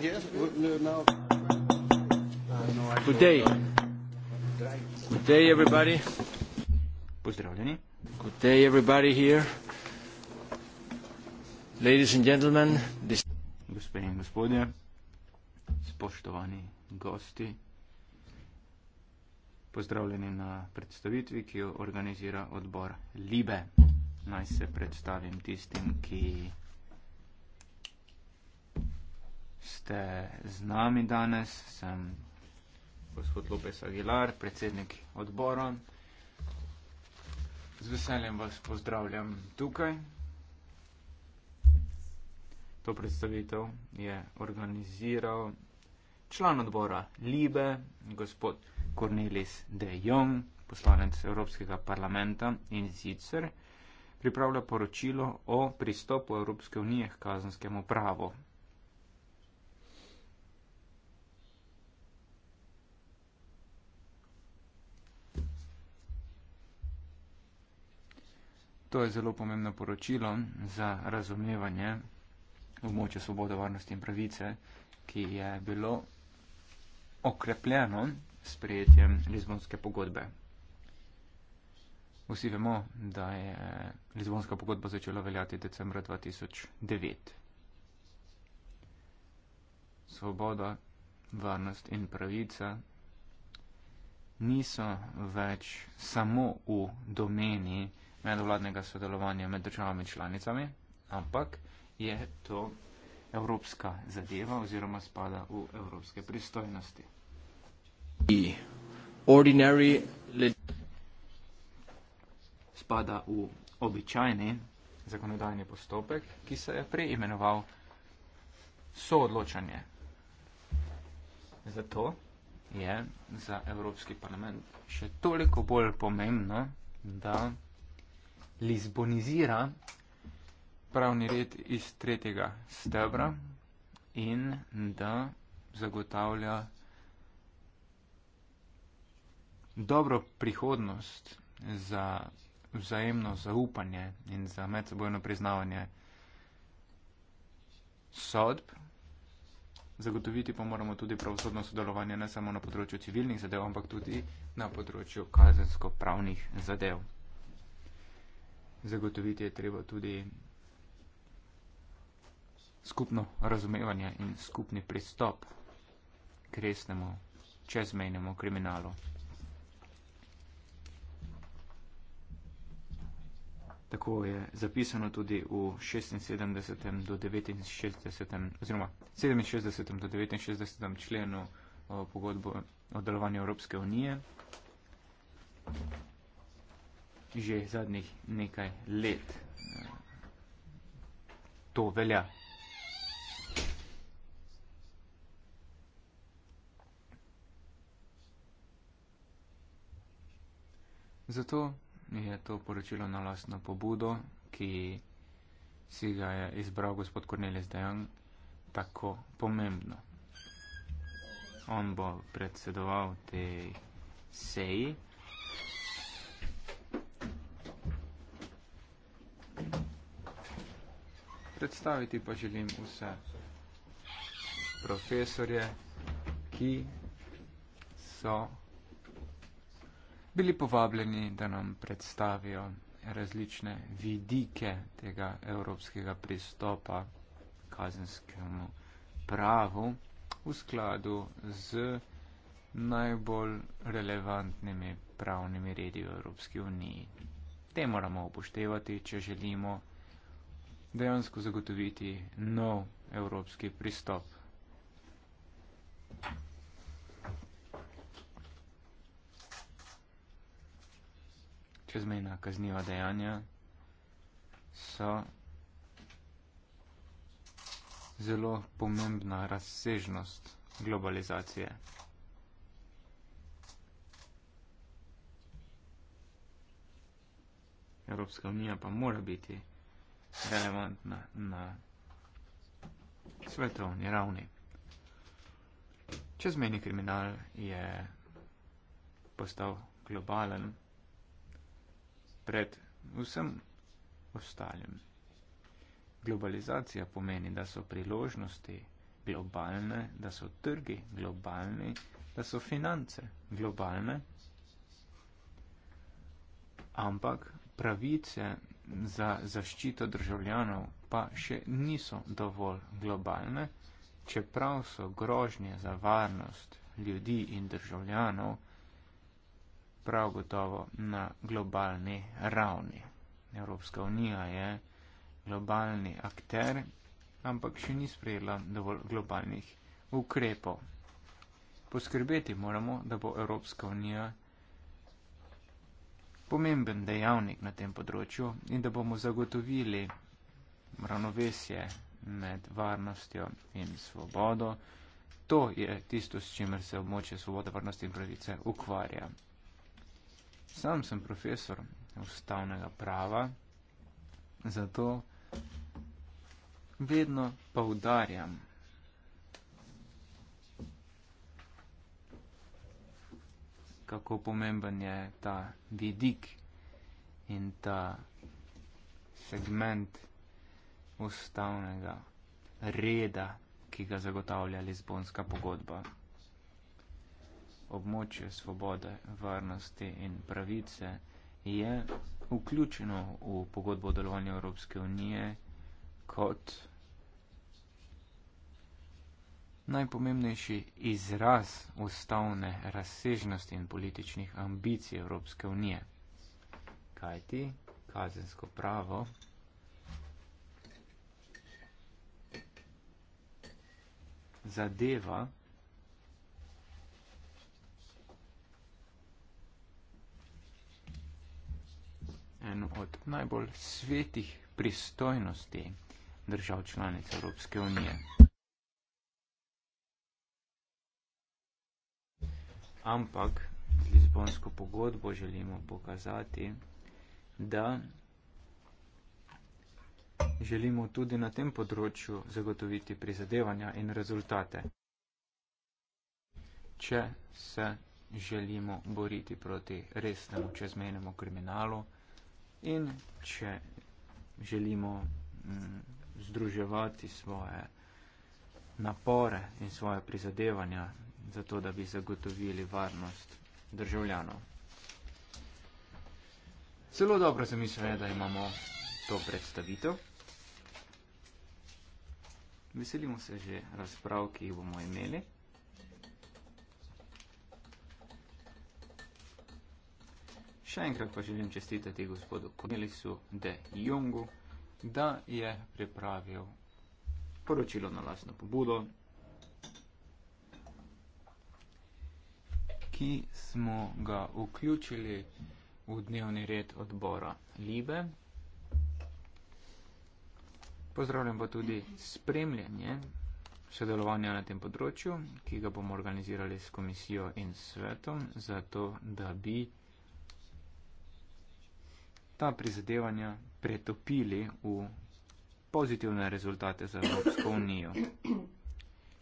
Yes, now. Good day. Good day, everybody. Pozdravljeni. Good day, everybody here. Ladies and gentlemen, this. Gospe in gospodje, spoštovani gosti, pozdravljeni na predstavitvi, ki jo organizira odbor Libe. Naj se predstavim tistim, ki ste z nami danes. Sem gospod Lopes Aguilar, predsednik odbora. Z veseljem vas pozdravljam tukaj. To predstavitev je organiziral član odbora Libe, gospod Cornelis de Jong, poslanec Evropskega parlamenta in sicer pripravlja poročilo o pristopu Evropske unije k kazenskemu pravu. To je zelo pomembno poročilo za razumevanje območja svobode, varnosti in pravice, ki je bilo okrepljeno s prijetjem Lizbonske pogodbe. Vsi vemo, da je Lizbonska pogodba začela veljati decembra 2009. Svoboda, varnost in pravica niso več samo v domeni medvladnega sodelovanja med državami članicami, ampak je to evropska zadeva oziroma spada v evropske pristojnosti. Spada v običajni zakonodajni postopek, ki se je preimenoval soodločanje. Zato je za Evropski parlament še toliko bolj pomembno, da lizbonizira pravni red iz tretjega stebra in da zagotavlja dobro prihodnost za vzajemno zaupanje in za medsebojno priznavanje sodb. Zagotoviti pa moramo tudi pravosodno sodelovanje ne samo na področju civilnih zadev, ampak tudi na področju kazensko-pravnih zadev zagotoviti je treba tudi skupno razumevanje in skupni pristop k resnemu čezmejnemu kriminalu. Tako je zapisano tudi v 76. do 69. oziroma 67. do 69. členu pogodbo o delovanju Evropske unije. Thank you že zadnjih nekaj let. Eh, to velja. Zato je to poročilo na lastno pobudo, ki si ga je izbral gospod Kornelis Dejan, tako pomembno. On bo predsedoval tej seji. Predstaviti pa želim vse profesorje, ki so bili povabljeni, da nam predstavijo različne vidike tega evropskega pristopa kazenskemu pravu v skladu z najbolj relevantnimi pravnimi redi v Evropski uniji. Te moramo upoštevati, če želimo dejansko zagotoviti nov evropski pristop. Čezmejna kazniva dejanja so zelo pomembna razsežnost globalizacije. Evropska unija pa mora biti relevantna na svetovni ravni. Čezmeni kriminal je postal globalen pred vsem ostalim. Globalizacija pomeni, da so priložnosti globalne, da so trgi globalni, da so finance globalne, ampak pravice za zaščito državljanov pa še niso dovolj globalne, čeprav so grožnje za varnost ljudi in državljanov prav gotovo na globalni ravni. Evropska unija je globalni akter, ampak še ni sprejela dovolj globalnih ukrepov. Poskrbeti moramo, da bo Evropska unija pomemben dejavnik na tem področju in da bomo zagotovili ravnovesje med varnostjo in svobodo. To je tisto, s čimer se območje svobode, varnosti in pravice ukvarja. Sam sem profesor ustavnega prava, zato vedno poudarjam, kako pomemben je ta vidik in ta segment ustavnega reda, ki ga zagotavlja Lizbonska pogodba. Območje svobode, varnosti in pravice je vključeno v pogodbo o delovanju Evropske unije kot najpomembnejši izraz ustavne razsežnosti in političnih ambicij Evropske unije. Kajti kazensko pravo zadeva eno od najbolj svetih pristojnosti držav članic Evropske unije. ampak Lizbonsko pogodbo želimo pokazati, da želimo tudi na tem področju zagotoviti prizadevanja in rezultate, če se želimo boriti proti resnemu čezmenemu kriminalu in če želimo mm, združevati svoje napore in svoje prizadevanja zato da bi zagotovili varnost državljanov. Zelo dobro se mi sve, da imamo to predstavitev. Veselimo se že razprav, ki jih bomo imeli. Še enkrat pa želim čestitati gospodu Cornelisu de Jongu, da je pripravil poročilo na lastno pobudo ki smo ga vključili v dnevni red odbora Libe. Pozdravljam pa tudi spremljanje sodelovanja na tem področju, ki ga bomo organizirali s komisijo in svetom, zato da bi ta prizadevanja pretopili v pozitivne rezultate za Evropsko unijo.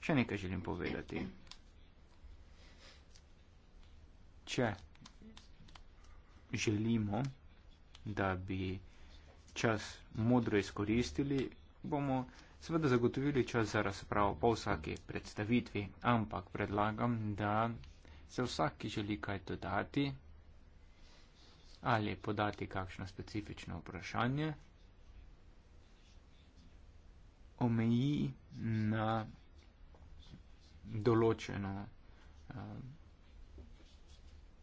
Še nekaj želim povedati če želimo, da bi čas modro izkoristili, bomo seveda zagotovili čas za razpravo po vsaki predstavitvi, ampak predlagam, da se vsak, ki želi kaj dodati ali podati kakšno specifično vprašanje, omeji na določeno um,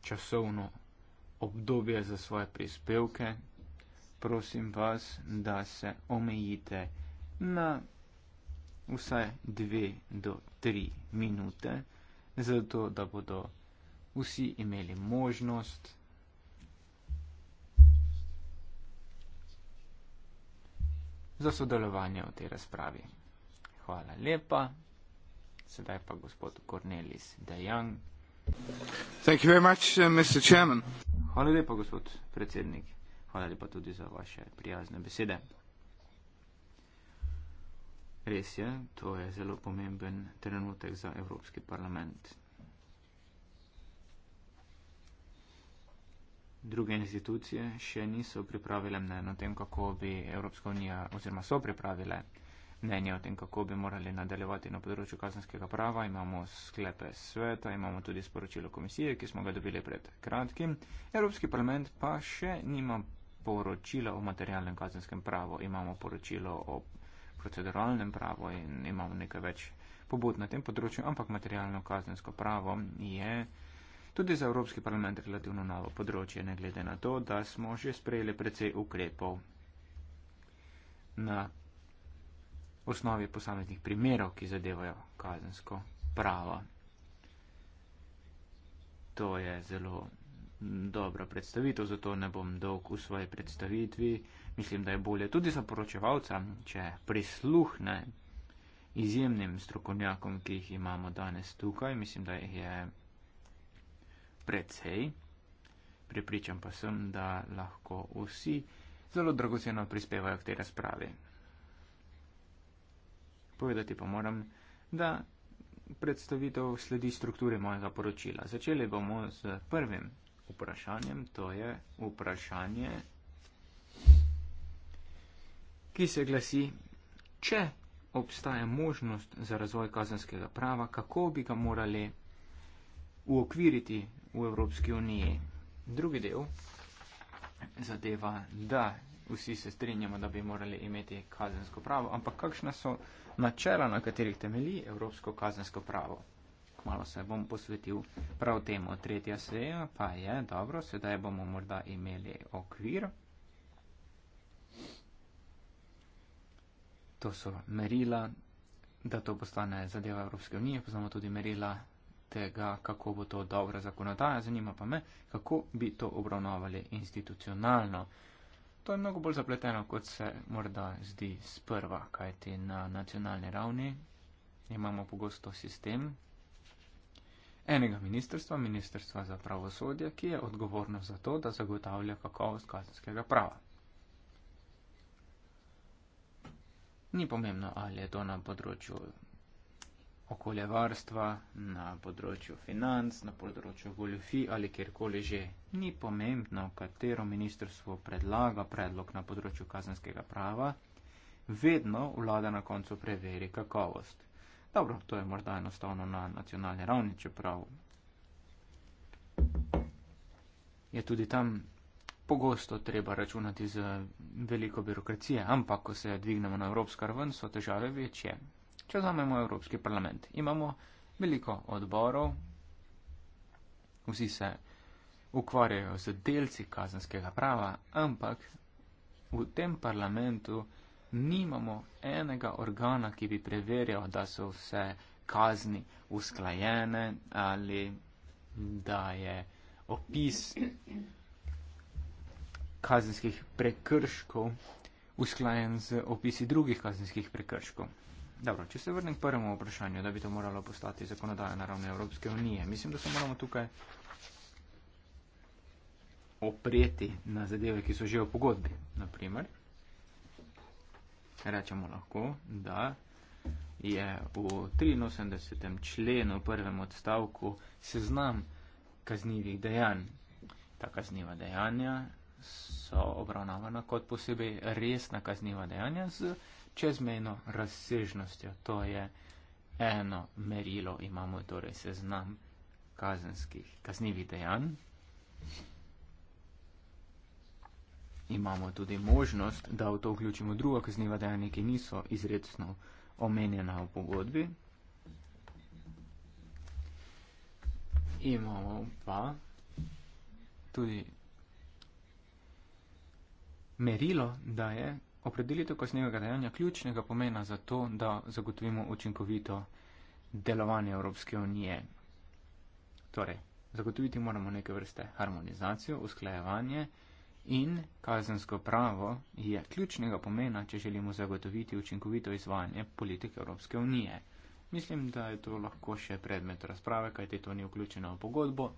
časovno obdobje za svoje prispevke, prosim vas, da se omejite na vsaj dve do tri minute, zato da bodo vsi imeli možnost za sodelovanje v tej razpravi. Hvala lepa. Sedaj pa gospod Cornelis Dejang. Uh, Hvala lepa, gospod predsednik. Hvala lepa tudi za vaše prijazne besede. Res je, to je zelo pomemben trenutek za Evropski parlament. Druge institucije še niso pripravile mnenje o tem, kako bi Evropska unija oziroma so pripravile mnenje mnenje o tem, kako bi morali nadaljevati na področju kazanskega prava, imamo sklepe sveta, imamo tudi sporočilo komisije, ki smo ga dobili pred kratkim. Evropski parlament pa še nima poročila o materialnem kazanskem pravu, imamo poročilo o proceduralnem pravu in imamo nekaj več pobud na tem področju, ampak materialno kazansko pravo je tudi za Evropski parlament relativno novo področje, ne glede na to, da smo že sprejeli precej ukrepov na osnovi posameznih primerov, ki zadevajo kazensko pravo. To je zelo dobra predstavitev, zato ne bom dolg v svoji predstavitvi. Mislim, da je bolje tudi za poročevalca, če prisluhne izjemnim strokovnjakom, ki jih imamo danes tukaj. Mislim, da jih je precej. Pripričam pa sem, da lahko vsi zelo dragoceno prispevajo k tej razpravi. Povedati pa moram, da predstavitev sledi strukture mojega poročila. Začeli bomo z prvim vprašanjem, to je vprašanje, ki se glasi, če obstaja možnost za razvoj kazanskega prava, kako bi ga morali uokviriti v Evropski uniji. Drugi del zadeva, da vsi se strinjamo, da bi morali imeti kazensko pravo, ampak kakšna so načela, na katerih temelji Evropsko kazensko pravo. Malo se bom posvetil prav temu. Tretja seja pa je, dobro, sedaj bomo morda imeli okvir. To so merila, da to postane zadeva Evropske unije, poznamo tudi merila tega, kako bo to dobra zakonodaja. Zanima pa me, kako bi to obravnavali institucionalno to je mnogo bolj zapleteno, kot se morda zdi sprva, kajti na nacionalni ravni imamo pogosto sistem enega ministrstva, ministrstva za pravosodje, ki je odgovorno za to, da zagotavlja kakovost kazenskega prava. Ni pomembno, ali je to na področju okoljevarstva, na področju financ, na področju goljofi ali kjerkoli že. Ni pomembno, katero ministrstvo predlaga predlog na področju kazenskega prava, vedno vlada na koncu preveri kakovost. Dobro, to je morda enostavno na nacionalni ravni, čeprav je tudi tam pogosto treba računati z veliko birokracije, ampak ko se dvignemo na evropsko raven, so težave večje. Če vzamemo Evropski parlament, imamo veliko odborov, vsi se ukvarjajo z delci kazenskega prava, ampak v tem parlamentu nimamo enega organa, ki bi preverjal, da so vse kazni usklajene ali da je opis kazenskih prekrškov usklajen z opisi drugih kazenskih prekrškov. Dobro, če se vrnem k prvemu vprašanju, da bi to moralo postati zakonodaja na ravni Evropske unije, mislim, da se moramo tukaj opreti na zadeve, ki so že v pogodbi. Naprimer, rečemo lahko, da je v 83. členu, prvem odstavku, seznam kaznjivih dejanj. Ta kazniva dejanja so obravnavana kot posebej resna kazniva dejanja z čezmejno razsežnostjo. To je eno merilo, imamo torej seznam kazenskih, kaznjivih dejanj. Imamo tudi možnost, da v to vključimo drugo kaznjivo dejanje, ki niso izredno omenjena v pogodbi. Imamo pa tudi merilo, da je Opredelitev kaznjega dejanja ključnega pomena za to, da zagotovimo učinkovito delovanje Evropske unije. Torej, zagotoviti moramo neke vrste harmonizacijo, usklajevanje in kazensko pravo je ključnega pomena, če želimo zagotoviti učinkovito izvajanje politike Evropske unije. Mislim, da je to lahko še predmet razprave, kajte to ni vključeno v pogodbo.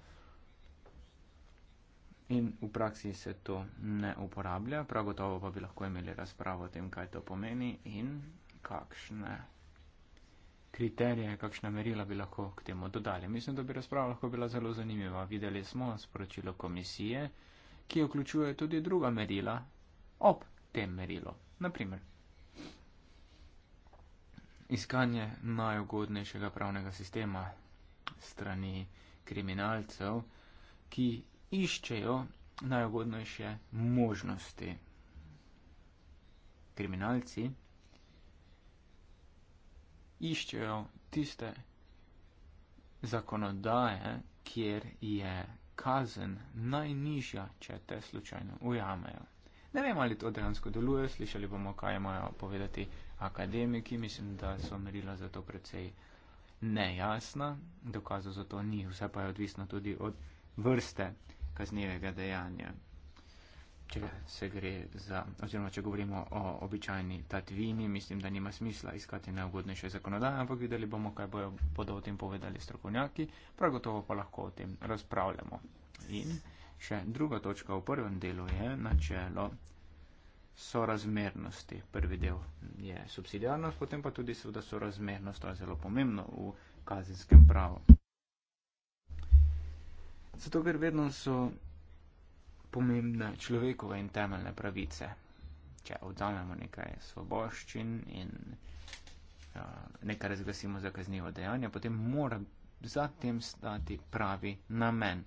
In v praksi se to ne uporablja, prav gotovo pa bi lahko imeli razpravo o tem, kaj to pomeni in kakšne kriterije, kakšna merila bi lahko k temu dodali. Mislim, da bi razprava lahko bila zelo zanimiva. Videli smo sporočilo komisije, ki vključuje tudi druga merila ob tem merilu. Naprimer, iskanje najugodnejšega pravnega sistema strani kriminalcev, ki iščejo najugodnejše možnosti. Kriminalci iščejo tiste zakonodaje, kjer je kazen najnižja, če te slučajno ujamejo. Ne vem, ali to dejansko deluje, slišali bomo, kaj imajo povedati akademiki, mislim, da so merila za to precej nejasna, dokazov za to ni, vse pa je odvisno tudi od vrste kaznjevega dejanja. Če se gre za, oziroma če govorimo o običajni tatvini, mislim, da nima smisla iskati najugodnejše zakonodaje, ampak videli bomo, kaj bojo, bodo o tem povedali strokovnjaki, prav gotovo pa lahko o tem razpravljamo. In še druga točka v prvem delu je načelo sorazmernosti. Prvi del je subsidijarnost, potem pa tudi seveda sorazmernost, to je zelo pomembno v kazenskem pravu. Zato, ker vedno so pomembne človekove in temeljne pravice. Če odzamemo nekaj svoboščin in uh, nekaj razglasimo za kaznivo dejanje, potem mora za tem stati pravi namen.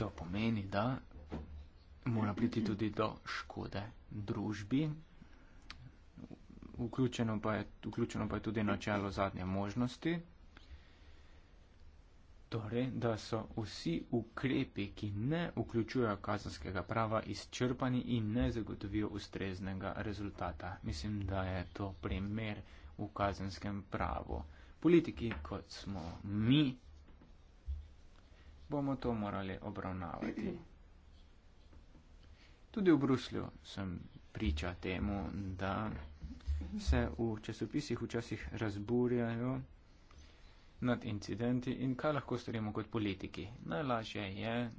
To pomeni, da mora priti tudi do škode družbi, vključeno pa je, vključeno pa je tudi načelo zadnje možnosti. Torej, da so vsi ukrepi, ki ne vključujejo kazanskega prava, izčrpani in ne zagotovijo ustreznega rezultata. Mislim, da je to primer v kazanskem pravu. Politiki, kot smo mi, bomo to morali obravnavati. Tudi v Bruslju sem priča temu, da se v časopisih včasih razburjajo nad incidenti in kaj lahko storimo kot politiki. Najlažje je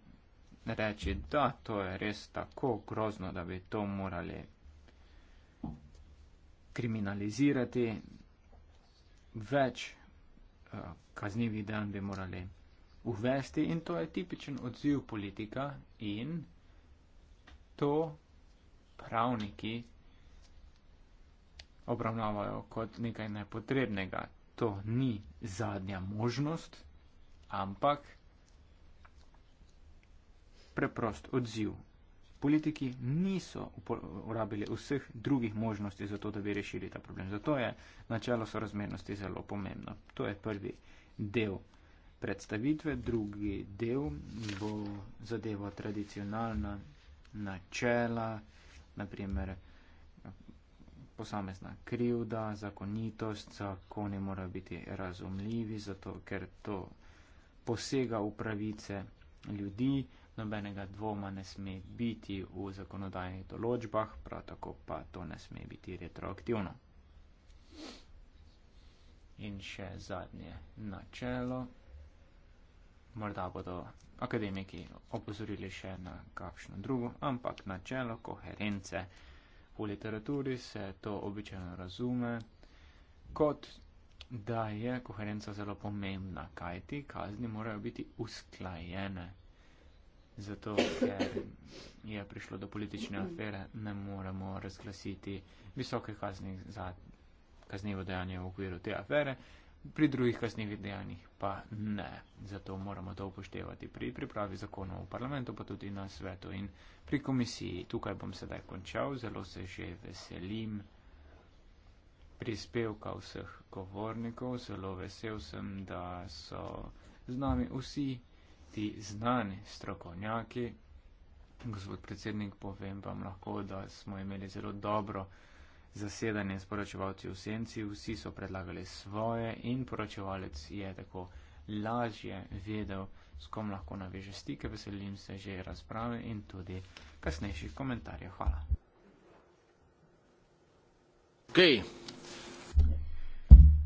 reči, da to je res tako grozno, da bi to morali kriminalizirati, več uh, eh, kaznjivih dejanj bi morali uvesti in to je tipičen odziv politika in to pravniki obravnavajo kot nekaj nepotrebnega to ni zadnja možnost, ampak preprost odziv. Politiki niso uporabili vseh drugih možnosti za to, da bi rešili ta problem. Zato je načelo sorazmernosti zelo pomembno. To je prvi del predstavitve, drugi del bo zadeva tradicionalna načela, naprimer posamezna krivda, zakonitost, zakoni morajo biti razumljivi, zato ker to posega v pravice ljudi, nobenega dvoma ne sme biti v zakonodajnih določbah, prav tako pa to ne sme biti retroaktivno. In še zadnje načelo. Morda bodo akademiki opozorili še na kakšno drugo, ampak načelo koherence v literaturi se to običajno razume kot da je koherenca zelo pomembna, kaj ti kazni morajo biti usklajene. Zato, ker je prišlo do politične afere, ne moremo razglasiti visoke kazni za kaznivo dejanje v okviru te afere, pri drugih kasnih dejanjih pa ne. Zato moramo to upoštevati pri pripravi zakonov v parlamentu, pa tudi na svetu in pri komisiji. Tukaj bom sedaj končal, zelo se že veselim prispevka vseh govornikov, zelo vesel sem, da so z nami vsi ti znani strokovnjaki. Gospod predsednik, povem vam lahko, da smo imeli zelo dobro zasedanje s poročevalci v senci, vsi so predlagali svoje in poročevalec je tako lažje vedel, s kom lahko naveže stike. Veselim se že razprave in tudi kasnejših komentarjev. Hvala. Okay.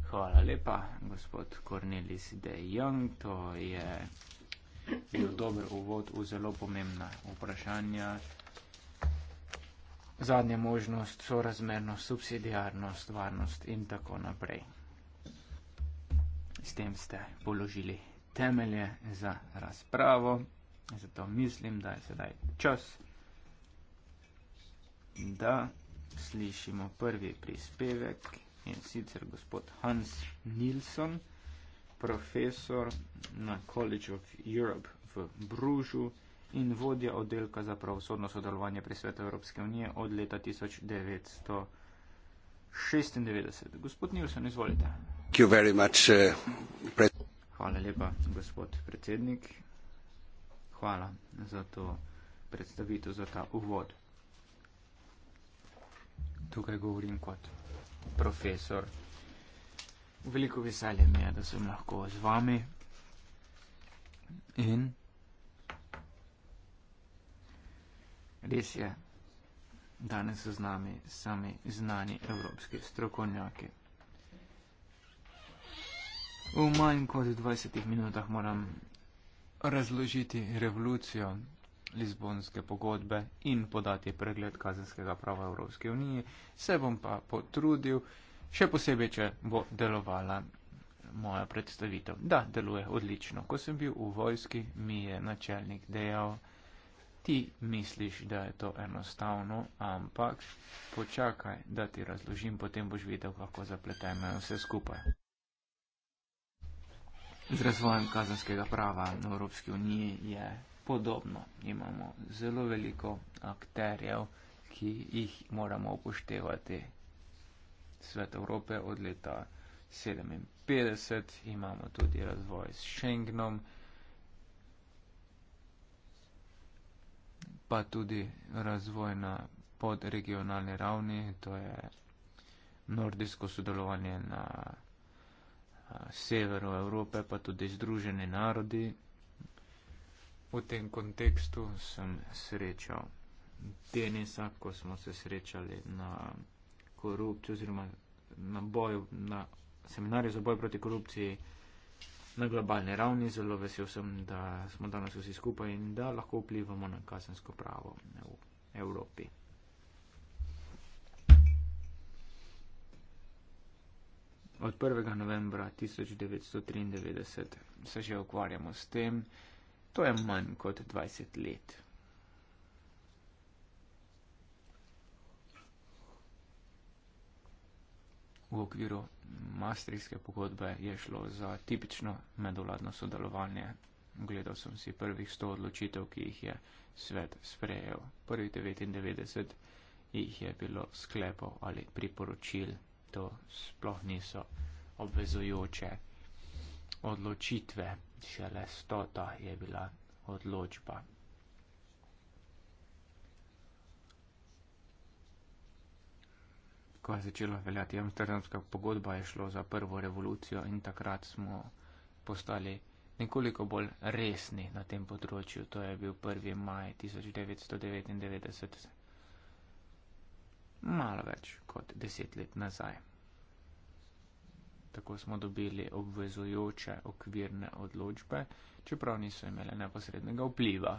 Hvala lepa, gospod Cornelis de Jong. To je bil dober uvod v zelo pomembna vprašanja zadnja možnost, sorazmernost, subsidijarnost, varnost in tako naprej. S tem ste položili temelje za razpravo, zato mislim, da je sedaj čas, da slišimo prvi prispevek in sicer gospod Hans Nilsson, profesor na College of Europe v Bružu in vodja oddelka za pravosodno sodelovanje pri svetu Evropske unije od leta 1996. Gospod Nilsson, izvolite. Much, uh, hvala lepa, gospod predsednik. Hvala za to predstavitev, za ta uvod. Tukaj govorim kot profesor. Veliko veselje mi je, da sem lahko z vami. In Res je, danes so z nami sami znani evropski strokovnjaki. V manj kot 20 minutah moram razložiti revolucijo Lizbonske pogodbe in podati pregled kazenskega prava Evropske unije. Se bom pa potrudil, še posebej, če bo delovala moja predstavitev. Da, deluje odlično. Ko sem bil v vojski, mi je načelnik dejal, Ti misliš, da je to enostavno, ampak počakaj, da ti razložim, potem boš videl, kako zapleteno je vse skupaj. Z razvojem kazanskega prava na Evropski uniji je podobno. Imamo zelo veliko akterjev, ki jih moramo upoštevati. Svet Evrope od leta 57 imamo tudi razvoj s Schengenom. pa tudi razvoj na podregionalni ravni, to je nordijsko sodelovanje na severu Evrope, pa tudi združeni narodi. V tem kontekstu sem srečal Denisa, ko smo se srečali na korupciji oziroma na boju, na seminarju za boj proti korupciji na globalni ravni. Zelo vesel sem, da smo danes vsi skupaj in da lahko vplivamo na kazensko pravo v Evropi. Od 1. novembra 1993 se že ukvarjamo s tem, to je manj kot 20 let. V okviru maastrijske pogodbe je šlo za tipično medoladno sodelovanje. Gledal sem si prvih 100 odločitev, ki jih je svet sprejel. Prvih 99 jih je bilo sklepov ali priporočil. To sploh niso obvezujoče odločitve. Šele stota je bila odločba. ko je začela veljati amsterdamska pogodba, je šlo za prvo revolucijo in takrat smo postali nekoliko bolj resni na tem področju. To je bil 1. maj 1999, malo več kot deset let nazaj. Tako smo dobili obvezujoče okvirne odločbe, čeprav niso imele neposrednega vpliva.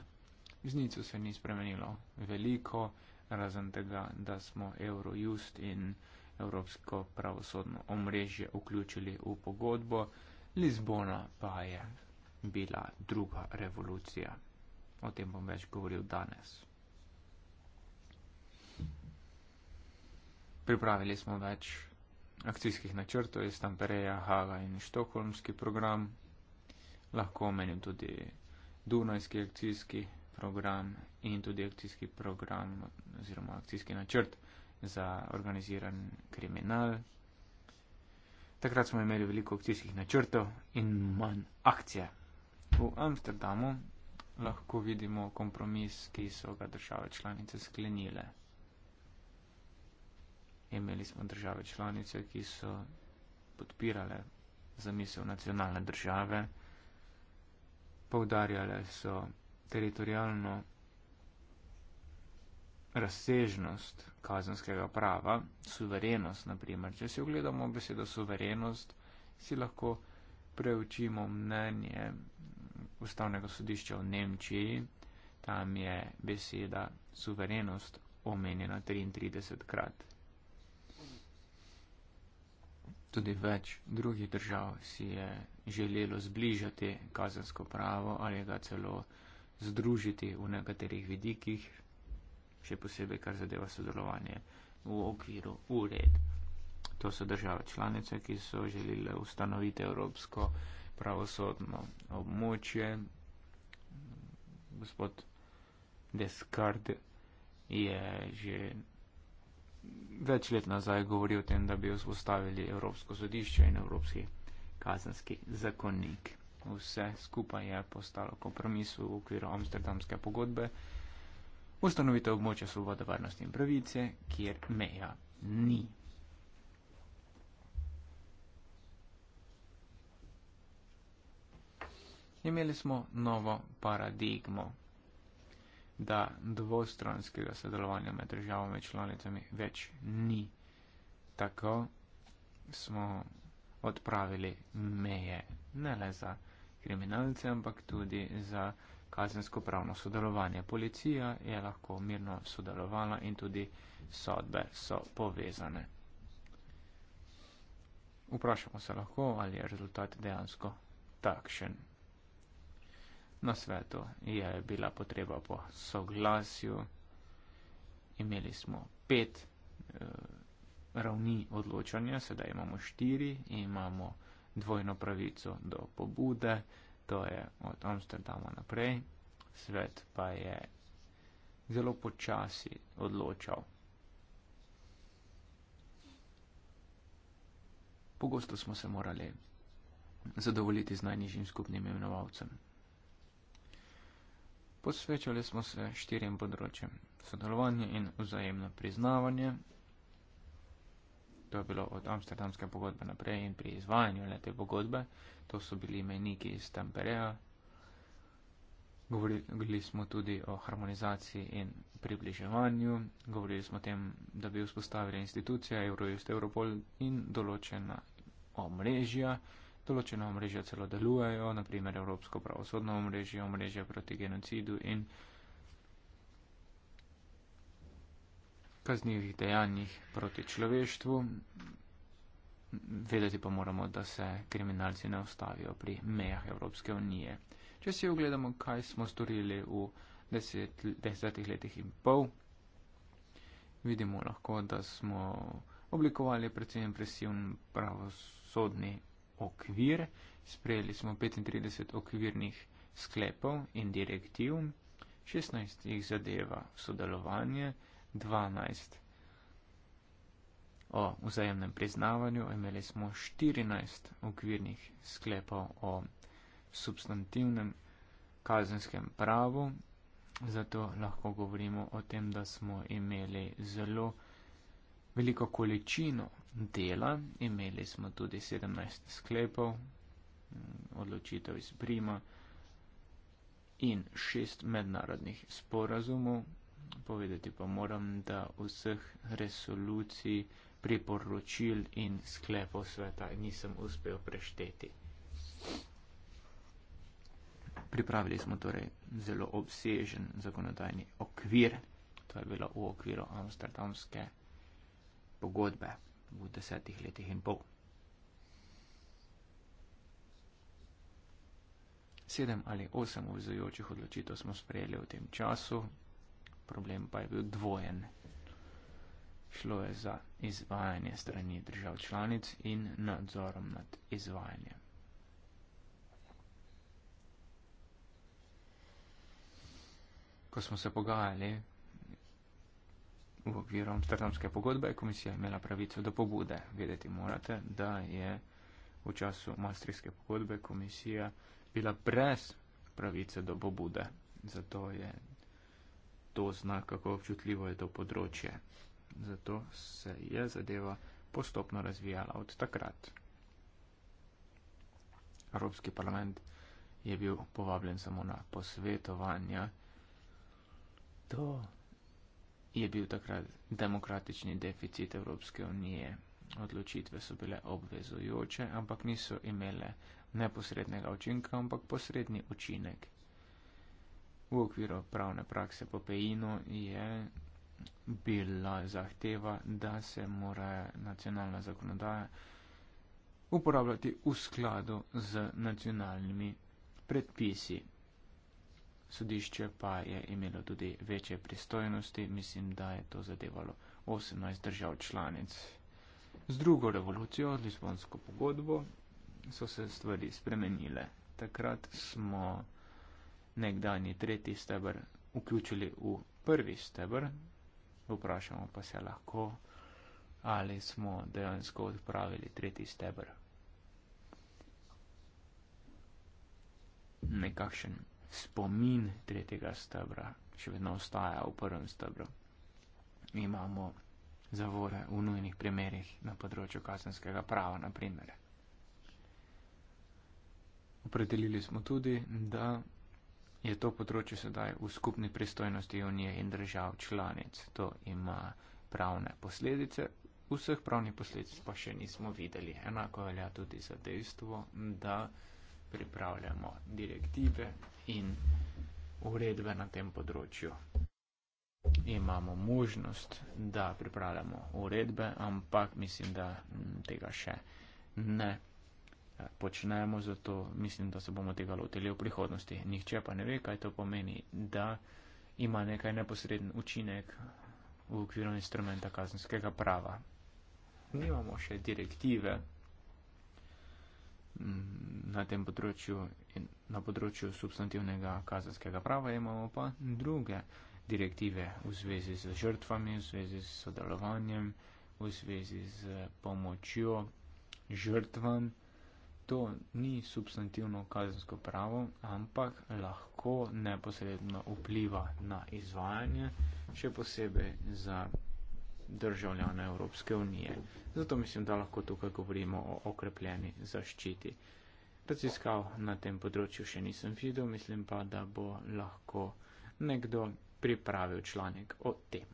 Z njico se ni spremenilo veliko, razen tega, da smo Eurojust in Evropsko pravosodno omrežje vključili v pogodbo, Lizbona pa je bila druga revolucija. O tem bom več govoril danes. Pripravili smo več akcijskih načrtov iz Tampereja, Haga in Štokholmski program. Lahko omenim tudi Dunajski akcijski program in tudi akcijski program oziroma akcijski načrt za organiziran kriminal. Takrat smo imeli veliko akcijskih načrtov in manj akcije. V Amsterdamu lahko vidimo kompromis, ki so ga države članice sklenile. Imeli smo države članice, ki so podpirale zamisel nacionalne države, poudarjale so teritorijalno razsežnost kazenskega prava, suverenost, naprimer. Če si ogledamo besedo suverenost, si lahko preučimo mnenje ustavnega sodišča v Nemčiji, tam je beseda suverenost omenjena 33 krat. Tudi več drugih držav si je želelo zbližati kazensko pravo ali ga celo združiti v nekaterih vidikih, še posebej, kar zadeva sodelovanje v okviru ured. To so države članice, ki so želile ustanoviti Evropsko pravosodno območje. Gospod Descard je že več let nazaj govoril o tem, da bi vzpostavili Evropsko sodišče in Evropski kazanski zakonnik vse skupaj je postalo kompromis v okviru amsterdamske pogodbe, ustanovitev območja svobode, varnosti in pravice, kjer meja ni. Imeli smo novo paradigmo, da dvostranskega sodelovanja med državami in članicami več ni. Tako smo odpravili meje, ne le za kriminalce, ampak tudi za kazensko pravno sodelovanje. Policija je lahko mirno sodelovala in tudi sodbe so povezane. Vprašamo se lahko, ali je rezultat dejansko takšen. Na svetu je bila potreba po soglasju. Imeli smo pet eh, ravni odločanja, sedaj imamo štiri. Imamo dvojno pravico do pobude, to je od Amsterdama naprej, svet pa je zelo počasi odločal. Pogosto smo se morali zadovoljiti z najnižjim skupnim imenovalcem. Posvečali smo se štirim področjem sodelovanje in vzajemno priznavanje, to je bilo od amsterdamske pogodbe naprej in pri izvajanju le te pogodbe, to so bili meniki iz Tampereja. Govorili smo tudi o harmonizaciji in približevanju, govorili smo o tem, da bi vzpostavili institucije Eurojust Europol in določena omrežja. Določena omrežja celo delujejo, naprimer Evropsko pravosodno omrežje, omrežje proti genocidu in kaznjivih dejanjih proti človeštvu. Vedeti pa moramo, da se kriminalci ne ostavijo pri mejah Evropske unije. Če si ogledamo, kaj smo storili v deset, desetih letih in pol, vidimo lahko, da smo oblikovali predvsem impresivn pravosodni okvir. Sprejeli smo 35 okvirnih sklepov in direktiv, 16 jih zadeva sodelovanje. 12. O vzajemnem priznavanju imeli smo 14 okvirnih sklepov o substantivnem kazenskem pravu, zato lahko govorimo o tem, da smo imeli zelo veliko količino dela, imeli smo tudi 17 sklepov, mm, odločitev iz prima in šest mednarodnih sporazumov, povedati pa moram, da vseh resolucij, priporočil in sklepov sveta nisem uspel prešteti. Pripravili smo torej zelo obsežen zakonodajni okvir, to je bilo v okviru amsterdamske pogodbe v desetih letih in pol. Sedem ali osem obvezujočih odločitev smo sprejeli v tem času, problem pa je bil dvojen. Šlo je za izvajanje strani držav članic in nadzorom nad izvajanjem. Ko smo se pogajali v okviru Amsterdamske pogodbe, je komisija imela pravico do pobude. Vedeti morate, da je v času Maastrichtske pogodbe komisija bila brez pravice do pobude. Zato je kdo zna, kako občutljivo je to področje. Zato se je zadeva postopno razvijala od takrat. Evropski parlament je bil povabljen samo na posvetovanja. To je bil takrat demokratični deficit Evropske unije. Odločitve so bile obvezujoče, ampak niso imele neposrednega učinka, ampak posredni učinek v okviru pravne prakse po Pejinu je bila zahteva, da se mora nacionalna zakonodaja uporabljati v skladu z nacionalnimi predpisi. Sodišče pa je imelo tudi večje pristojnosti, mislim, da je to zadevalo 18 držav članic. Z drugo revolucijo, Lisbonsko pogodbo, so se stvari spremenile. Takrat smo nekdani tretji stebr vključili v prvi stebr, vprašamo pa se lahko, ali smo dejansko odpravili tretji stebr. Nekakšen spomin tretjega stebra še vedno ostaja v prvem stebru. Imamo zavore v nujnih primerih na področju kazenskega prava, na primer. Opredelili smo tudi, da je to področje sedaj v skupni pristojnosti Unije in držav članic. To ima pravne posledice, vseh pravnih posledic pa še nismo videli. Enako velja tudi za dejstvo, da pripravljamo direktive in uredbe na tem področju. Imamo možnost, da pripravljamo uredbe, ampak mislim, da tega še ne počnemo, zato mislim, da se bomo tega lotili v prihodnosti. Nihče pa ne ve, kaj to pomeni, da ima nekaj neposreden učinek v okviru instrumenta kazenskega prava. Nimamo še direktive mm, na tem področju in na področju substantivnega kazenskega prava imamo pa druge direktive v zvezi z žrtvami, v zvezi z sodelovanjem, v zvezi z pomočjo žrtvam to ni substantivno kazensko pravo, ampak lahko neposredno vpliva na izvajanje, še posebej za državljane Evropske unije. Zato mislim, da lahko tukaj govorimo o okrepljeni zaščiti. Raziskav na tem področju še nisem videl, mislim pa, da bo lahko nekdo pripravil članek o tem.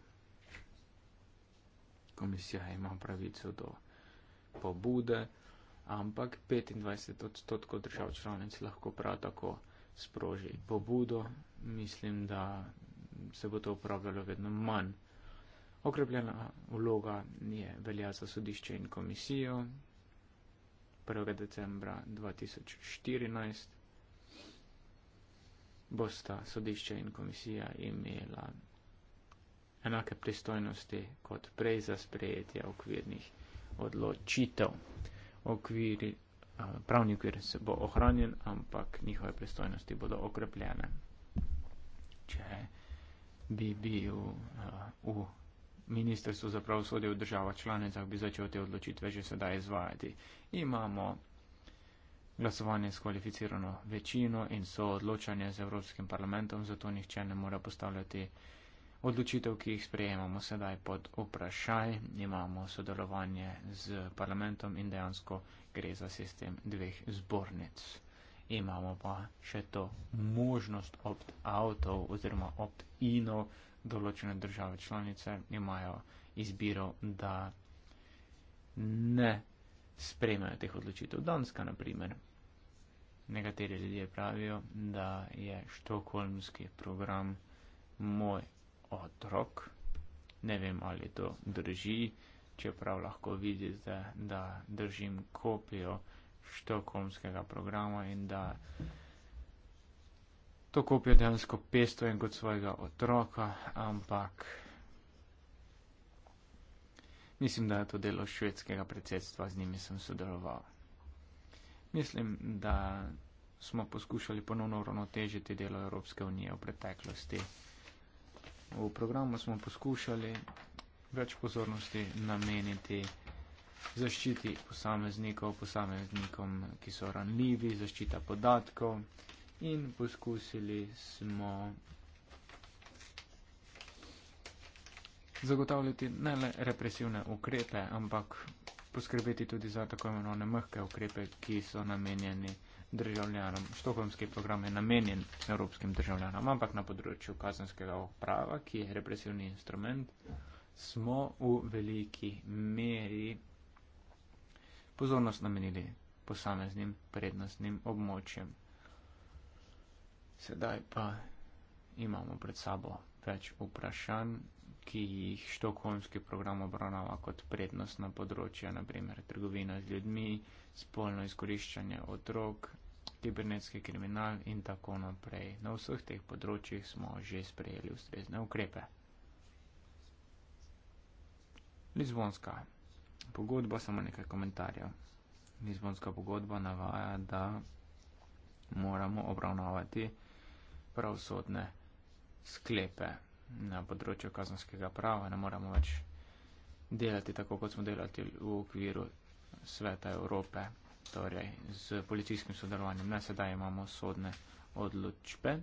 Komisija ima pravico do pobude ampak 25 odstotkov držav članic lahko prav tako sproži pobudo. Mislim, da se bo to uporabljalo vedno manj. Okrepljena vloga je velja za sodišče in komisijo 1. decembra 2014. Bosta sodišče in komisija imela enake pristojnosti kot prej za sprejetje okvirnih odločitev okvir, pravni okvir se bo ohranjen, ampak njihove pristojnosti bodo okrepljene, če bi bil v Ministrstvu za pravosodje v država članicah, bi začel te odločitve že sedaj izvajati. Imamo glasovanje s kvalificirano večino in so odločanje z Evropskim parlamentom, zato nihče ne more postavljati odločitev, ki jih sprejemamo sedaj pod vprašaj, imamo sodelovanje z parlamentom in dejansko gre za sistem dveh zbornic. Imamo pa še to možnost opt-outov oziroma opt-inov, določene države članice imajo izbiro, da ne sprejmejo teh odločitev. Danska, na primer. Nekateri ljudje pravijo, da je štokholmski program moj otrok. Ne vem, ali to drži, čeprav lahko vidite, da držim kopijo štokomskega programa in da to kopijo dejansko pestujem kot svojega otroka, ampak mislim, da je to delo švedskega predsedstva, z njimi sem sodeloval. Mislim, da smo poskušali ponovno uravnotežiti delo Evropske unije v preteklosti. V programu smo poskušali več pozornosti nameniti zaščiti posameznikov, posameznikom, ki so ranljivi, zaščita podatkov in poskusili smo zagotavljati ne le represivne ukrepe, ampak poskrbeti tudi za tako imenovane mehke ukrepe, ki so namenjeni državljanom. Štokholmski program je namenjen evropskim državljanom, ampak na področju kazenskega prava, ki je represivni instrument, smo v veliki meri pozornost namenili posameznim prednostnim območjem. Sedaj pa imamo pred sabo več vprašanj, ki jih štokholmski program obravnava kot prednostna področja, naprimer trgovina z ljudmi, spolno izkoriščanje otrok, kibernetski kriminal in tako naprej. Na vseh teh področjih smo že sprejeli ustrezne ukrepe. Lizbonska pogodba, samo nekaj komentarjev. Lizbonska pogodba navaja, da moramo obravnavati pravosodne sklepe na področju kazanskega prava, ne moramo več delati tako, kot smo delali v okviru sveta Evrope torej z policijskim sodelovanjem. Ne sedaj imamo sodne odločbe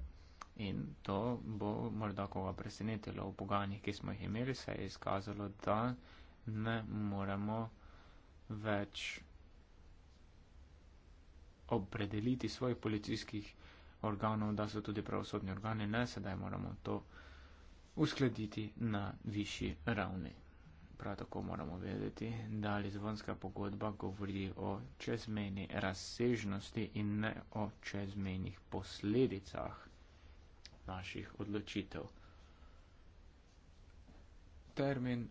in to bo morda koga presenetilo v pogajanjih, ki smo jih imeli, se je izkazalo, da ne moremo več opredeliti svojih policijskih organov, da so tudi pravosodni organi. Ne, sedaj moramo to uskladiti na višji ravni prav tako moramo vedeti, da Lizbonska pogodba govori o čezmejni razsežnosti in ne o čezmejnih posledicah naših odločitev. Termin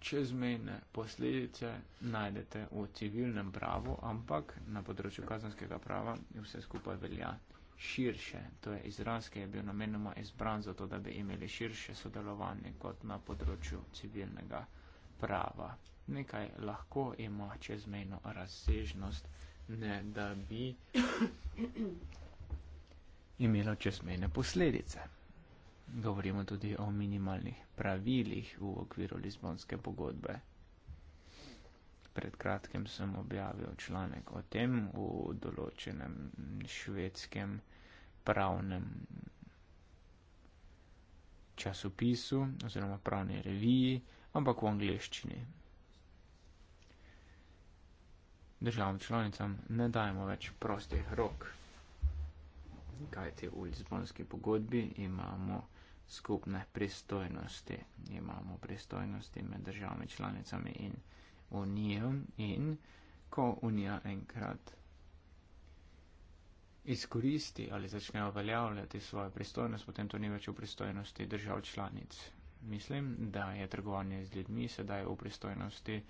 čezmejne posledice najdete v civilnem pravu, ampak na področju kazanskega prava vse skupaj velja širše. To je izraz, ki je bil namenoma izbran zato, da bi imeli širše sodelovanje kot na področju civilnega prava prava. Nekaj lahko ima čezmejno razsežnost, ne da bi imelo čezmejne posledice. Govorimo tudi o minimalnih pravilih v okviru Lizbonske pogodbe. Pred kratkim sem objavil članek o tem v določenem švedskem pravnem časopisu oziroma pravni reviji ampak v angliščini. Državnim članicam ne dajemo več prostih rok, kajti v Lizbonski pogodbi imamo skupne pristojnosti. Imamo pristojnosti med državnimi članicami in Unijo in ko Unija enkrat izkoristi ali začne uveljavljati svojo pristojnost, potem to ni več v pristojnosti držav članic mislim, da je trgovanje z ljudmi sedaj v pristojnosti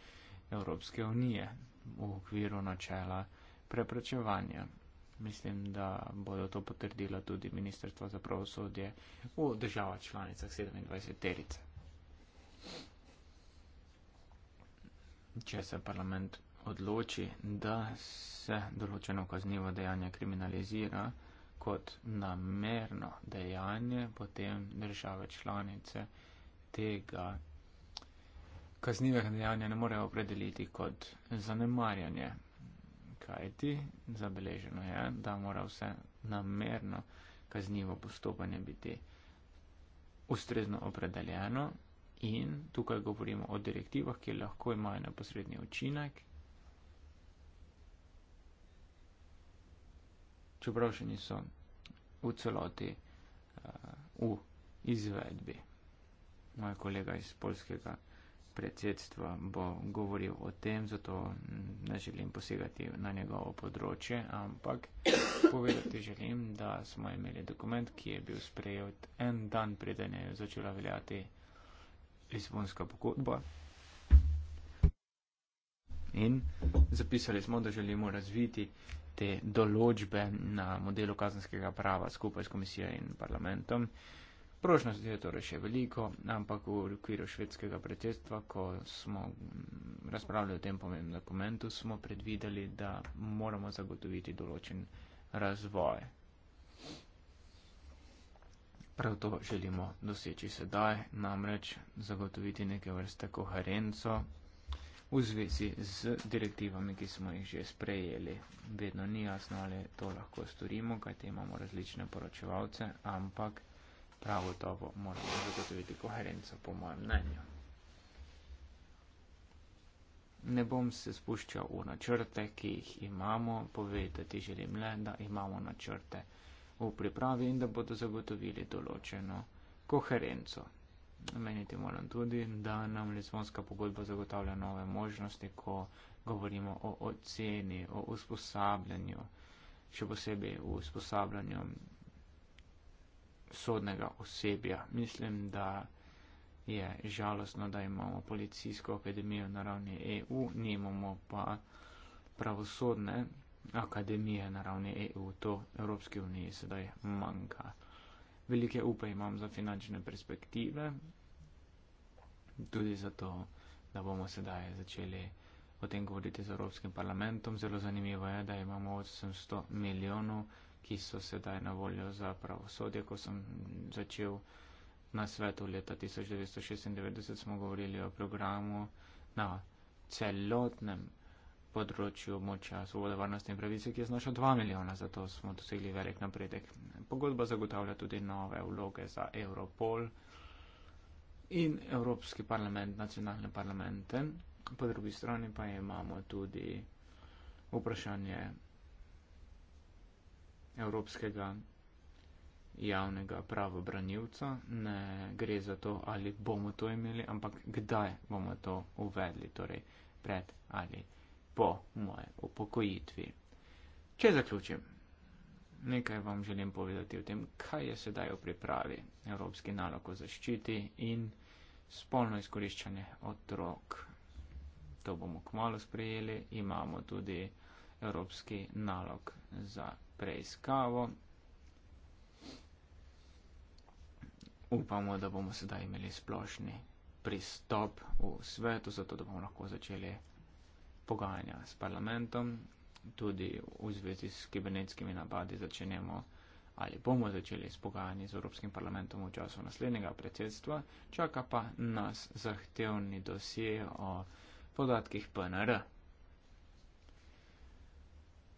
Evropske unije v okviru načela preprečevanja. Mislim, da bodo to potrdila tudi Ministrstvo za pravosodje v državah članicah 27 terice. Če se parlament odloči, da se določeno kaznivo dejanje kriminalizira kot namerno dejanje, potem države članice tega kaznivega dejanja ne more opredeliti kot zanemarjanje. Kaj ti zabeleženo je, da mora vse namerno kaznivo postopanje biti ustrezno opredeljeno in tukaj govorimo o direktivah, ki lahko imajo neposredni učinek, čeprav še niso v celoti uh, v izvedbi moj kolega iz polskega predsedstva bo govoril o tem, zato ne želim posegati na njegovo področje, ampak povedati želim, da smo imeli dokument, ki je bil sprejet en dan preden je začela veljati Lisbonska pogodba. In zapisali smo, da želimo razviti te določbe na modelu kazanskega prava skupaj s komisijo in parlamentom. Uh, Prožnosti je torej še veliko, ampak v okviru švedskega predsedstva, ko smo razpravljali o tem pomembnem dokumentu, smo predvideli, da moramo zagotoviti določen razvoj. Prav to želimo doseči sedaj, namreč zagotoviti neke vrste koherenco v zvezi z direktivami, ki smo jih že sprejeli. Vedno ni jasno, ali to lahko storimo, kajte imamo različne poročevalce, ampak prav gotovo moramo zagotoviti koherenco, po mojem mnenju. Ne bom se spuščal v načrte, ki jih imamo, povedati želim le, da imamo načrte v pripravi in da bodo zagotovili določeno koherenco. Meniti moram tudi, da nam Lizbonska pogodba zagotavlja nove možnosti, ko govorimo o oceni, o usposabljanju, še posebej v usposabljanju sodnega osebja. Mislim, da je žalostno, da imamo policijsko akademijo na ravni EU, nimamo pa pravosodne akademije na ravni EU. To Evropski uniji sedaj manjka. Velike upe imam za finančne perspektive, tudi zato, da bomo sedaj začeli o tem govoriti z Evropskim parlamentom. Zelo zanimivo je, da imamo 800 milijonov ki so sedaj na voljo za pravosodje. Ko sem začel na svetu leta 1996, smo govorili o programu na celotnem področju moča svobode varnosti in pravice, ki je znašal 2 milijona, zato smo dosegli velik napredek. Pogodba zagotavlja tudi nove vloge za Europol in Evropski parlament, nacionalne parlamente. Po drugi strani pa imamo tudi vprašanje evropskega javnega pravobranilca, ne gre za to, ali bomo to imeli, ampak kdaj bomo to uvedli, torej pred ali po moje upokojitvi. Če zaključim, nekaj vam želim povedati o tem, kaj je sedaj v pripravi Evropski nalog o zaščiti in spolno izkoriščanje otrok. To bomo kmalo sprejeli, imamo tudi Evropski nalog za preiskavo. Upamo, da bomo sedaj imeli splošni pristop v svetu, zato da bomo lahko začeli pogajanja s parlamentom. Tudi v zvezi s kibernetskimi napadi začenjamo ali bomo začeli s pogajanji z Evropskim parlamentom v času naslednjega predsedstva. Čaka pa nas zahtevni dosje o podatkih PNR.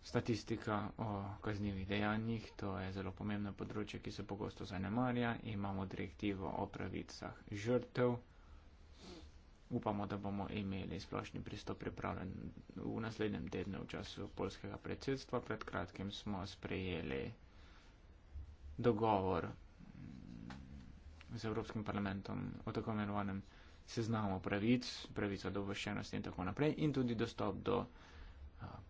Statistika o kaznjivih dejanjih, to je zelo pomembno področje, ki se pogosto zanemarja. Imamo direktivo o pravicah žrtev. Upamo, da bomo imeli splošni pristop pripravljen v naslednjem tednu v času polskega predsedstva. Pred kratkim smo sprejeli dogovor z Evropskim parlamentom o tako imenovanem seznamu pravic, pravica do obveščenosti in tako naprej in tudi dostop do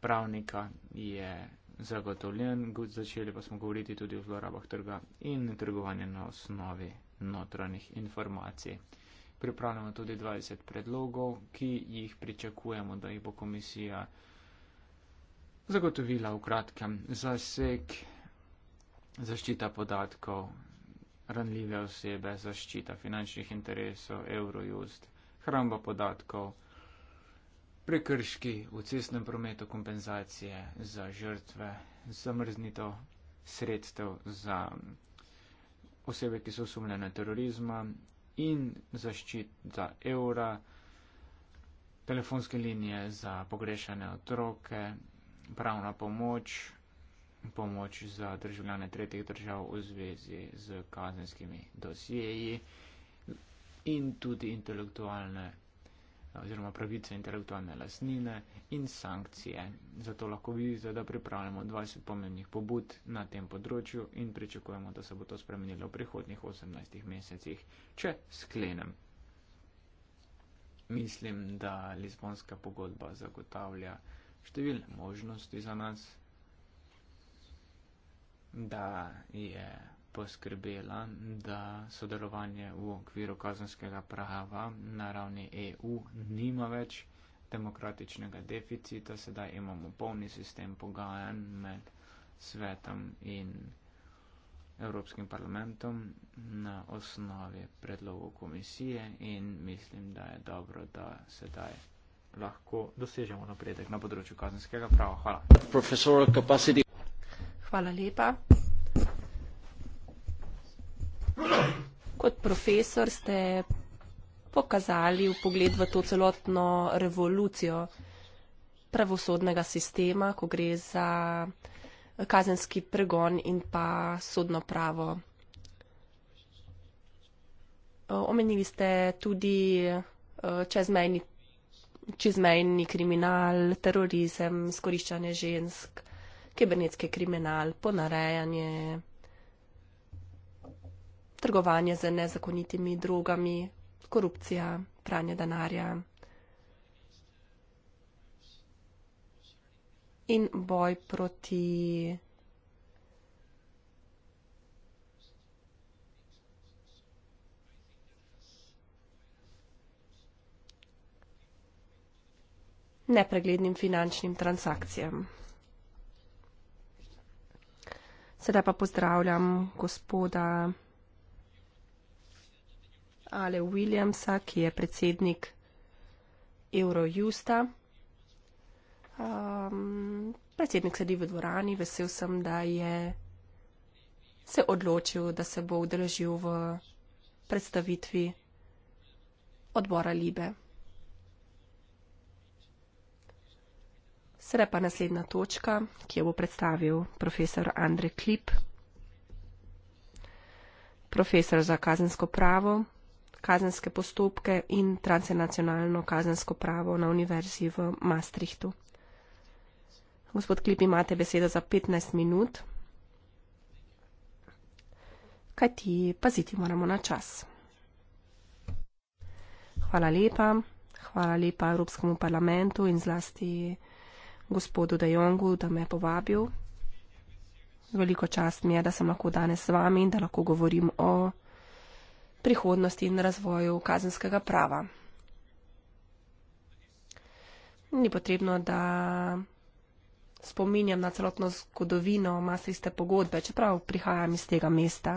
pravnika je zagotovljen, začeli pa smo govoriti tudi o zlorabah trga in trgovanje na osnovi notranjih informacij. Pripravljamo tudi 20 predlogov, ki jih pričakujemo, da jih bo komisija zagotovila v kratkem. Zaseg, zaščita podatkov, ranljive osebe, zaščita finančnih interesov, Eurojust, hramba podatkov prekrški v cestnem prometu, kompenzacije za žrtve, zamrznitev sredstev za osebe, ki so osumljene terorizma in zaščita evra, telefonske linije za pogrešane otroke, pravna pomoč, pomoč za državljane tretjih držav v zvezi z kazenskimi dosjeji in tudi intelektualne oziroma pravice intelektualne lasnine in sankcije. Zato lahko vi zdaj pripravljamo 20 pomembnih pobud na tem področju in pričakujemo, da se bo to spremenilo v prihodnjih 18 mesecih. Če sklenem, mislim, da Lizbonska pogodba zagotavlja številne možnosti za nas, da je poskrbela, da sodelovanje v okviru kazenskega prava na ravni EU nima več demokratičnega deficita, sedaj imamo polni sistem pogajanj med svetom in Evropskim parlamentom na osnovi predlogov komisije in mislim, da je dobro, da sedaj lahko dosežemo napredek na področju kazenskega prava. Hvala. Hvala lepa. Kot profesor ste pokazali v pogled v to celotno revolucijo pravosodnega sistema, ko gre za kazenski pregon in pa sodno pravo. Omenili ste tudi eh, čezmejni, čezmejni kriminal, terorizem, izkoriščanje žensk, kibernetski kriminal, ponarejanje trgovanje z nezakonitimi drogami, korupcija, pranje denarja in boj proti nepreglednim finančnim transakcijam. Sedaj pa pozdravljam gospoda. Ale Williamsa, ki je predsednik Eurojusta. Um, predsednik sedi v dvorani, vesel sem, da je se odločil, da se bo udeležil v predstavitvi odbora Libe. Sedaj pa naslednja točka, ki jo bo predstavil profesor Andrej Klip, profesor za kazensko pravo kazenske postopke in transnacionalno kazensko pravo na univerzi v Maastrichtu. Gospod Klip, imate besedo za 15 minut. Kaj ti paziti moramo na čas? Hvala lepa. Hvala lepa Evropskemu parlamentu in zlasti gospodu Dajongu, da me je povabil. Veliko čast mi je, da sem lahko danes z vami in da lahko govorim o prihodnosti in razvoju kazenskega prava. Ni potrebno, da spominjam na celotno zgodovino masliste pogodbe, čeprav prihajam iz tega mesta.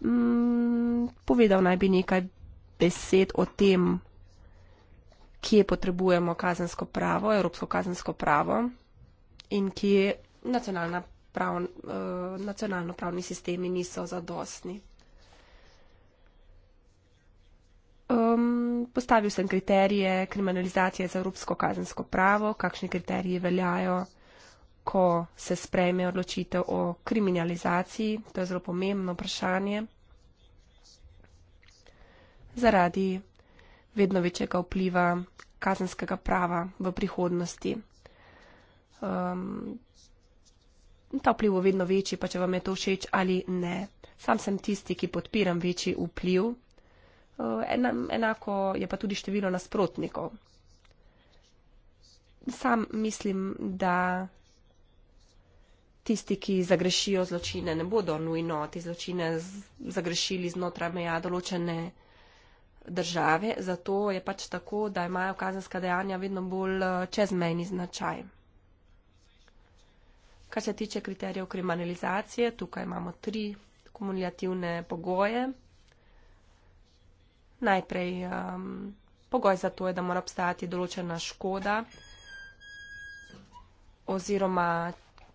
Mm, povedal naj bi nekaj besed o tem, kje potrebujemo kazensko pravo, evropsko kazensko pravo in kje prav, eh, nacionalno pravni sistemi niso zadostni. Um, postavil sem kriterije kriminalizacije za evropsko kazensko pravo, kakšni kriteriji veljajo, ko se sprejme odločitev o kriminalizaciji. To je zelo pomembno vprašanje. Zaradi vedno večjega vpliva kazenskega prava v prihodnosti. Um, ta vpliv bo vedno večji, pa če vam je to všeč ali ne. Sam sem tisti, ki podpiram večji vpliv. Eh, enako je pa tudi število nasprotnikov. Sam mislim, da tisti, ki zagrešijo zločine, ne bodo nujno te zločine zagrešili znotraj meja določene države, zato je pač tako, da imajo kazenska dejanja vedno bolj eh, čezmejni značaj. Kar se tiče kriterijev kriminalizacije, tukaj imamo tri kumulativne pogoje najprej um, pogoj za to je, da mora obstajati določena škoda oziroma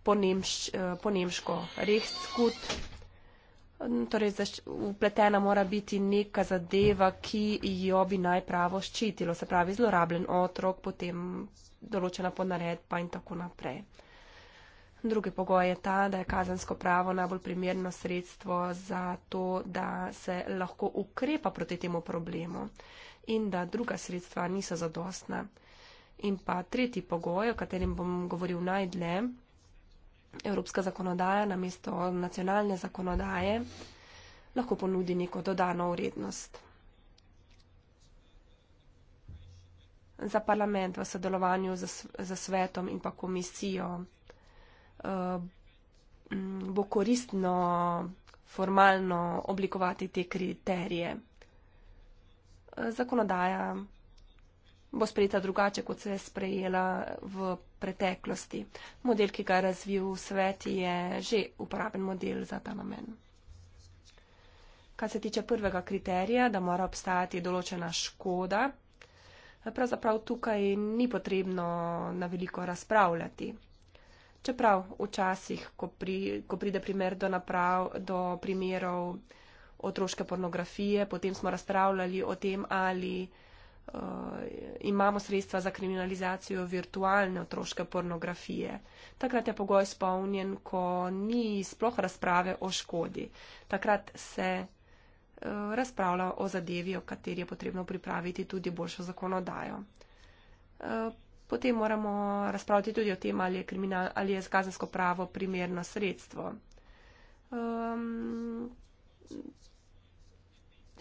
po, nemš, eh, po nemško rehtskut. Torej, upletena mora biti neka zadeva, ki jo bi naj pravo ščitilo, se pravi zlorabljen otrok, potem določena ponaredba in tako naprej. Drugi pogoj je ta, da je kazensko pravo najbolj primerno sredstvo za to, da se lahko ukrepa proti temu problemu in da druga sredstva niso zadostna. In pa tretji pogoj, o katerem bom govoril najdlje, evropska zakonodaja namesto nacionalne zakonodaje lahko ponudi neko dodano vrednost. Za parlament v sodelovanju z svetom in pa komisijo Eh, mm, bo koristno formalno oblikovati te kriterije. Eh, zakonodaja bo sprejeta drugače, kot se je sprejela v preteklosti. Model, ki ga je razvil svet, je že uporaben model za ta namen. Kar se tiče prvega kriterija, da mora obstajati določena škoda, eh, pravzaprav tukaj ni potrebno na veliko razpravljati. Čeprav včasih, ko, pri, ko pride primer do, naprav, do primerov otroške pornografije, potem smo razpravljali o tem, ali uh, imamo sredstva za kriminalizacijo virtualne otroške pornografije. Takrat je pogoj spolnjen, ko ni sploh razprave o škodi. Takrat se uh, razpravlja o zadevi, o kateri je potrebno pripraviti tudi boljšo zakonodajo. Uh, potem moramo razpravljati tudi o tem, ali je, kriminal, ali je kazensko pravo primerno sredstvo. Um,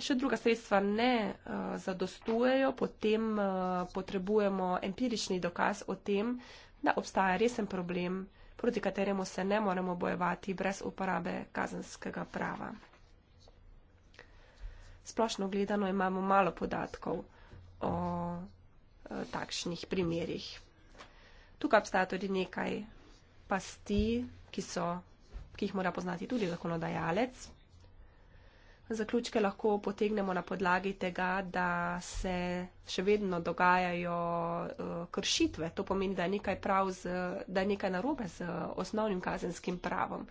še druga sredstva ne uh, zadostujejo, potem uh, potrebujemo empirični dokaz o tem, da obstaja resen problem, proti kateremu se ne moremo bojevati brez uporabe kazenskega prava. Splošno gledano imamo malo podatkov o Eh, takšnih primerjih. Tukaj obstaja tudi nekaj pasti, ki, so, ki jih mora poznati tudi zakonodajalec. Zaključke lahko potegnemo na podlagi tega, da se še vedno dogajajo eh, kršitve. To pomeni, da je nekaj, z, da je nekaj narobe z osnovnim kazenskim pravom.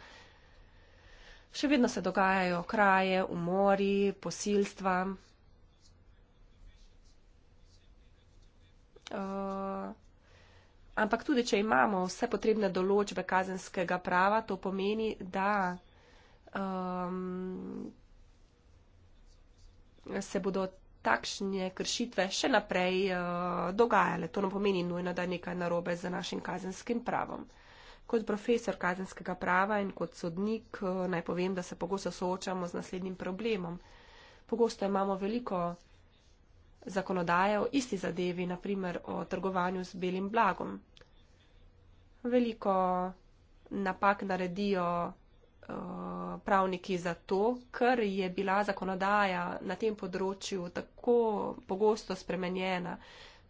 Še vedno se dogajajo kraje, umori, posilstva. Eh, ampak tudi, če imamo vse potrebne določbe kazenskega prava, to pomeni, da um, se bodo takšne kršitve še naprej uh, dogajale. To nam pomeni nujno, da je nekaj narobe z našim kazenskim pravom. Kot profesor kazenskega prava in kot sodnik eh, naj povem, da se pogosto soočamo z naslednjim problemom. Pogosto imamo veliko zakonodaje o isti zadevi, naprimer o trgovanju z belim blagom. Veliko napak naredijo eh, pravniki zato, ker je bila zakonodaja na tem področju tako pogosto spremenjena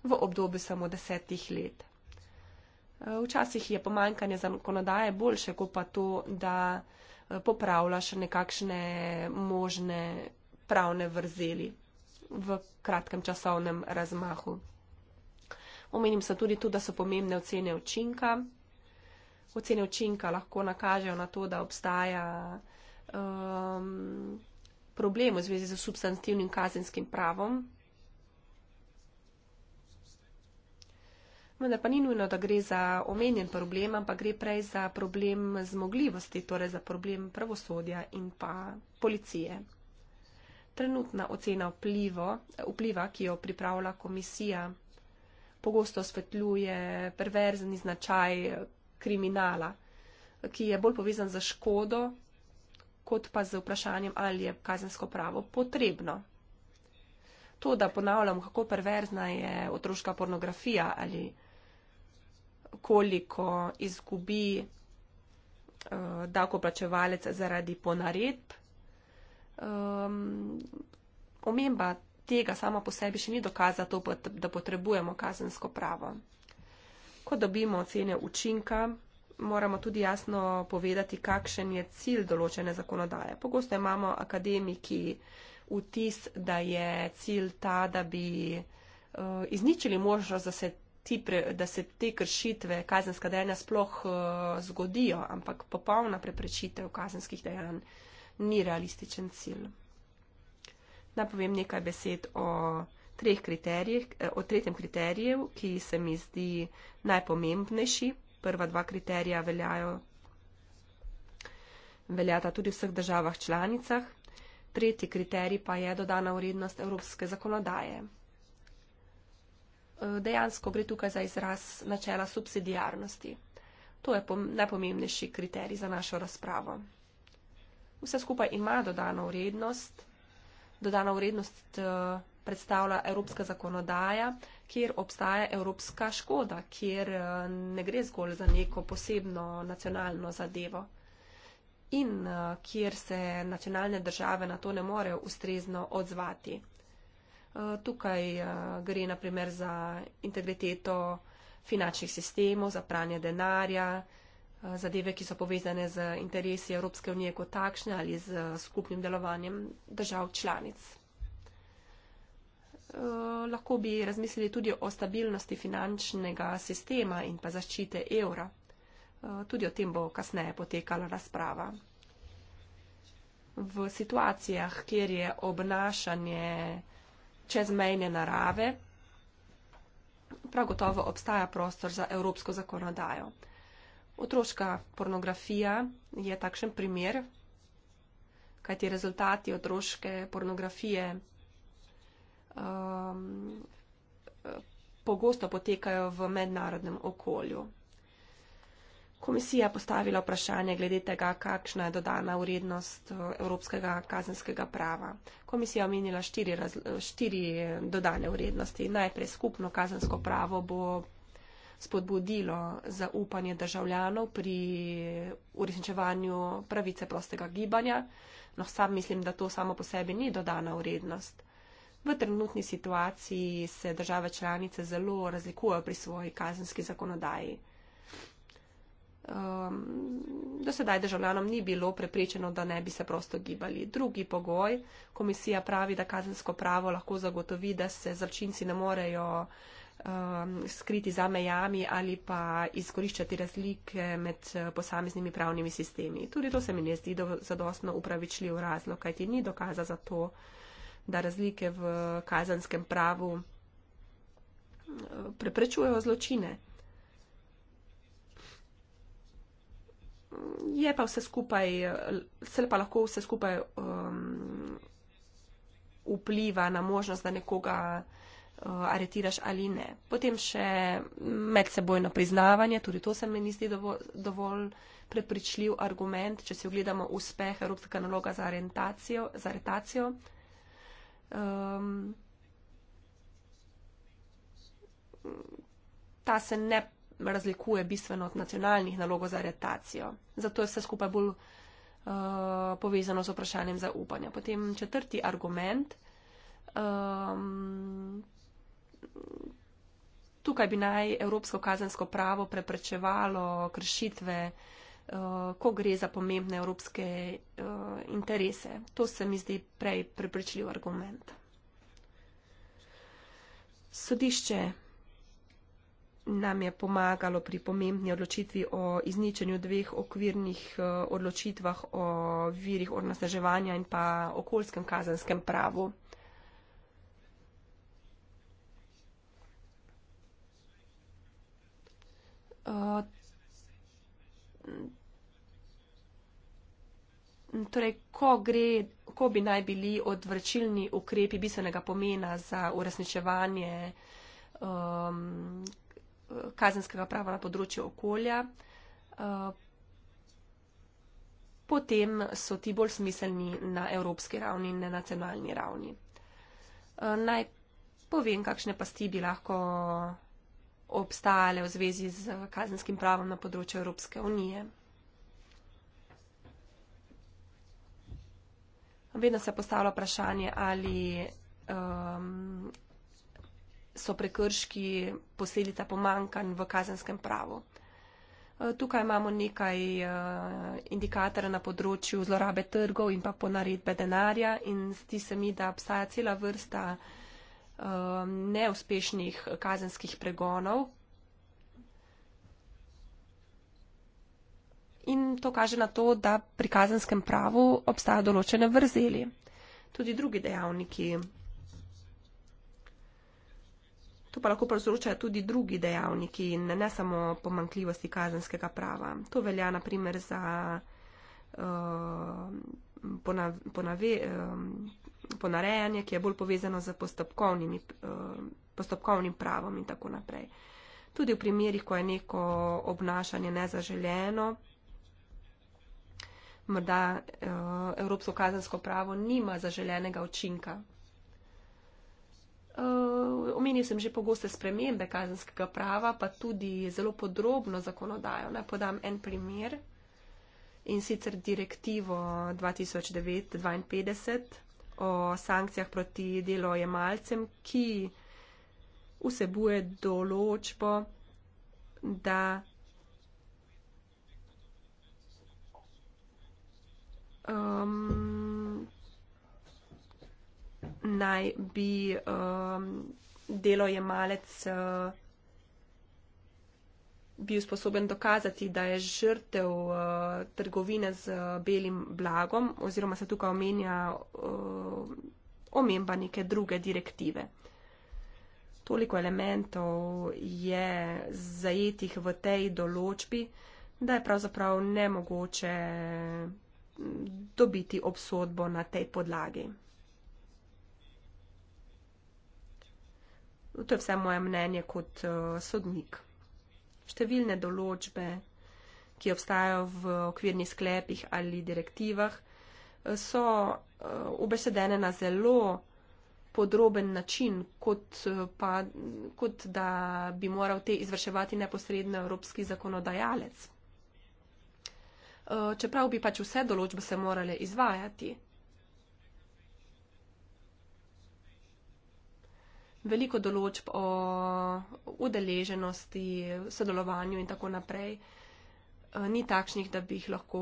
v obdobju samo desetih let. Eh, včasih je pomankanje zakonodaje boljše, kot pa to, da eh, popravljaš nekakšne možne pravne vrzeli v kratkem časovnem razmahu. Omenim se tudi tu, da so pomembne ocene učinka. Ocene učinka lahko nakažejo na to, da obstaja um, problem v zvezi z substantivnim kazenskim pravom. Vendar pa ni nujno, da gre za omenjen problem, ampak gre prej za problem zmogljivosti, torej za problem pravosodja in pa policije trenutna ocena vplivo, vpliva, ki jo pripravlja komisija, pogosto osvetljuje perverzni značaj kriminala, ki je bolj povezan za škodo, kot pa z vprašanjem, ali je kazensko pravo potrebno. To, da ponavljam, kako perverzna je otroška pornografija ali koliko izgubi uh, davkoplačevalec zaradi ponaredb, um, omemba tega sama po sebi še ni dokaza to, da potrebujemo kazensko pravo. Ko dobimo ocene učinka, moramo tudi jasno povedati, kakšen je cilj določene zakonodaje. Pogosto imamo akademiki vtis, da je cilj ta, da bi uh, izničili možnost, da se, ti pre, da se te kršitve kazenska dejanja sploh uh, zgodijo, ampak popolna preprečitev kazenskih dejanj uh, ni realističen cilj. Naj povem nekaj besed o treh kriterijih, eh, o tretjem kriteriju, ki se mi zdi najpomembnejši. Prva dva kriterija veljajo, veljata tudi v vseh državah članicah. Tretji kriterij pa je dodana vrednost evropske zakonodaje. Eh, dejansko gre tukaj za izraz načela subsidijarnosti. To je najpomembnejši kriterij za našo razpravo vse skupaj ima dodano vrednost. Dodano vrednost eh, predstavlja evropska zakonodaja, kjer obstaja evropska škoda, kjer eh, ne gre zgolj za neko posebno nacionalno zadevo in eh, kjer se nacionalne države na to ne morejo ustrezno odzvati. Tukaj gre naprimer za integriteto finančnih sistemov, za pranje denarja, Eh, zadeve, ki so povezane z interesi Evropske unije kot takšne ali z skupnim delovanjem držav članic. Eh, lahko bi razmislili tudi o stabilnosti finančnega sistema in pa zaščite evra. Eh, tudi o tem bo kasneje potekala razprava. V situacijah, kjer je obnašanje čezmejne narave, prav gotovo obstaja prostor za evropsko zakonodajo. Otroška pornografija je takšen primer, kajti rezultati otroške pornografije um, pogosto potekajo v mednarodnem okolju. Komisija je postavila vprašanje glede tega, kakšna je dodana vrednost uh, evropskega kazenskega prava. Komisija je omenila štiri, štiri dodane vrednosti. Najprej skupno kazensko pravo bo spodbudilo zaupanje državljanov pri uresničevanju pravice prostega gibanja. No, sam mislim, da to samo po sebi ni dodana vrednost. V trenutni situaciji se države članice zelo razlikujejo pri svoji kazenski zakonodaji. Um, do sedaj državljanom ni bilo preprečeno, da ne bi se prosto gibali. Drugi pogoj, komisija pravi, da kazensko pravo lahko zagotovi, da se zračinci ne morejo uh, um, skriti za mejami ali pa izkoriščati razlike med uh, posameznimi pravnimi sistemi. Tudi to se mi ne zdi zadostno upravičljiv razlog, kajti ni dokaza za to, da razlike v kazanskem pravu uh, preprečujejo zločine. Je pa vse skupaj, se pa lahko vse skupaj um, vpliva na možnost, da nekoga Eh, aretiraš ali ne. Potem še medsebojno priznavanje, tudi to se mi ni zdi dovolj, dovolj prepričljiv argument, če si ogledamo uspeh Evropskega naloga za, za aretacijo. Um, ta se ne razlikuje bistveno od nacionalnih nalogov za aretacijo. Zato je vse skupaj bolj uh, povezano z vprašanjem zaupanja. Potem četrti argument. Um, tukaj bi naj Evropsko kazensko pravo preprečevalo kršitve, eh, ko gre za pomembne evropske eh, interese. To se mi zdi prej preprečljiv argument. Sodišče nam je pomagalo pri pomembni odločitvi o izničenju dveh okvirnih eh, odločitvah o virih onazneževanja in pa okoljskem kazenskem pravu. torej, ko gre, ko bi naj bili odvračilni ukrepi bistvenega pomena za uresničevanje um, kazenskega prava na področju okolja, uh, potem so ti bolj smiselni na evropski ravni in na nacionalni ravni. Uh, naj povem, kakšne pasti bi lahko obstajale v zvezi z kazenskim pravom na področju Evropske unije. vedno se postavlja vprašanje, ali um, so prekrški posledica pomankanj v kazenskem pravu. Uh, tukaj imamo nekaj uh, indikatorjev na področju zlorabe trgov in pa ponaredbe denarja in zdi se mi, da obstaja cela vrsta um, neuspešnih kazenskih pregonov, in to kaže na to, da pri kazenskem pravu obstajajo določene vrzeli. Tudi drugi dejavniki. To pa lahko prezručajo tudi drugi dejavniki in ne samo pomankljivosti kazenskega prava. To velja naprimer za uh, eh, ponav, ponave, um, ponarejanje, ki je bolj povezano z postopkovnimi, uh, postopkovnim pravom in tako naprej. Tudi v primerih, ko je neko obnašanje nezaželjeno, morda uh, evropsko kazensko pravo nima zaželenega učinka. Uh, omenil sem že pogoste spremembe kazenskega prava, pa tudi zelo podrobno zakonodajo. Naj podam en primer in sicer direktivo 2009-52 o sankcijah proti delojemalcem, ki vsebuje določbo, da um, naj bi um, delojemalec uh, bil sposoben dokazati, da je žrtev uh, trgovine z uh, belim blagom, oziroma se tukaj omenja uh, omemba neke druge direktive. Toliko elementov je zajetih v tej določbi, da je pravzaprav nemogoče dobiti obsodbo na tej podlagi. To je vse moje mnenje kot eh, sodnik. Številne določbe, ki obstajajo v okvirnih sklepih ali direktivah, eh, so obesedene eh, na zelo podroben način, kot, pa, kot da bi moral te izvrševati neposredno evropski zakonodajalec. Eh, čeprav bi pač vse določbe se morale izvajati. Veliko določb o udeleženosti, sodelovanju in tako naprej eh, ni takšnih, da bi jih lahko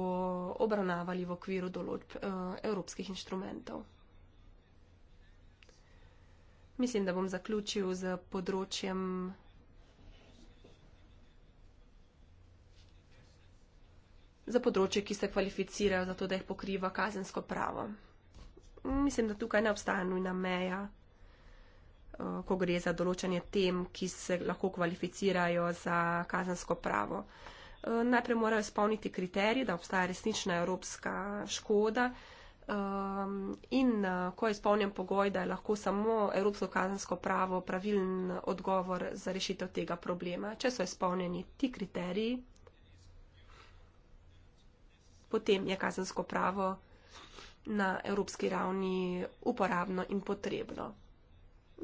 obravnavali v okviru določb eh, evropskih inštrumentov. Mislim, da bom zaključil z področjem za področje, ki se kvalificirajo za to, da jih pokriva kazensko pravo. Mislim, da tukaj ne obstaja nujna meja, eh, ko gre za določanje tem, ki se lahko kvalificirajo za kazensko pravo. Eh, najprej morajo spolniti kriterije, da obstaja resnična evropska škoda ehm, in eh, ko je spolnjen pogoj, da je lahko samo evropsko kazensko pravo pravilen odgovor za rešitev tega problema. Če so spolnjeni ti kriteriji, potem je kazensko pravo na evropski ravni uporabno in potrebno.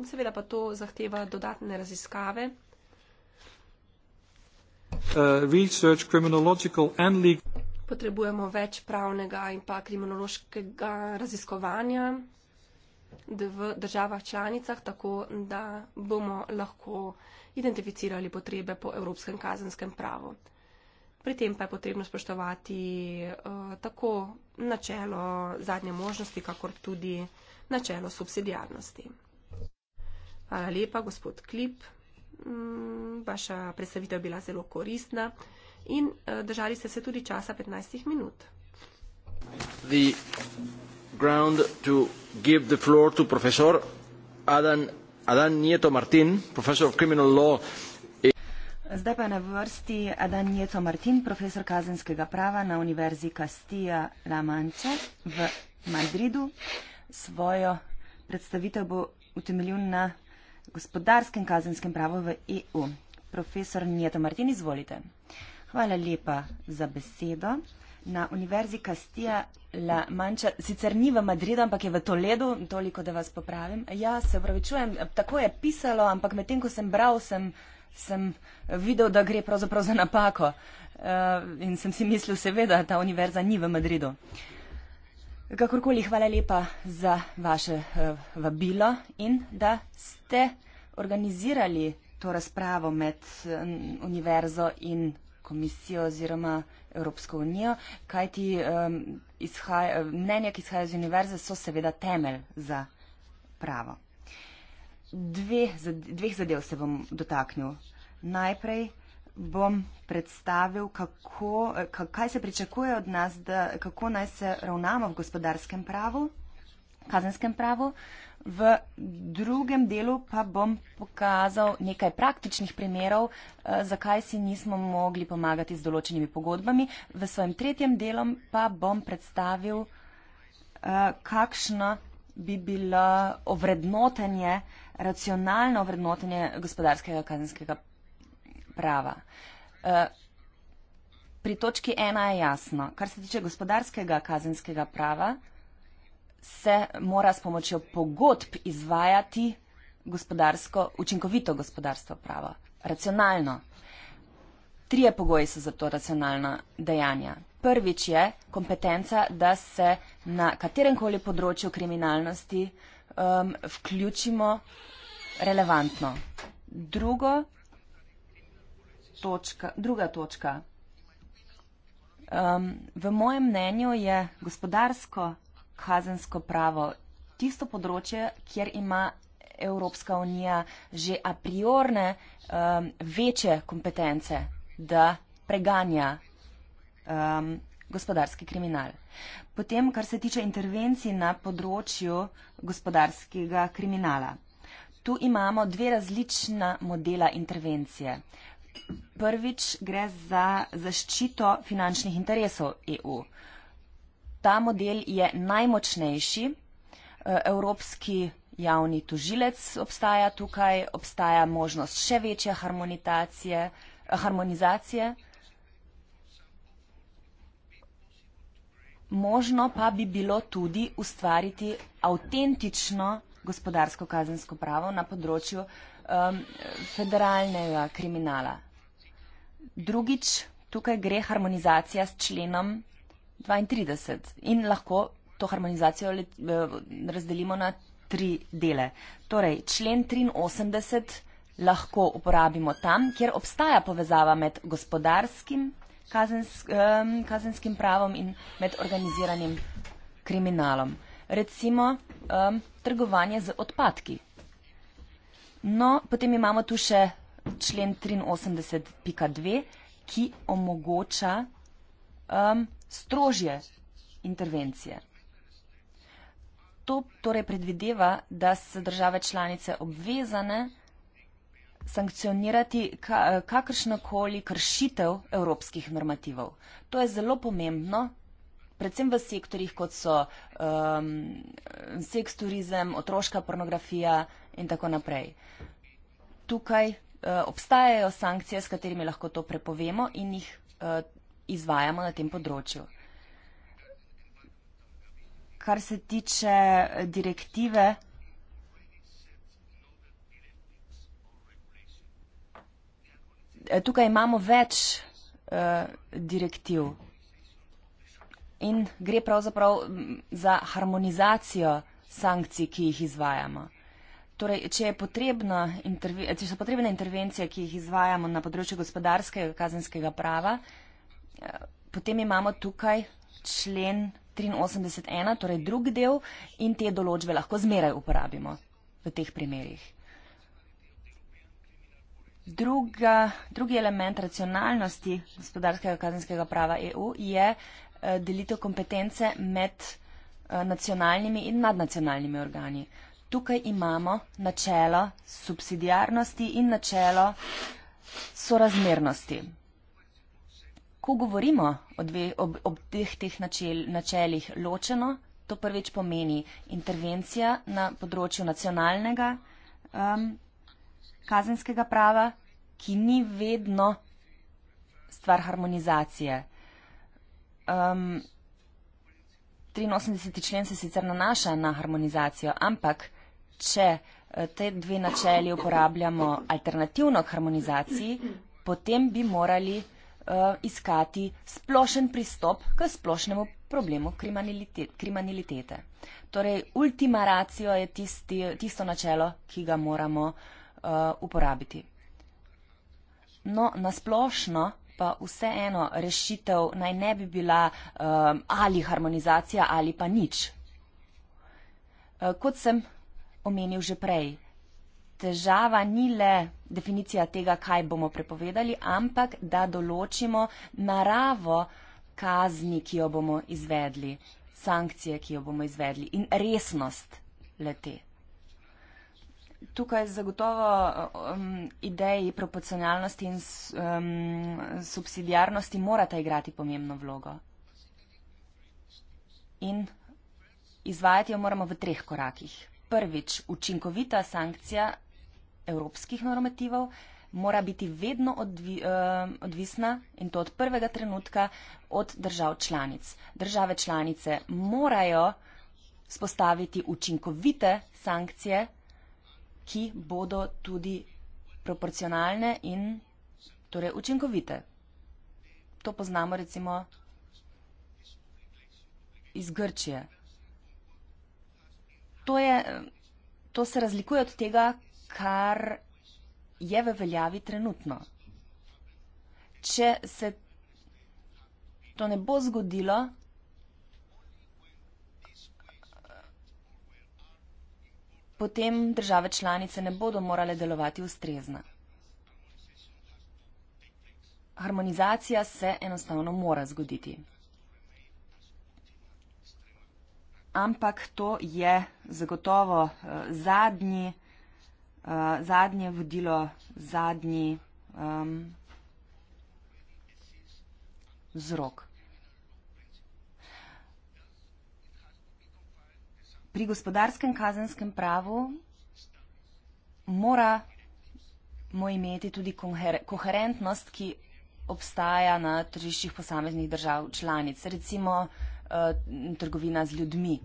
Seveda pa to zahteva dodatne raziskave. Uh, Potrebujemo več pravnega in pa kriminološkega raziskovanja v državah članicah, tako da bomo lahko identificirali potrebe po evropskem kazenskem pravu pri tem pa je potrebno spoštovati eh, tako načelo zadnje možnosti, kakor tudi načelo subsidijarnosti. Hvala lepa, gospod Klip. Mm, vaša predstavitev je bila zelo koristna in eh, držali ste se tudi časa 15 minut. The ground to give the floor to professor Adan, Adan Nieto Martin, professor of criminal law Zdaj pa je na vrsti Adanjeto Martin, profesor kazenskega prava na Univerzi Castilla-La Mancha v Madridu. Svojo predstavitev bo utemeljil na gospodarskem kazenskem pravu v EU. Profesor Njeto Martin, izvolite. Hvala lepa za besedo. Na Univerzi Castilla-La Mancha, sicer ni v Madridu, ampak je v Toledu, toliko da vas popravim. Ja, se upravičujem, tako je pisalo, ampak medtem, ko sem bral, sem sem videl, da gre pravzaprav za napako. Eh, in sem si mislil, seveda, ta univerza ni v Madridu. Kakorkoli, hvala lepa za vaše eh, vabilo in da ste organizirali to razpravo med eh, univerzo in komisijo oziroma Evropsko unijo, kaj ti mnenja, ki izhajajo iz univerze, so seveda temelj za pravo dve, dveh zadev se bom dotaknil. Najprej bom predstavil, kako, kaj se pričakuje od nas, da, kako naj se ravnamo v gospodarskem pravu, kazenskem pravu. V drugem delu pa bom pokazal nekaj praktičnih primerov, eh, zakaj si nismo mogli pomagati z določenimi pogodbami. V svojem tretjem delu pa bom predstavil, eh, kakšno bi bilo ovrednotenje uh, racionalno vrednotenje gospodarskega kazenskega prava. Eh, pri točki ena je jasno, kar se tiče gospodarskega kazenskega prava, se mora s pomočjo pogodb izvajati gospodarsko, učinkovito gospodarstvo prava, racionalno. Trije pogoji so za to racionalna dejanja. Prvič je kompetenca, da se na katerem koli področju kriminalnosti uh, um, vključimo relevantno. Drugo, točka, druga točka. Um, v mojem mnenju je gospodarsko kazensko pravo tisto področje, kjer ima Evropska unija že a priorne um, večje kompetence, da preganja um, gospodarski kriminal. Potem, kar se tiče intervencij na področju gospodarskega kriminala. Tu imamo dve različna modela intervencije. Prvič gre za zaščito finančnih interesov EU. Ta model je najmočnejši. Eh, evropski javni tožilec obstaja tukaj, obstaja možnost še večje eh, harmonizacije. možno pa bi bilo tudi ustvariti avtentično gospodarsko kazensko pravo na področju um, federalnega kriminala. Drugič, tukaj gre harmonizacija s členom 32 in lahko to harmonizacijo eh, razdelimo na tri dele. Torej, člen 83 lahko uporabimo tam, kjer obstaja povezava med gospodarskim kazens, um, kazenskim pravom in med organiziranim kriminalom. Recimo um, trgovanje z odpadki. No, potem imamo tu še člen 83.2, ki omogoča um, strožje intervencije. To torej predvideva, da se države članice obvezane, sankcionirati kakršnokoli kršitev evropskih normativov. To je zelo pomembno, predvsem v sektorjih, kot so um, seks, turizem, otroška pornografija in tako naprej. Tukaj uh, obstajajo sankcije, s katerimi lahko to prepovemo in jih uh, izvajamo na tem področju. Kar se tiče direktive, tukaj imamo več uh, direktiv in gre pravzaprav za harmonizacijo sankcij, ki jih izvajamo. Torej, če, je če so potrebne intervencije, ki jih izvajamo na področju gospodarskega kazenskega prava, eh, potem imamo tukaj člen 83.1, torej drug del in te določbe lahko zmeraj uporabimo v teh primerjih. Druga, drugi element racionalnosti gospodarskega kazenskega prava EU je eh, delitev kompetence med eh, nacionalnimi in nadnacionalnimi organi. Tukaj imamo načelo subsidijarnosti in načelo sorazmernosti. Ko govorimo o, dve, o, o teh, teh načel, načelih ločeno, to prvič pomeni intervencija na področju nacionalnega um, kazenskega prava, ki ni vedno stvar harmonizacije. Um, 83. člen se sicer nanaša na harmonizacijo, ampak če eh, te dve načeli uporabljamo alternativno k harmonizaciji, potem bi morali uh, iskati splošen pristop k splošnemu problemu kriminalitete. kriminalitete. Torej, ultima racijo je tisti, tisto načelo, ki ga moramo uh, Eh, uporabiti. No, nasplošno pa vseeno rešitev naj ne bi bila um, ali harmonizacija ali pa nič. Eh, kot sem omenil že prej, težava ni le definicija tega, kaj bomo prepovedali, ampak da določimo naravo kazni, ki jo bomo izvedli, sankcije, ki jo bomo izvedli in resnost lete tukaj zagotovo um, ideji proporcionalnosti in um, subsidijarnosti morata igrati pomembno vlogo. In izvajati jo moramo v treh korakih. Prvič, učinkovita sankcija evropskih normativov mora biti vedno odvi, uh, odvisna in to od prvega trenutka od držav članic. Države članice morajo spostaviti učinkovite sankcije, ki bodo tudi proporcionalne in torej učinkovite. To poznamo recimo iz Grčije. To je, to se razlikuje od tega, kar je v veljavi trenutno. Če se to ne bo zgodilo, potem države članice ne bodo morale delovati ustrezna. Harmonizacija se enostavno mora zgoditi. Ampak to je zagotovo eh, zadnji, eh, zadnje vodilo, zadnji um, vzrok. pri gospodarskem kazenskem pravu moramo imeti tudi koherentnost, ki obstaja na tržiščih posameznih držav članic, recimo eh, trgovina z ljudmi.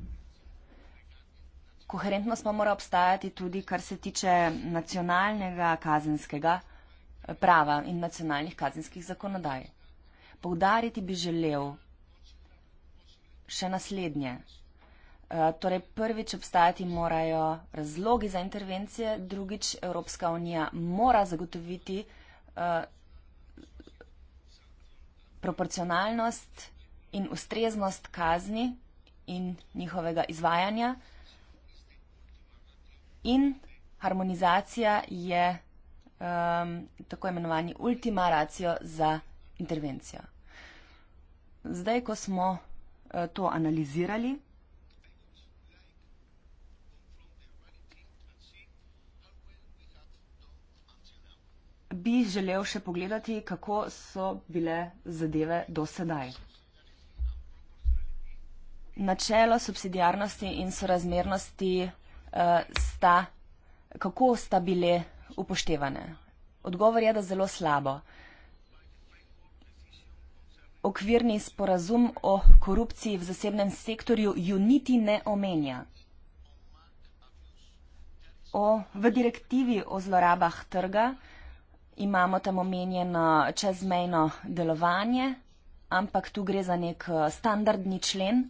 Koherentnost pa mora obstajati tudi, kar se tiče nacionalnega kazenskega eh, prava in nacionalnih kazenskih zakonodaj. Poudariti bi želel še naslednje. Eh, torej, prvič obstajati morajo razlogi za intervencije, drugič Evropska unija mora zagotoviti eh, proporcionalnost in ustreznost kazni in njihovega izvajanja. In harmonizacija je um, tako imenovani ultima racijo za intervencijo. Zdaj, ko smo uh, to analizirali, bi želel še pogledati, kako so bile zadeve do sedaj. Načelo subsidijarnosti in sorazmernosti uh, sta, kako sta bile upoštevane? Odgovor je, da zelo slabo. Okvirni sporazum o korupciji v zasebnem sektorju ju niti ne omenja. O, v direktivi o zlorabah trga uh, imamo tam omenjeno čezmejno delovanje, ampak tu gre za nek eh, standardni člen.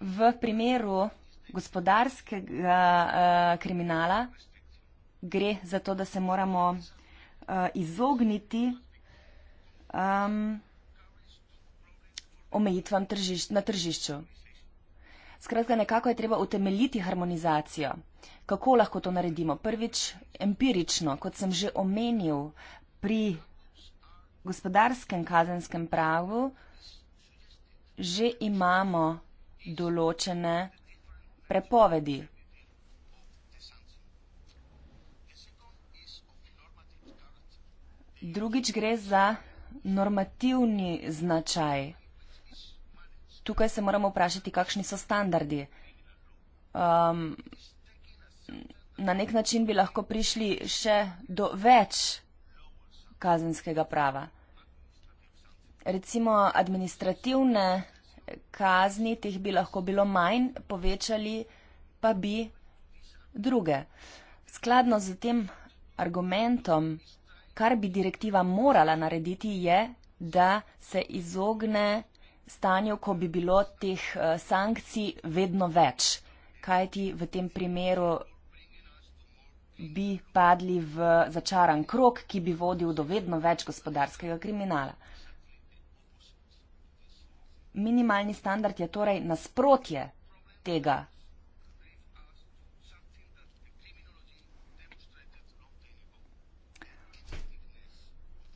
V primeru gospodarskega uh, kriminala gre za to, da se moramo uh, izogniti um, omejitvam tržiš na tržišču. Skratka, nekako je treba utemeljiti harmonizacijo. Kako lahko to naredimo? Prvič, empirično, kot sem že omenil, pri gospodarskem kazenskem pravu že imamo določene prepovedi. Drugič gre za normativni značaj tukaj se moramo vprašati, kakšni so standardi. Um, na nek način bi lahko prišli še do več kazenskega prava. Recimo administrativne kazni, teh bi lahko bilo manj, povečali pa bi druge. Skladno z tem argumentom, kar bi direktiva morala narediti, je, da se izogne stanju, ko bi bilo teh eh, sankcij vedno več, kajti v tem primeru bi padli v začaran krok, ki bi vodil do vedno več gospodarskega kriminala. Minimalni standard je torej nasprotje tega.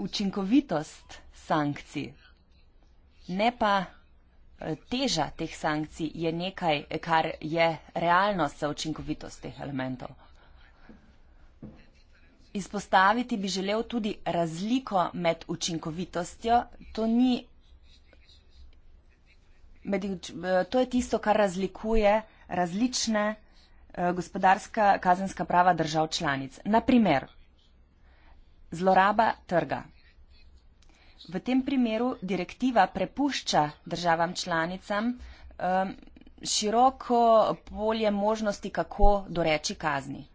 Učinkovitost sankcij ne pa eh, teža teh sankcij je nekaj, kar je realnost za učinkovitost teh elementov. Izpostaviti bi želel tudi razliko med učinkovitostjo, to ni, med, eh, to je tisto, kar razlikuje različne eh, gospodarska kazenska prava držav članic. Naprimer, zloraba trga. V tem primeru direktiva prepušča državam članicam um, široko polje možnosti, kako doreči kazni.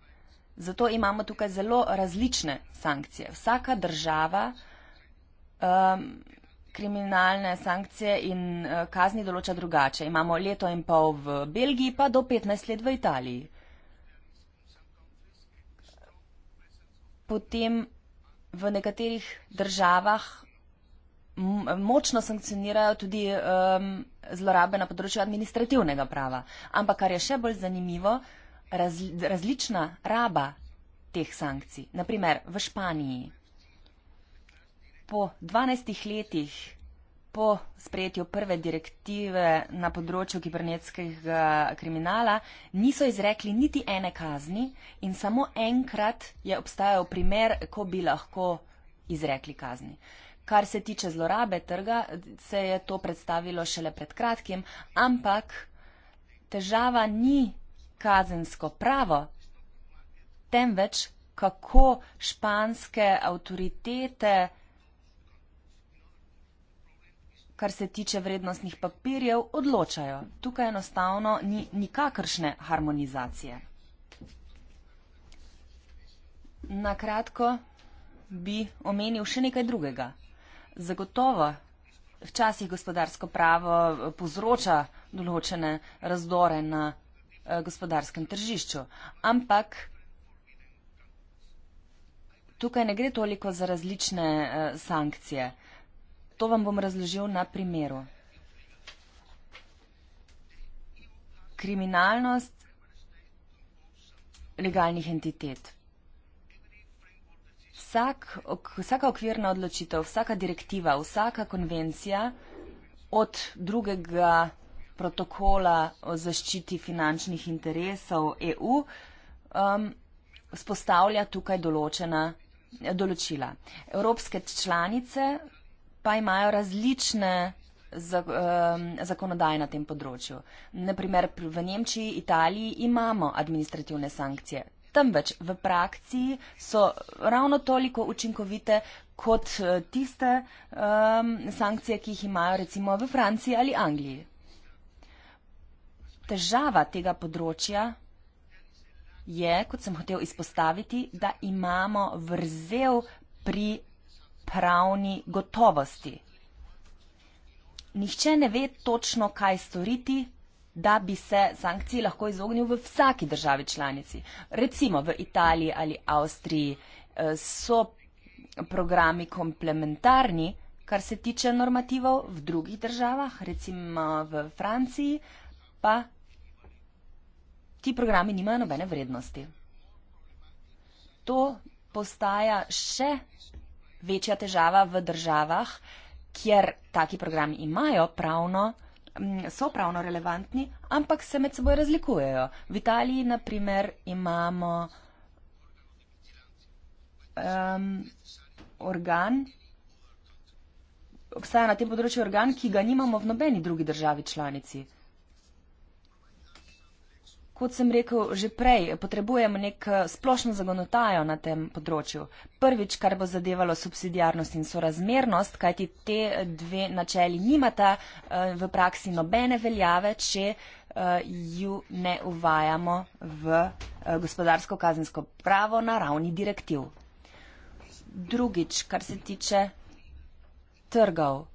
Zato imamo tukaj zelo različne sankcije. Vsaka država um, kriminalne sankcije in uh, kazni določa drugače. Imamo leto in pol v Belgiji, pa do 15 let v Italiji. Potem v nekaterih državah močno sankcionirajo tudi um, zlorabe na področju administrativnega prava. Ampak kar je še bolj zanimivo, razli, različna raba teh sankcij. Naprimer, v Španiji po 12 letih po sprejetju prve direktive na področju kibernetskega kriminala niso izrekli niti ene kazni in samo enkrat je obstajal primer, ko bi lahko izrekli kazni. Uh, Kar se tiče zlorabe trga, se je to predstavilo šele pred kratkim, ampak težava ni kazensko pravo, temveč kako španske avtoritete, kar se tiče vrednostnih papirjev, odločajo. Tukaj enostavno ni nikakršne harmonizacije. Na kratko bi omenil še nekaj drugega zagotovo včasih gospodarsko pravo povzroča določene razdore na eh, gospodarskem tržišču. Ampak tukaj ne gre toliko za različne eh, sankcije. To vam bom razložil na primeru. Kriminalnost legalnih entitet vsak, vsaka okvirna odločitev, vsaka direktiva, vsaka konvencija od drugega protokola o zaščiti finančnih interesov EU um, spostavlja tukaj določena določila. Evropske članice pa imajo različne um, zakonodaje na tem področju. Naprimer, v Nemčiji, Italiji imamo administrativne sankcije temveč v praksi so ravno toliko učinkovite kot eh, tiste um, sankcije, ki jih imajo recimo v Franciji ali Angliji. Težava tega področja je, kot sem hotel izpostaviti, da imamo vrzel pri pravni gotovosti. Nihče ne ve točno, kaj storiti da bi se sankciji lahko izognil v vsaki državi članici. Recimo v Italiji ali Avstriji eh, so programi komplementarni, kar se tiče normativov v drugih državah, recimo v Franciji, pa ti programi nimajo nobene vrednosti. To postaja še večja težava v državah, kjer taki programi imajo pravno vrednost. Mm, so pravno relevantni, ampak se med seboj razlikujejo. V Italiji, na primer, imamo um, organ, obstaja na tem področju organ, ki ga nimamo v nobeni drugi državi članici kot sem rekel že prej, potrebujemo nek eh, splošno zagonotajo na tem področju. Prvič, kar bo zadevalo subsidijarnost in sorazmernost, kajti te eh, dve načeli nimata eh, v praksi nobene veljave, če ju ne uvajamo v gospodarsko-kazensko pravo na ravni direktiv. Drugič, kar se tiče trgov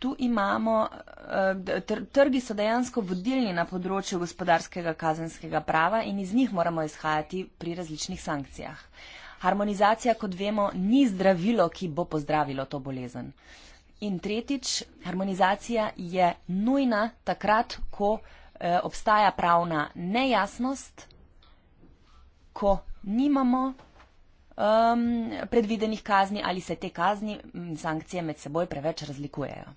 tu imamo, eh, trgi so dejansko vodilni na področju gospodarskega kazenskega prava in iz njih moramo izhajati pri različnih sankcijah. Harmonizacija, kot vemo, ni zdravilo, ki bo pozdravilo to bolezen. In tretjič, harmonizacija je nujna takrat, ko eh, obstaja pravna nejasnost, ko nimamo ehm, predvidenih kazni ali se te kazni in sankcije med seboj preveč razlikujejo.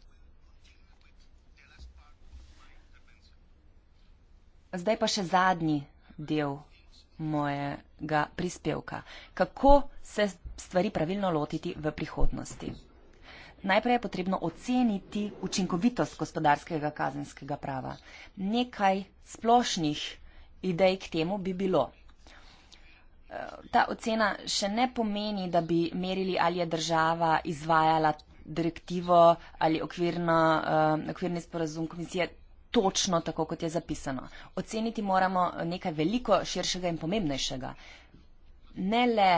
Zdaj pa še zadnji del mojega prispevka. Kako se stvari pravilno lotiti v prihodnosti? Najprej je potrebno oceniti učinkovitost gospodarskega kazenskega prava. Nekaj splošnih idej k temu bi bilo. Ta ocena še ne pomeni, da bi merili, ali je država izvajala direktivo ali okvirno, eh, okvirni sporazum komisije točno tako, kot je zapisano. Oceniti moramo nekaj veliko širšega in pomembnejšega. Ne le,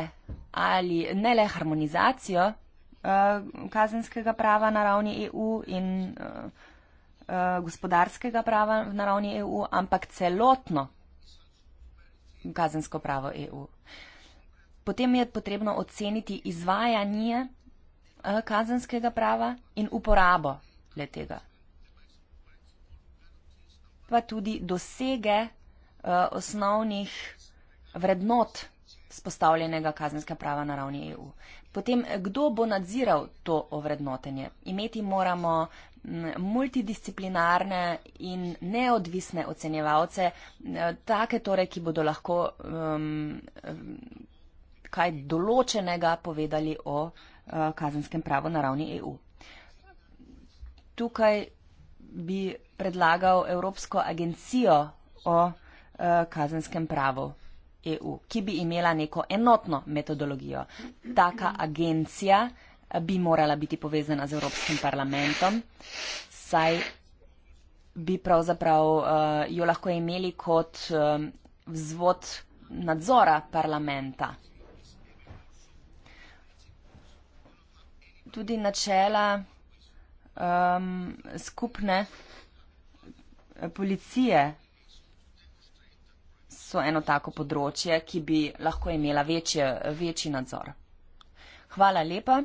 ali, ne le harmonizacijo uh, kazenskega prava na ravni EU in uh, uh, gospodarskega prava na ravni EU, ampak celotno kazensko pravo EU. Potem je potrebno oceniti izvajanje uh, kazenskega prava in uporabo letega pa tudi dosege uh, osnovnih vrednot spostavljenega kazenskega prava na ravni EU. Potem, kdo bo nadziral to ovrednotenje? Imeti moramo multidisciplinarne in neodvisne ocenjevalce, eh, take torej, ki bodo lahko um, kaj določenega povedali o uh, kazenskem pravu na ravni EU. Tukaj bi predlagal Evropsko agencijo o uh, kazenskem pravu EU, ki bi imela neko enotno metodologijo. Taka agencija eh, bi morala biti povezana z Evropskim parlamentom, saj bi pravzaprav uh, jo lahko imeli kot um, vzvod nadzora parlamenta. Tudi načela um, skupne policije so eno tako področje, ki bi lahko imela večje, večji nadzor. Hvala lepa.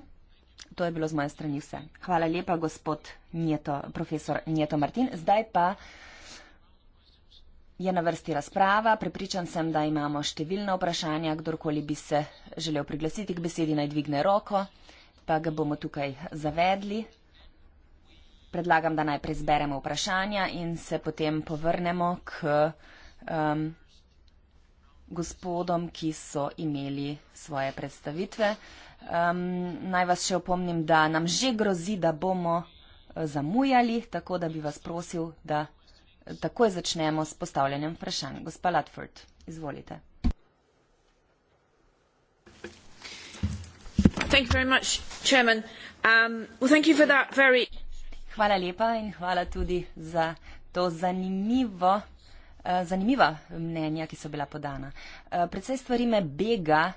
To je bilo z moje strani vse. Hvala lepa, gospod Njeto, profesor Njeto Martin. Zdaj pa je na vrsti razprava. Prepričan sem, da imamo številna vprašanja. Kdorkoli bi se želel priglasiti k besedi, naj dvigne roko, pa ga bomo tukaj zavedli predlagam, da najprej zberemo vprašanja in se potem povrnemo k um, gospodom, ki so imeli svoje predstavitve. Um, naj vas še opomnim, da nam že grozi, da bomo eh, zamujali, tako da bi vas prosil, da eh, takoj začnemo s postavljanjem vprašanj. Gospa Latford, izvolite. Thank you very much, Chairman. Um, well, thank you for that very Hvala lepa in hvala tudi za to zanimivo. Eh, zanimiva mnenja, ki so bila podana. Eh, Predvsej stvari me bega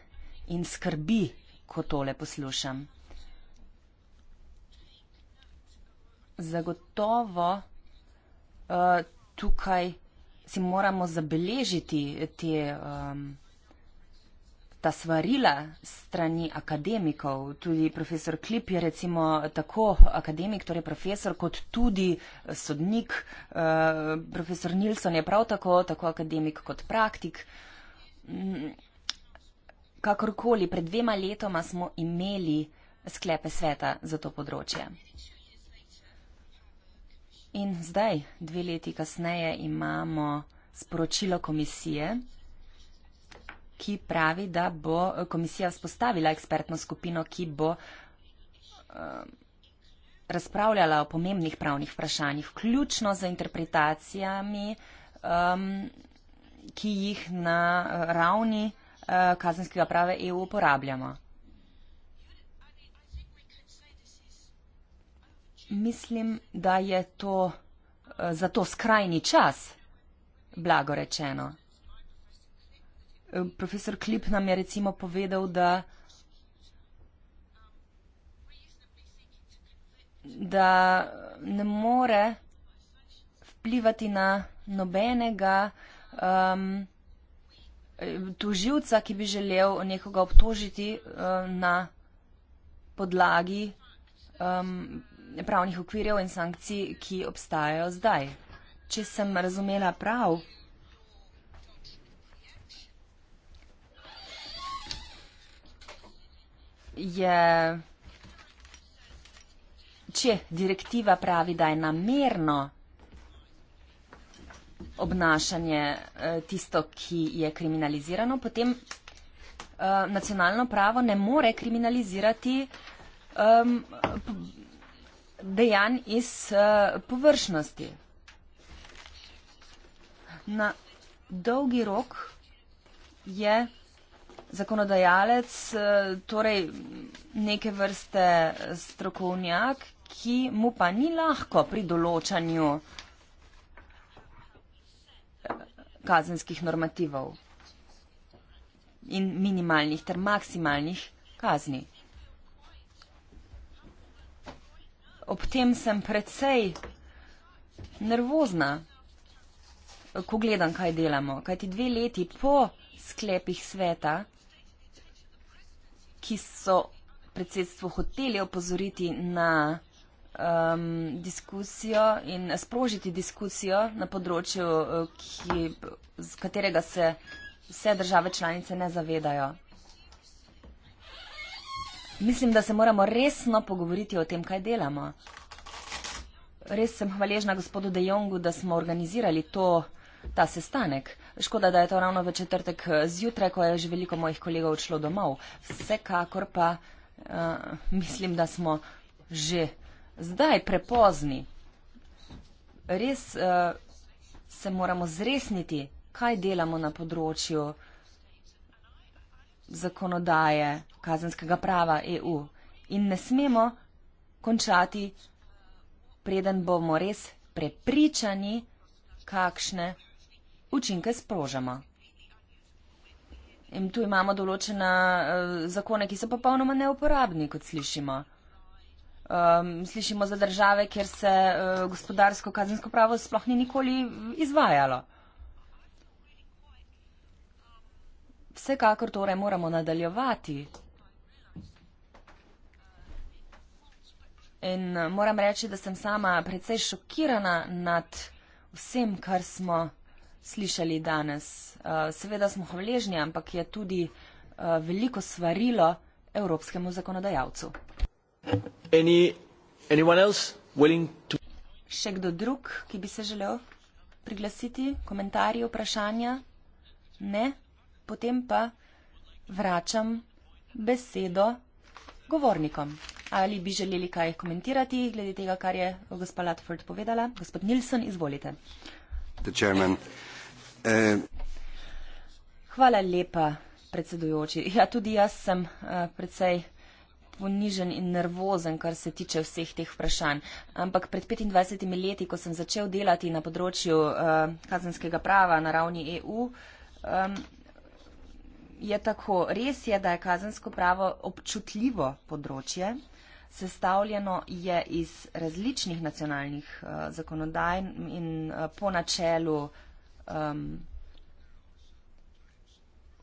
in skrbi, ko tole poslušam. Zagotovo eh, tukaj si moramo zabeležiti te. Um, ta svarila strani akademikov, tudi profesor Klip je recimo tako akademik, torej profesor, kot tudi sodnik, eh, profesor Nilsson je prav tako, tako akademik kot praktik. Mm, kakorkoli, pred dvema letoma smo imeli sklepe sveta za to področje. In zdaj, dve leti kasneje, imamo sporočilo komisije ki pravi, da bo eh, komisija spostavila ekspertno skupino, ki bo eh, razpravljala o pomembnih pravnih vprašanjih, vključno z interpretacijami, ki jih na eh, ravni kazenskega prava EU uporabljamo. Mislim, da je to zato skrajni čas, blago rečeno. Eh, profesor Klip nam je recimo povedal, da, da ne more vplivati na nobenega um, tuživca, ki bi želel nekoga obtožiti uh, na podlagi um, pravnih okvirjev in sankcij, ki obstajajo zdaj. Če sem razumela prav, je, če direktiva pravi, da je namerno obnašanje eh, tisto, ki je kriminalizirano, potem eh, nacionalno pravo ne more kriminalizirati dejanj iz eh, površnosti. Na dolgi rok je zakonodajalec, eh, torej neke vrste strokovnjak, ki mu pa ni lahko pri določanju eh, kazenskih normativov in minimalnih ter maksimalnih kazni. Ob tem sem precej nervozna, ko gledam, kaj delamo. Kajti dve leti po sklepih sveta ki so predsedstvo hoteli opozoriti na um, diskusijo in sprožiti diskusijo na področju, uh, ki, z katerega se vse države članice ne zavedajo. Mislim, da se moramo resno pogovoriti o tem, kaj delamo. Res sem hvaležna gospodu De Jongu, da smo organizirali to ta sestanek. Škoda, da je to ravno v četrtek eh, zjutraj, ko je že veliko mojih kolegov odšlo domov. Vsekakor pa uh, mislim, da smo že zdaj prepozni. Res uh, se moramo zresniti, kaj delamo na področju zakonodaje kazenskega prava EU. In ne smemo končati, preden bomo res prepričani, kakšne učinke sprožamo. In tu imamo določene eh, zakone, ki so popolnoma neuporabni, kot slišimo. Ehm, slišimo za države, kjer se eh, gospodarsko kazensko pravo sploh ni nikoli izvajalo. Vsekakor torej moramo nadaljevati. In eh, moram reči, da sem sama precej šokirana nad vsem, kar smo slišali danes. Eh, seveda smo hvaležni, ampak je tudi eh, veliko svarilo evropskemu zakonodajalcu. Any, to... Še kdo drug, ki bi se želel priglasiti, komentarji, vprašanja? Ne? Potem pa vračam besedo govornikom. Ali bi želeli kaj komentirati glede tega, kar je gospa Latford povedala? Gospod Nilsson, izvolite. The chairman. Uh, Eh, hvala lepa, predsedujoči. Ja, tudi jaz sem eh, predvsej ponižen in nervozen, kar se tiče vseh teh vprašanj. Ampak pred 25 leti, ko sem začel delati na področju eh, kazenskega prava na ravni EU, je tako. Res je, da je kazensko pravo občutljivo področje. Sestavljeno je iz različnih nacionalnih zakonodaj in po načelu Um,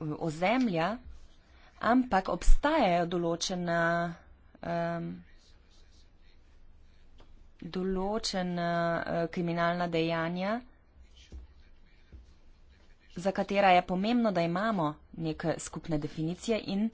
ozemlja, ampak obstajajo določena, um, določena uh, kriminalna dejanja, za katera je pomembno, da imamo neke skupne definicije in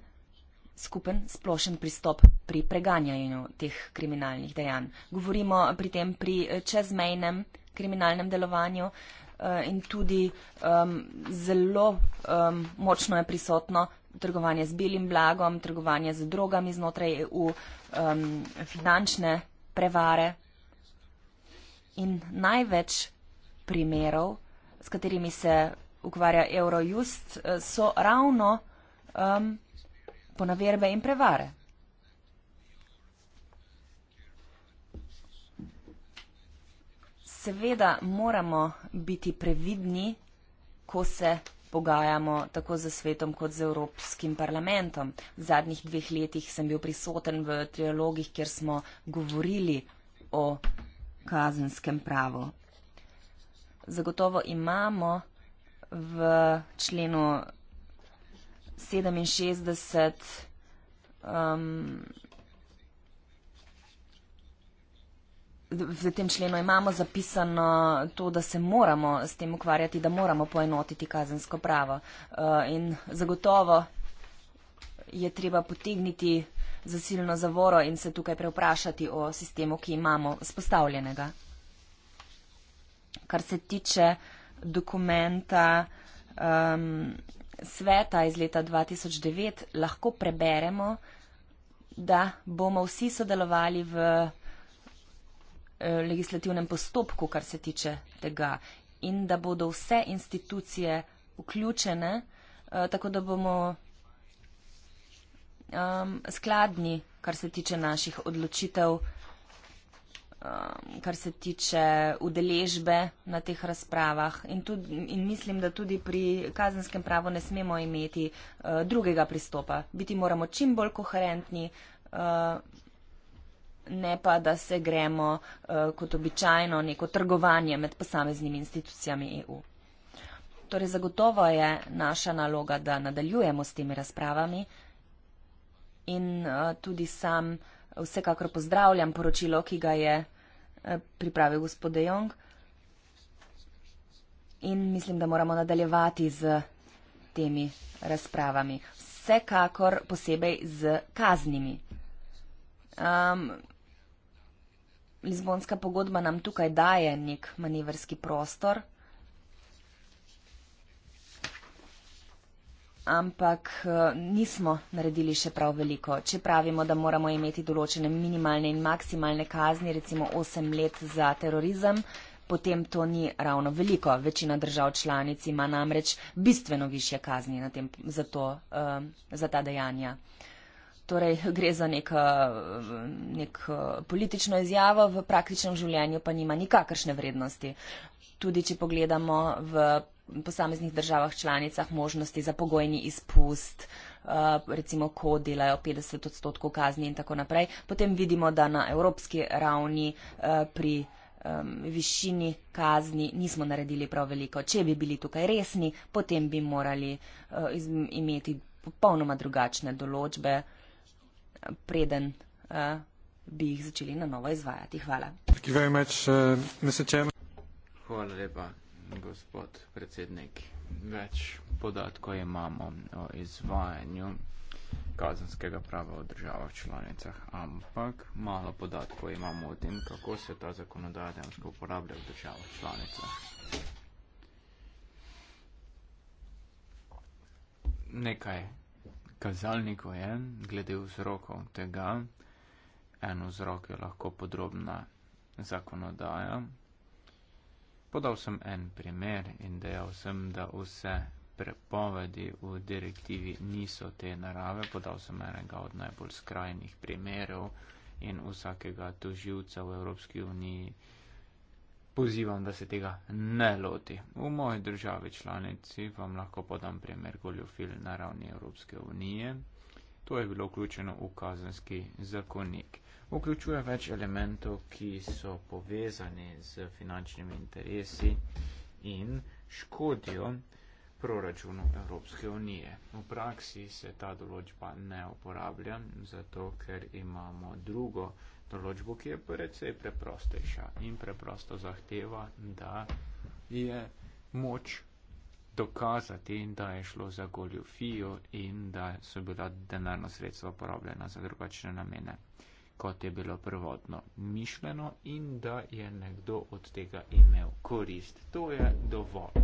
skupen splošen pristop pri preganjanju teh kriminalnih dejanj. Govorimo pri tem pri eh, čezmejnem kriminalnem delovanju, Eh, in tudi um, zelo um, močno je prisotno trgovanje z belim blagom, trgovanje z drogami znotraj EU, um, finančne prevare. In največ primerov, s katerimi se ukvarja Eurojust, eh, so ravno um, ponaverbe in prevare. seveda moramo biti previdni, ko se pogajamo tako za svetom kot z Evropskim parlamentom. V zadnjih dveh letih sem bil prisoten v trialogih, kjer smo govorili o kazenskem pravu. Zagotovo imamo v členu 67. Um, v tem členu imamo zapisano to, da se moramo s tem ukvarjati, da moramo poenotiti kazensko pravo. Uh, in zagotovo je treba potegniti zasilno zavoro in se tukaj preuprašati o sistemu, ki imamo spostavljenega. Kar se tiče dokumenta um, sveta iz leta 2009, lahko preberemo, da bomo vsi sodelovali v Eh, legislativnem postopku, kar se tiče tega, in da bodo vse institucije vključene, eh, tako da bomo um, skladni, kar se tiče naših odločitev, um, kar se tiče udeležbe na teh razpravah. In, tudi, in mislim, da tudi pri kazenskem pravu ne smemo imeti uh, drugega pristopa. Biti moramo čim bolj koherentni. Uh, ne pa, da se gremo uh, kot običajno neko trgovanje med posameznimi institucijami EU. Torej, zagotovo je naša naloga, da nadaljujemo s temi razpravami in uh, tudi sam vsekakor pozdravljam poročilo, ki ga je eh, pripravil gospod De Jong in mislim, da moramo nadaljevati z temi razpravami. Vsekakor posebej z kaznimi. Um, Lizbonska pogodba nam tukaj daje nek manevrski prostor, ampak eh, nismo naredili še prav veliko. Če pravimo, da moramo imeti določene minimalne in maksimalne kazni, recimo 8 let za terorizem, potem to ni ravno veliko. Večina držav članic ima namreč bistveno više kazni tem, za, to, eh, za ta dejanja. Torej, gre za nek, eh, nek eh, politično izjavo, v praktičnem življenju pa nima nikakršne vrednosti. Tudi, če pogledamo v posameznih državah članicah možnosti za pogojni izpust, eh, recimo, ko delajo 50 odstotkov kazni in tako naprej, potem vidimo, da na evropski ravni pri višini kazni nismo naredili prav veliko. Če bi bili tukaj resni, potem bi morali imeti popolnoma drugačne določbe preden eh, bi jih začeli na novo izvajati. Hvala. Eh, Hvala lepa, gospod predsednik. Več podatkov imamo o izvajanju kazenskega prava v državah članicah, ampak malo podatkov imamo o tem, kako se ta zakonodaja dejansko uporablja v državah članicah. Nekaj kazalnikov je glede vzrokov tega. En vzrok je lahko podrobna zakonodaja. Podal sem en primer in dejal sem, da vse prepovedi v direktivi niso te narave. Podal sem enega od najbolj skrajnih primerov in vsakega toživca v Evropski uniji pozivam, da se tega ne loti. V moji državi članici vam lahko podam primer goljofil na ravni Evropske unije. To je bilo vključeno v kazenski zakonik. Vključuje več elementov, ki so povezani z finančnimi interesi in škodijo proračunu Evropske unije. V praksi se ta določba ne uporablja, zato ker imamo drugo določbo, ki je precej preprostejša in preprosto zahteva, da je moč dokazati, da je šlo za goljofijo in da so bila denarna sredstva uporabljena za drugačne namene, kot je bilo prvotno mišljeno in da je nekdo od tega imel korist. To je dovolj.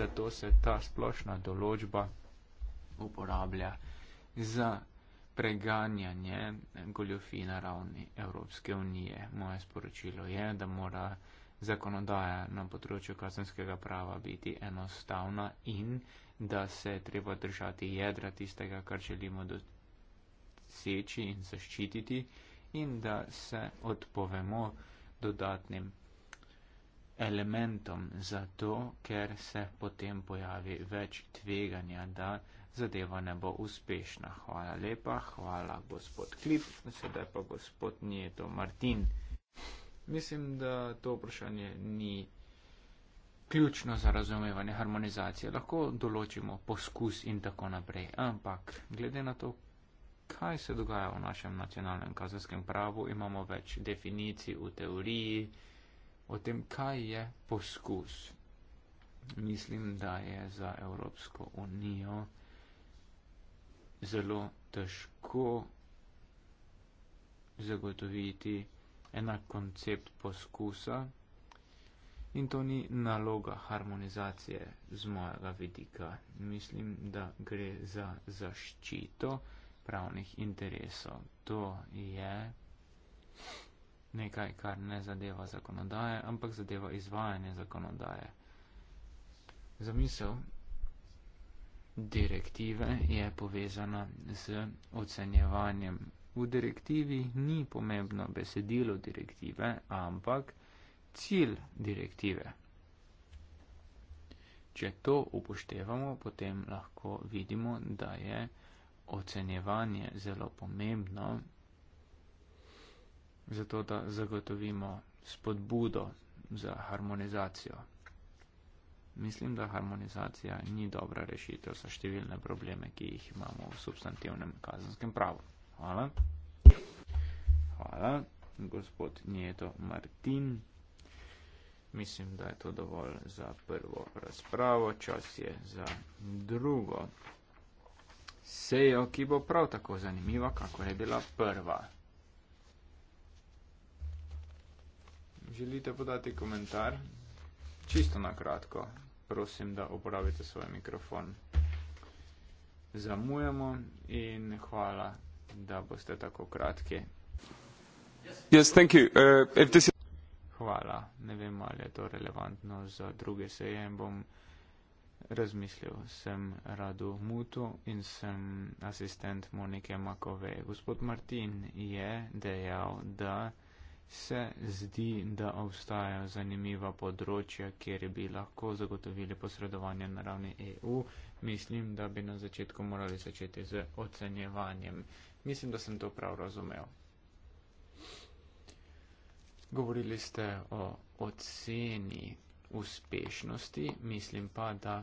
Zato se ta splošna določba uporablja za preganjanje goljofi na ravni Evropske unije. Moje sporočilo je, da mora zakonodaja na področju kazenskega prava biti enostavna in da se je treba držati jedra tistega, kar želimo doseči in zaščititi in da se odpovemo dodatnim elementom zato, ker se potem pojavi več tveganja, da zadeva ne bo uspešna. Hvala lepa, hvala gospod Klip, sedaj pa gospod Nieto Martin. Mislim, da to vprašanje ni ključno za razumevanje harmonizacije. Lahko določimo poskus in tako naprej, ampak glede na to, kaj se dogaja v našem nacionalnem kazenskem pravu, imamo več definicij v teoriji o tem, kaj je poskus. Mislim, da je za Evropsko unijo zelo težko zagotoviti enak koncept poskusa in to ni naloga harmonizacije z mojega vidika. Mislim, da gre za zaščito pravnih interesov. To je nekaj, kar ne zadeva zakonodaje, ampak zadeva izvajanje zakonodaje. Zamisel direktive je povezana z ocenjevanjem. V direktivi ni pomembno besedilo direktive, ampak cilj direktive. Če to upoštevamo, potem lahko vidimo, da je ocenjevanje zelo pomembno, zato da zagotovimo spodbudo za harmonizacijo. Mislim, da harmonizacija ni dobra rešitev za številne probleme, ki jih imamo v substantivnem kazenskem pravu. Hvala. Hvala, gospod Njeto Martin. Mislim, da je to dovolj za prvo razpravo. Čas je za drugo sejo, ki bo prav tako zanimiva, kako je bila prva. Želite podati komentar? Čisto na kratko prosim, da uporabite svoj mikrofon. Zamujamo in hvala, da boste tako kratki. Yes, thank you. Uh, if this hvala. Ne vem, ali je to relevantno za druge seje. Bom razmislil. Sem Radu Mutu in sem asistent Monike Makove. Gospod Martin je dejal, da se zdi, da obstajajo zanimiva področja, kjer bi lahko zagotovili posredovanje na ravni EU. Mislim, da bi na začetku morali začeti z ocenjevanjem. Mislim, da sem to prav razumel. Govorili ste o oceni uspešnosti, mislim pa, da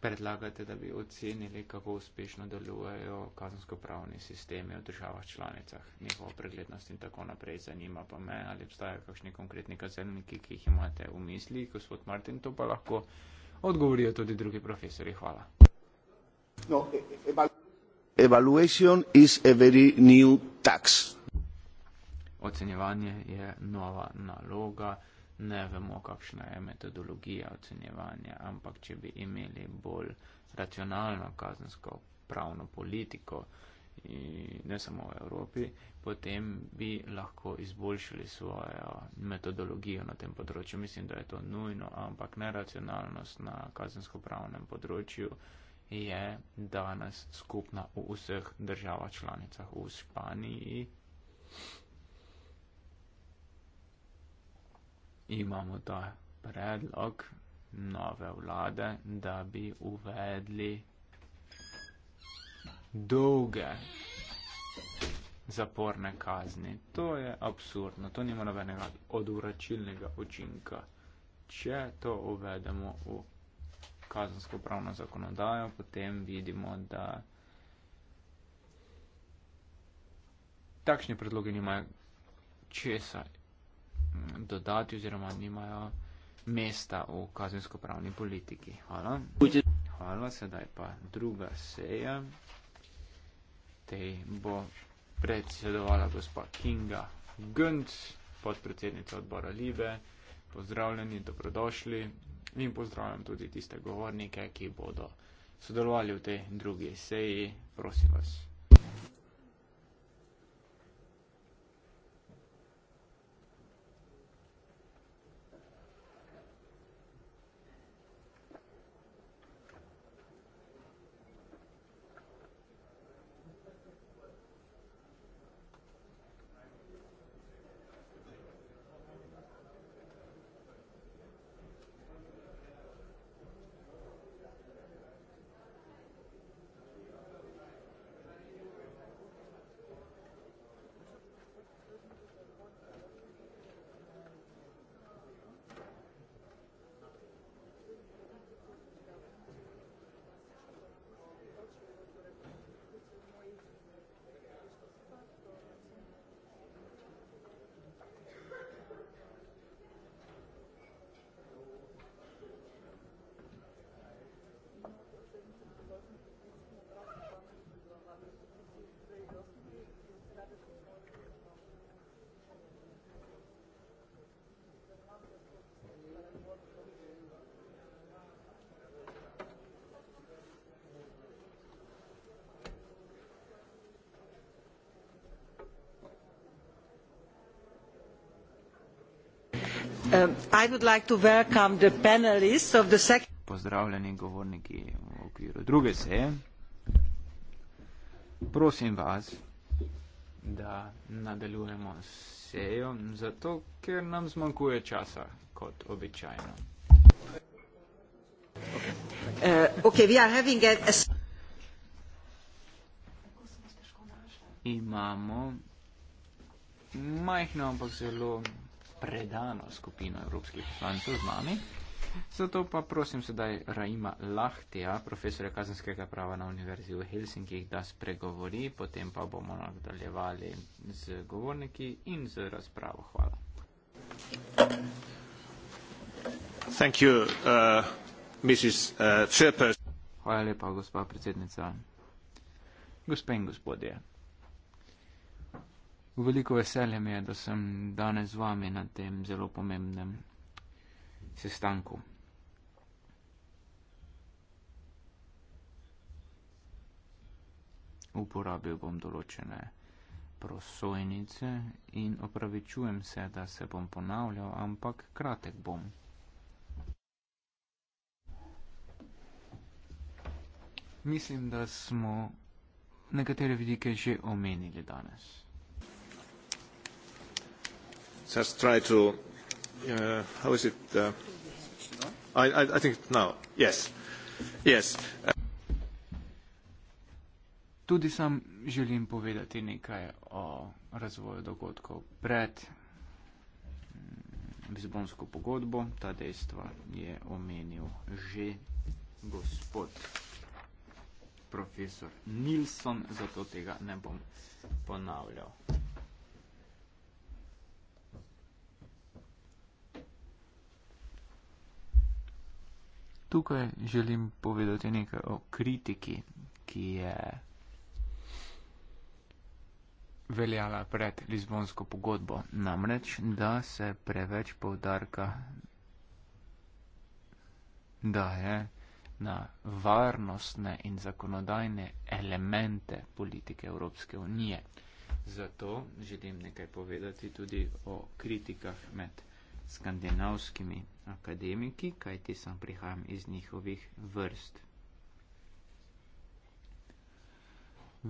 predlagate, da bi ocenili, kako uspešno delujejo kazensko-pravni sistemi v državah članicah, njihovo preglednost in tako naprej. Zanima pa me, ali obstajajo kakšni konkretni kazenniki, ki jih imate v misli, gospod Martin, to pa lahko odgovorijo tudi drugi profesori. Hvala. No, e, e Evaluation is a very new tax. Ocenjevanje je nova naloga ne vemo, kakšna je metodologija ocenjevanja, ampak če bi imeli bolj racionalno kazensko pravno politiko, ne samo v Evropi, potem bi lahko izboljšali svojo metodologijo na tem področju. Mislim, da je to nujno, ampak neracionalnost na kazensko pravnem področju je danes skupna v vseh državah članicah, v Španiji, imamo ta predlog nove vlade, da bi uvedli dolge zaporne kazni. To je absurdno, to nima nobenega odvračilnega učinka. Če to uvedemo v kazensko pravno zakonodajo, potem vidimo, da takšni predlogi nimajo česa dodati oziroma nimajo mesta v kazensko-pravni politiki. Hvala. Hvala, sedaj pa druga seja. Tej bo predsedovala gospa Kinga Gunc, podpredsednica odbora Libe. Pozdravljeni, dobrodošli in pozdravljam tudi tiste govornike, ki bodo sodelovali v tej drugi seji. Prosim vas. Um, i would like to welcome the panelists of the second pozdravljeni govorniki v okviru druge seje prosim vas da nadaljujemo s sejo zato ker nam zmanjkuje časa kot običajno okay, uh, okay we are having a, a imamo majhno ampak zelo predano skupino evropskih poslancev z nami. Zato pa prosim sedaj Raima Lahtija, profesora kazenskega prava na Univerzi v Helsinkih, da spregovori, potem pa bomo nadaljevali z govorniki in z razpravo. Hvala. You, uh, Mrs, uh, Hvala lepa, gospa predsednica. Gospe in gospodje. Veliko veselje mi je, da sem danes z vami na tem zelo pomembnem sestanku. Uporabil bom določene prosojnice in opravičujem se, da se bom ponavljal, ampak kratek bom. Mislim, da smo nekatere vidike že omenili danes just try to uh, how is it uh, I, I, I think now yes yes tudi sam želim povedati nekaj o razvoju dogodkov pred mm, Lizbonsko pogodbo. Ta dejstva je omenil že gospod profesor Nilsson, zato tega ne bom ponavljal. tukaj želim povedati nekaj o kritiki, ki je veljala pred Lizbonsko pogodbo. Namreč, da se preveč povdarka daje na varnostne in zakonodajne elemente politike Evropske unije. Zato želim nekaj povedati tudi o kritikah med skandinavskimi akademiki, kajti sem prihajam iz njihovih vrst.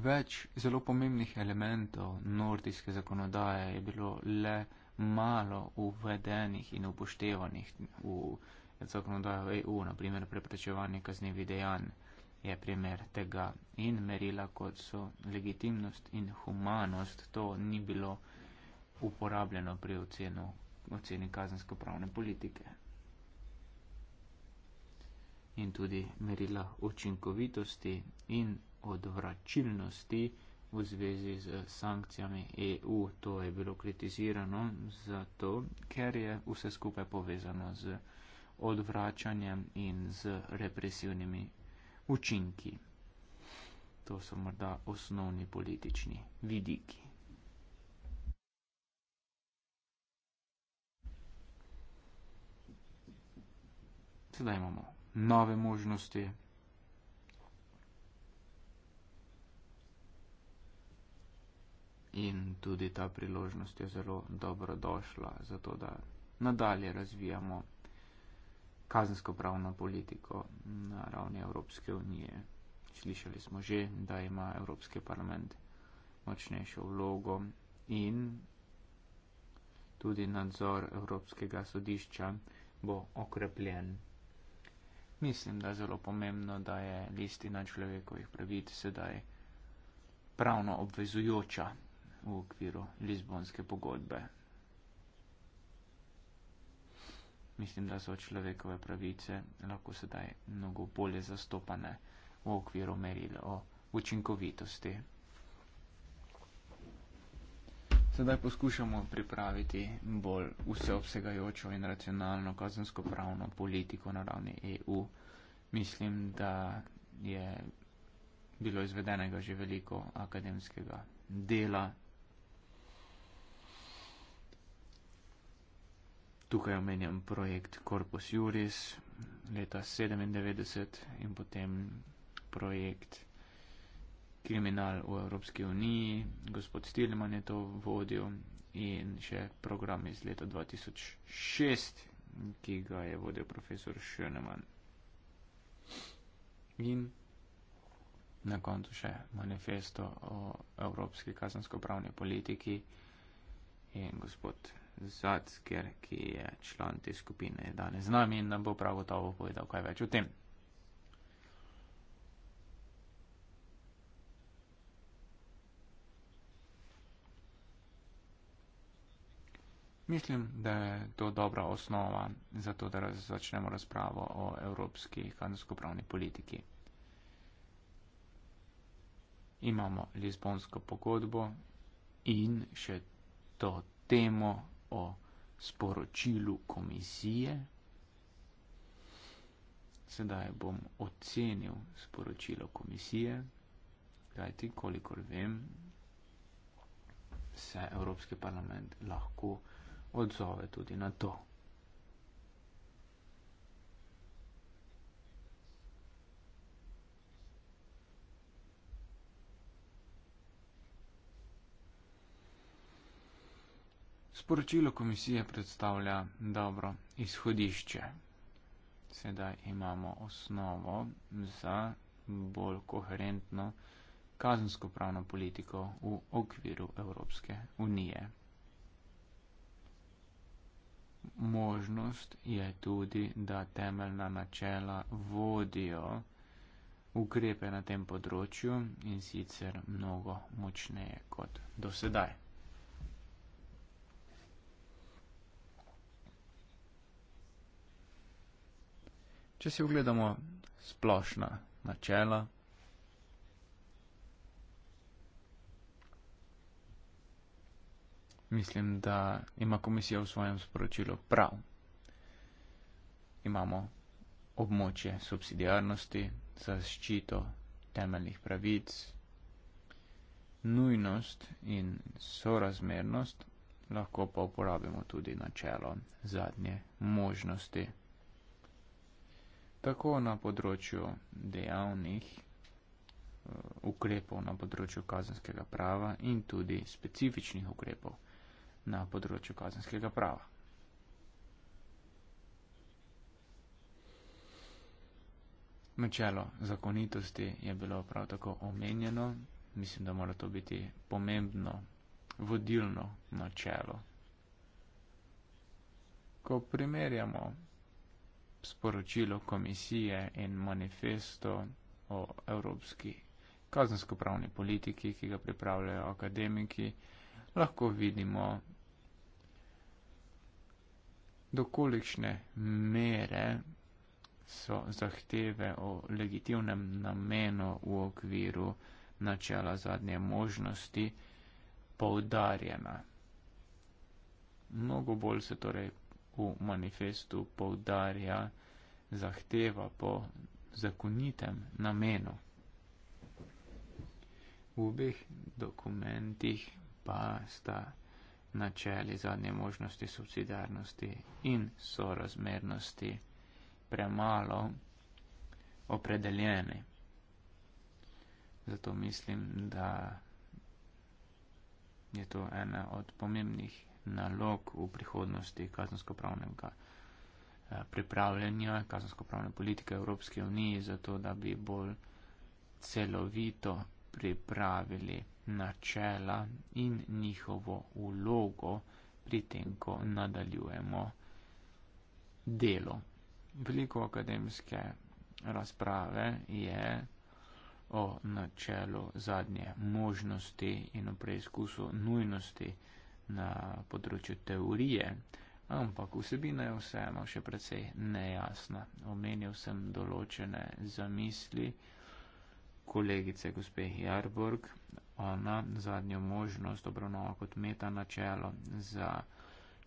Več zelo pomembnih elementov nordijske zakonodaje je bilo le malo uvedenih in upoštevanih v zakonodajo EU, naprimer preprečevanje kaznevih dejanj je primer tega in merila kot so legitimnost in humanost, to ni bilo uporabljeno pri oceni kazensko-pravne politike in tudi merila učinkovitosti in odvračilnosti v zvezi z sankcijami EU. To je bilo kritizirano zato, ker je vse skupaj povezano z odvračanjem in z represivnimi učinki. To so morda osnovni politični vidiki. Sedaj imamo nove možnosti. In tudi ta priložnost je zelo dobro došla, zato da nadalje razvijamo kazensko pravno politiko na ravni Evropske unije. Slišali smo že, da ima Evropski parlament močnejšo vlogo in tudi nadzor Evropskega sodišča bo okrepljen. Mislim, da je zelo pomembno, da je listina človekovih pravic sedaj pravno obvezujoča v okviru Lizbonske pogodbe. Mislim, da so človekove pravice lahko sedaj mnogo bolje zastopane v okviru meril o učinkovitosti sedaj poskušamo pripraviti bolj vseobsegajočo in racionalno kazensko pravno politiko na ravni EU. Mislim, da je bilo izvedenega že veliko akademskega dela. Tukaj omenjam projekt Corpus Juris leta 1997 in potem projekt kriminal v Evropski uniji, gospod Stilman je to vodil in še program iz leta 2006, ki ga je vodil profesor Schoenemann. In na koncu še manifesto o evropski kazensko-pravni politiki in gospod Zacker, ki je član te skupine, je danes z nami in nam bo prav gotovo povedal kaj več o tem. Mislim, da je to dobra osnova za to, da raz, začnemo razpravo o evropski kanadsko-pravni politiki. Imamo Lizbonsko pogodbo in še to temo o sporočilu komisije. Sedaj bom ocenil sporočilo komisije, kajti kolikor vem, se Evropski parlament lahko odzove tudi na to. Sporočilo komisije predstavlja dobro izhodišče. Sedaj imamo osnovo za bolj koherentno kazensko pravno politiko v okviru Evropske unije možnost je tudi, da temeljna načela vodijo ukrepe na tem področju in sicer mnogo močneje kot do sedaj. Če si ogledamo splošna načela, mislim, da ima komisija v svojem sporočilu prav. Imamo območje subsidijarnosti, zaščito temeljnih pravic, nujnost in sorazmernost, lahko pa uporabimo tudi načelo zadnje možnosti. Tako na področju dejavnih eh, ukrepov na področju kazenskega prava in tudi specifičnih ukrepov na področju kazenskega prava. Načelo zakonitosti je bilo prav tako omenjeno. Mislim, da mora to biti pomembno vodilno načelo. Ko primerjamo sporočilo komisije in manifesto o evropski kazensko-pravni politiki, ki ga pripravljajo akademiki, lahko vidimo, dokolikšne mere so zahteve o legitimnem namenu v okviru načela zadnje možnosti poudarjena. Mnogo bolj se torej v manifestu poudarja zahteva po zakonitem namenu. V obeh dokumentih pa sta načeli zadnje možnosti subsidarnosti in sorazmernosti premalo opredeljeni. Zato mislim, da je to ena od pomembnih nalog v prihodnosti kazensko-pravnega eh, pripravljanja, kazensko-pravne politike Evropske unije, zato da bi bolj celovito pripravili načela in njihovo vlogo pri tem, ko nadaljujemo delo. Veliko akademske razprave je o načelu zadnje možnosti in o preizkusu nujnosti na področju teorije, ampak vsebina je vseeno še precej nejasna. Omenil sem določene zamisli kolegice gospe Jarborg, ona zadnjo možnost obravnava kot meta načelo za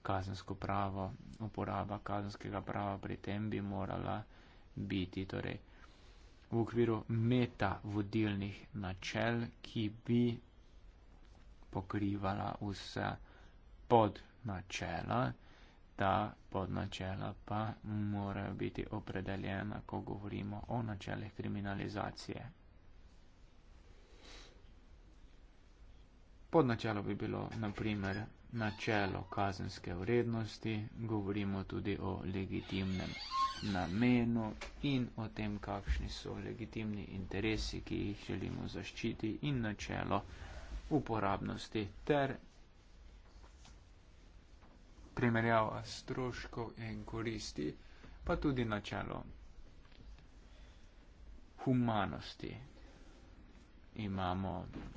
kazensko pravo. Uporaba kazenskega prava pri tem bi morala biti torej, v okviru meta vodilnih načel, ki bi pokrivala vse podnačela. Ta podnačela pa morajo biti opredeljena, ko govorimo o načelih kriminalizacije Pod načelo bi bilo naprimer načelo kazenske vrednosti, govorimo tudi o legitimnem namenu in o tem, kakšni so legitimni interesi, ki jih želimo zaščiti in načelo uporabnosti ter primerjava stroškov in koristi, pa tudi načelo humanosti, imamo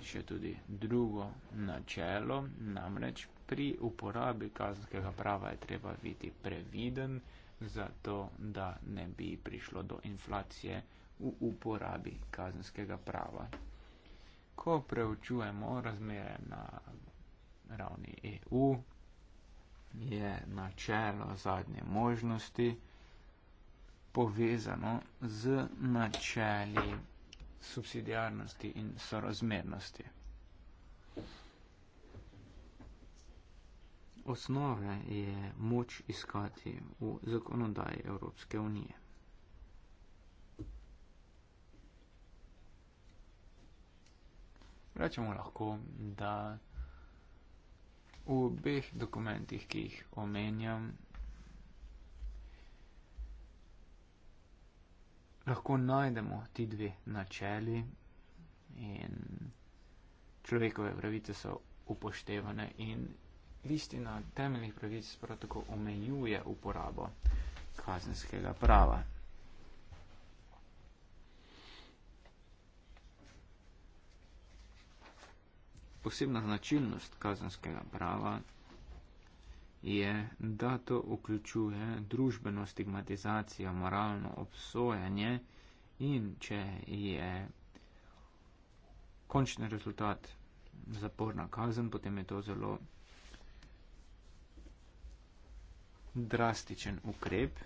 še tudi drugo načelo, namreč pri uporabi kazenskega prava je treba biti previden, zato da ne bi prišlo do inflacije v uporabi kazenskega prava. Ko preučujemo razmere na ravni EU, je načelo zadnje možnosti povezano z načeli subsidiarnosti in sorazmernosti. Osnove je moč iskati v zakonodaji Evropske unije. Rečemo lahko, da v obeh dokumentih, ki jih omenjam, lahko najdemo ti dve načeli in človekove pravice so upoštevane in listina temeljnih pravic prav tako omejuje uporabo kazenskega prava. Posebna značilnost kazenskega prava je, da to vključuje družbeno stigmatizacijo, moralno obsojanje in če je končni rezultat zaporna kazen, potem je to zelo drastičen ukrep,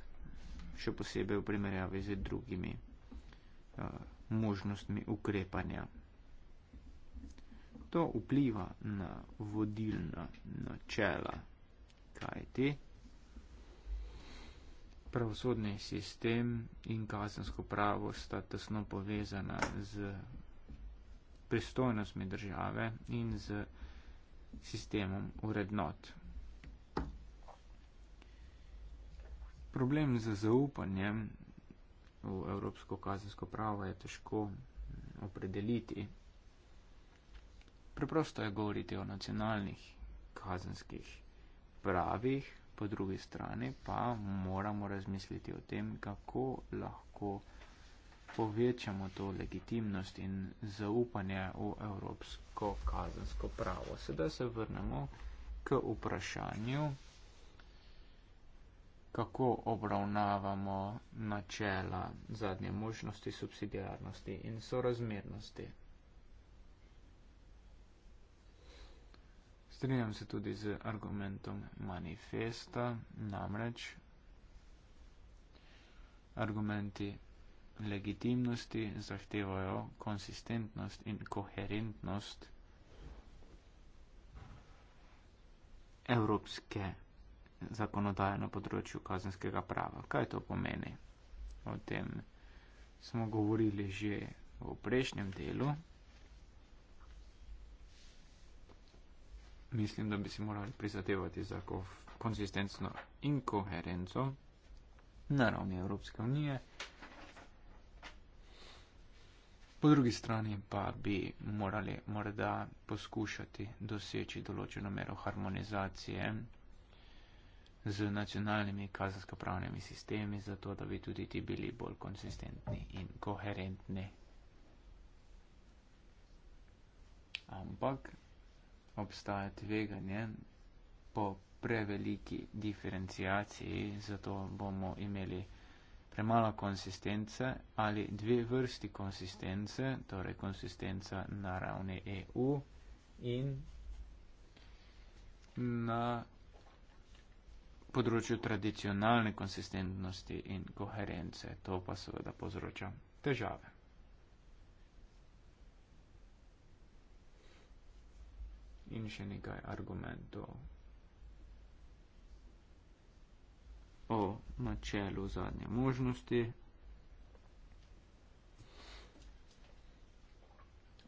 še posebej v primerjavi z drugimi uh, možnostmi ukrepanja. To vpliva na vodilna načela. Na kaj je te. Pravosodni sistem in kazensko pravo sta tesno povezana z pristojnostmi države in z sistemom urednot. Problem z zaupanjem v evropsko kazensko pravo je težko opredeliti. Preprosto je govoriti o nacionalnih kazenskih pravih, po drugi strani pa moramo razmisliti o tem, kako lahko povečamo to legitimnost in zaupanje v evropsko kazensko pravo. Sedaj se vrnemo k vprašanju, kako obravnavamo načela zadnje možnosti subsidiarnosti in sorazmernosti. strinjam se tudi z argumentom manifesta, namreč argumenti legitimnosti zahtevajo konsistentnost in koherentnost evropske zakonodaje na področju kazenskega prava. Kaj to pomeni? O tem smo govorili že v prejšnjem delu. mislim, da bi si morali prizadevati za konsistentno in koherenco na ravni Evropske unije. Po drugi strani pa bi morali morda poskušati doseči določeno mero harmonizacije z nacionalnimi kazenskopravnimi sistemi, zato da bi tudi ti bili bolj konsistentni in koherentni. Ampak obstaja tveganje po preveliki diferencijaciji, zato bomo imeli premalo konsistence ali dve vrsti konsistence, torej konsistenca na ravni EU in na področju tradicionalne konsistentnosti in koherence. To pa seveda povzroča težave. in še nekaj argumentov. O načelu zadnje možnosti.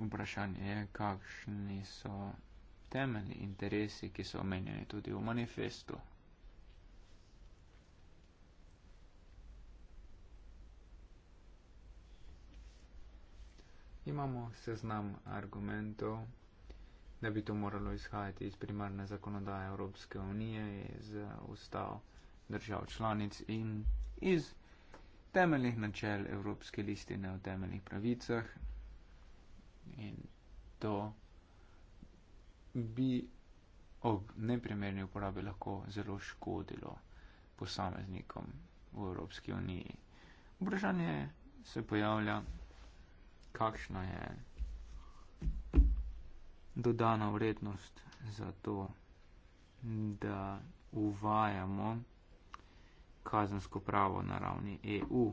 Vprašanje je, kakšni so temeljni interesi, ki so omenjeni tudi v manifestu. Imamo seznam argumentov da bi to moralo izhajati iz primarne zakonodaje Evropske unije, iz eh, ustav držav članic in iz temeljnih načel Evropske listine o temeljnih pravicah. In to bi ob neprimerni uporabi lahko zelo škodilo posameznikom v Evropski uniji. Vprašanje se pojavlja, kakšno je dodano vrednost za to, da uvajamo kazansko pravo na ravni EU.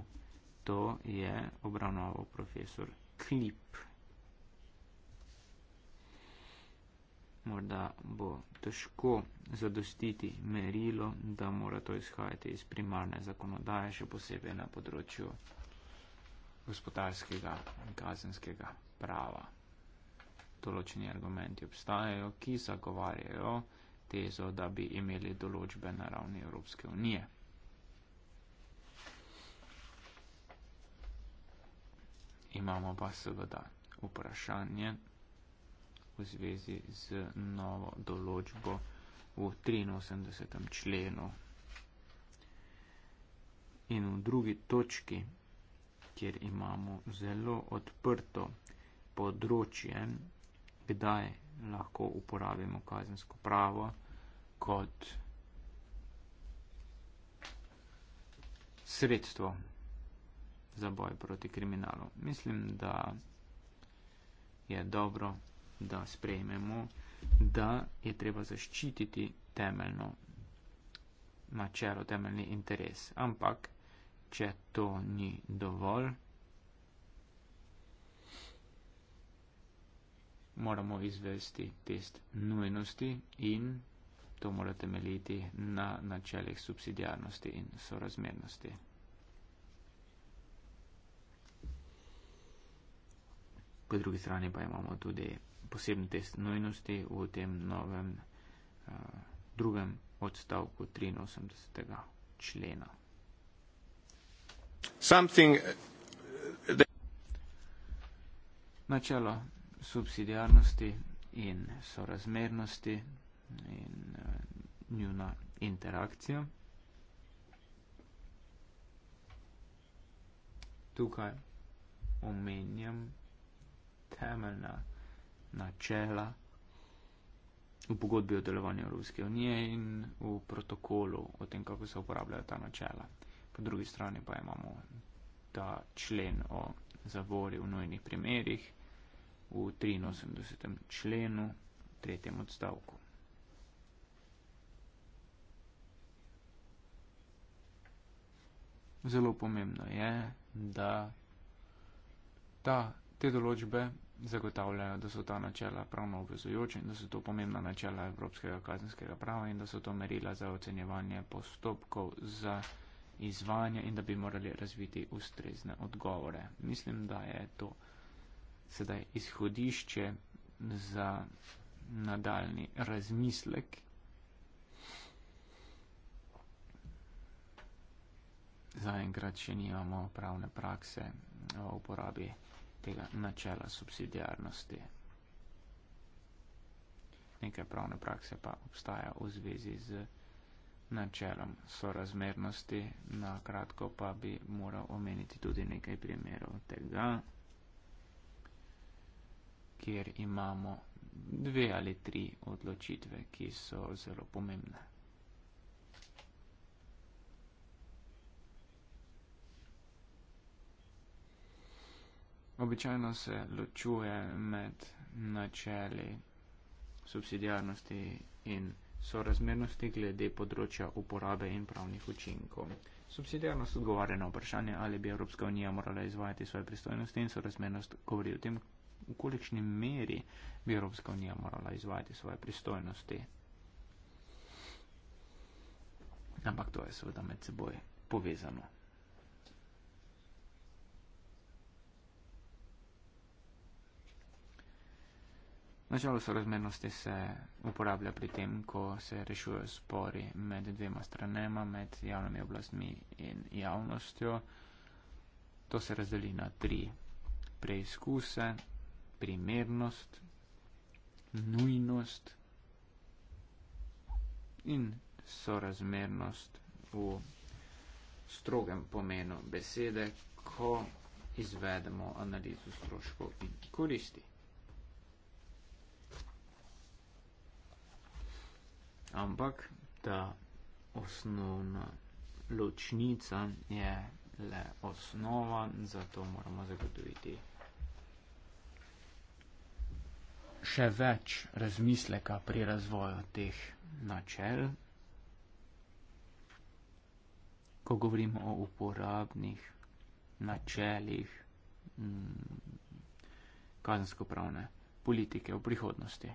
To je obravnaval profesor Klip. Morda bo težko zadostiti merilo, da mora to izhajati iz primarne zakonodaje, še posebej na področju gospodarskega in kazenskega prava določeni argumenti obstajajo, ki zagovarjajo tezo, da bi imeli določbe na ravni Evropske unije. Imamo pa seveda vprašanje v zvezi z novo določbo v 83. členu in v drugi točki, kjer imamo zelo odprto področje kdaj lahko uporabimo kazensko pravo kot sredstvo za boj proti kriminalu. Mislim, da je dobro, da sprejmemo, da je treba zaščititi temeljno načelo, temeljni interes. Ampak, če to ni dovolj, moramo izvesti test nujnosti in to mora temeljiti na načelih subsidijarnosti in sorazmernosti. Po drugi strani pa imamo tudi posebni test nujnosti v tem novem uh, drugem odstavku 83. člena. Something... Eh, Načelo subsidijarnosti in sorazmernosti in uh, njuna interakcija. Tukaj omenjam temeljna načela v pogodbi o delovanju Evropske unije in v protokolu o tem, kako se uporabljajo ta načela. Po drugi strani pa imamo ta člen o zavori v nujnih primerjih v 83. členu v tretjem odstavku. Zelo pomembno je, da ta, te določbe zagotavljajo, da so ta načela pravno obvezujoče in da so to pomembna načela Evropskega kazenskega prava in da so to merila za ocenjevanje postopkov za izvanje in da bi morali razviti ustrezne odgovore. Mislim, da je to sedaj izhodišče za nadaljni razmislek. Zaenkrat še nimamo pravne prakse o uporabi tega načela subsidijarnosti. Nekaj pravne prakse pa obstaja v zvezi z načelom sorazmernosti, na kratko pa bi moral omeniti tudi nekaj primerov tega kjer imamo dve ali tri odločitve, ki so zelo pomembne. Običajno se ločuje med načeli subsidijarnosti in sorazmernosti glede področja uporabe in pravnih učinkov. Subsidijarnost odgovarja na vprašanje, ali bi Evropska unija morala izvajati svoje pristojnosti in sorazmernost govori o tem, v kolikšni meri bi Evropska unija morala izvajati svoje pristojnosti. Ampak to je seveda med seboj povezano. Načelo sorazmernosti se uporablja pri tem, ko se rešujejo spori med dvema stranema, med javnimi oblastmi in javnostjo. To se razdeli na tri preizkuse primernost, nujnost in sorazmernost v strogem pomenu besede, ko izvedemo analizo stroškov in koristi. Ampak ta osnovna ločnica je le osnova, zato moramo zagotoviti še več razmisleka pri razvoju teh načel, ko govorimo o uporabnih načelih mm, kazensko-pravne politike v prihodnosti.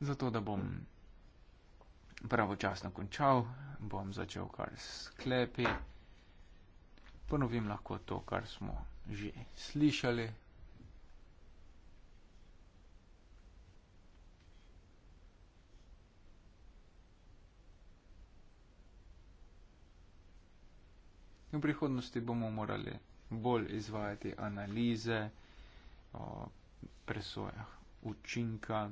Zato, da bom pravočasno končal, bom začel kar sklepi. Ponovim lahko to, kar smo že slišali. V prihodnosti bomo morali bolj izvajati analize o presojah učinka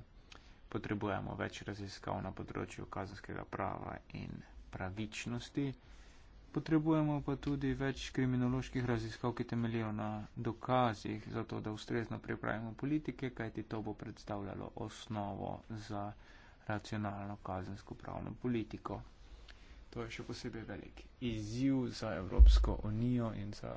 potrebujemo več raziskav na področju kazenskega prava in pravičnosti. Potrebujemo pa tudi več kriminoloških raziskav, ki temeljijo na dokazih, zato da ustrezno pripravimo politike, kajti to bo predstavljalo osnovo za racionalno kazensko pravno politiko. To je še posebej velik izziv za Evropsko unijo in za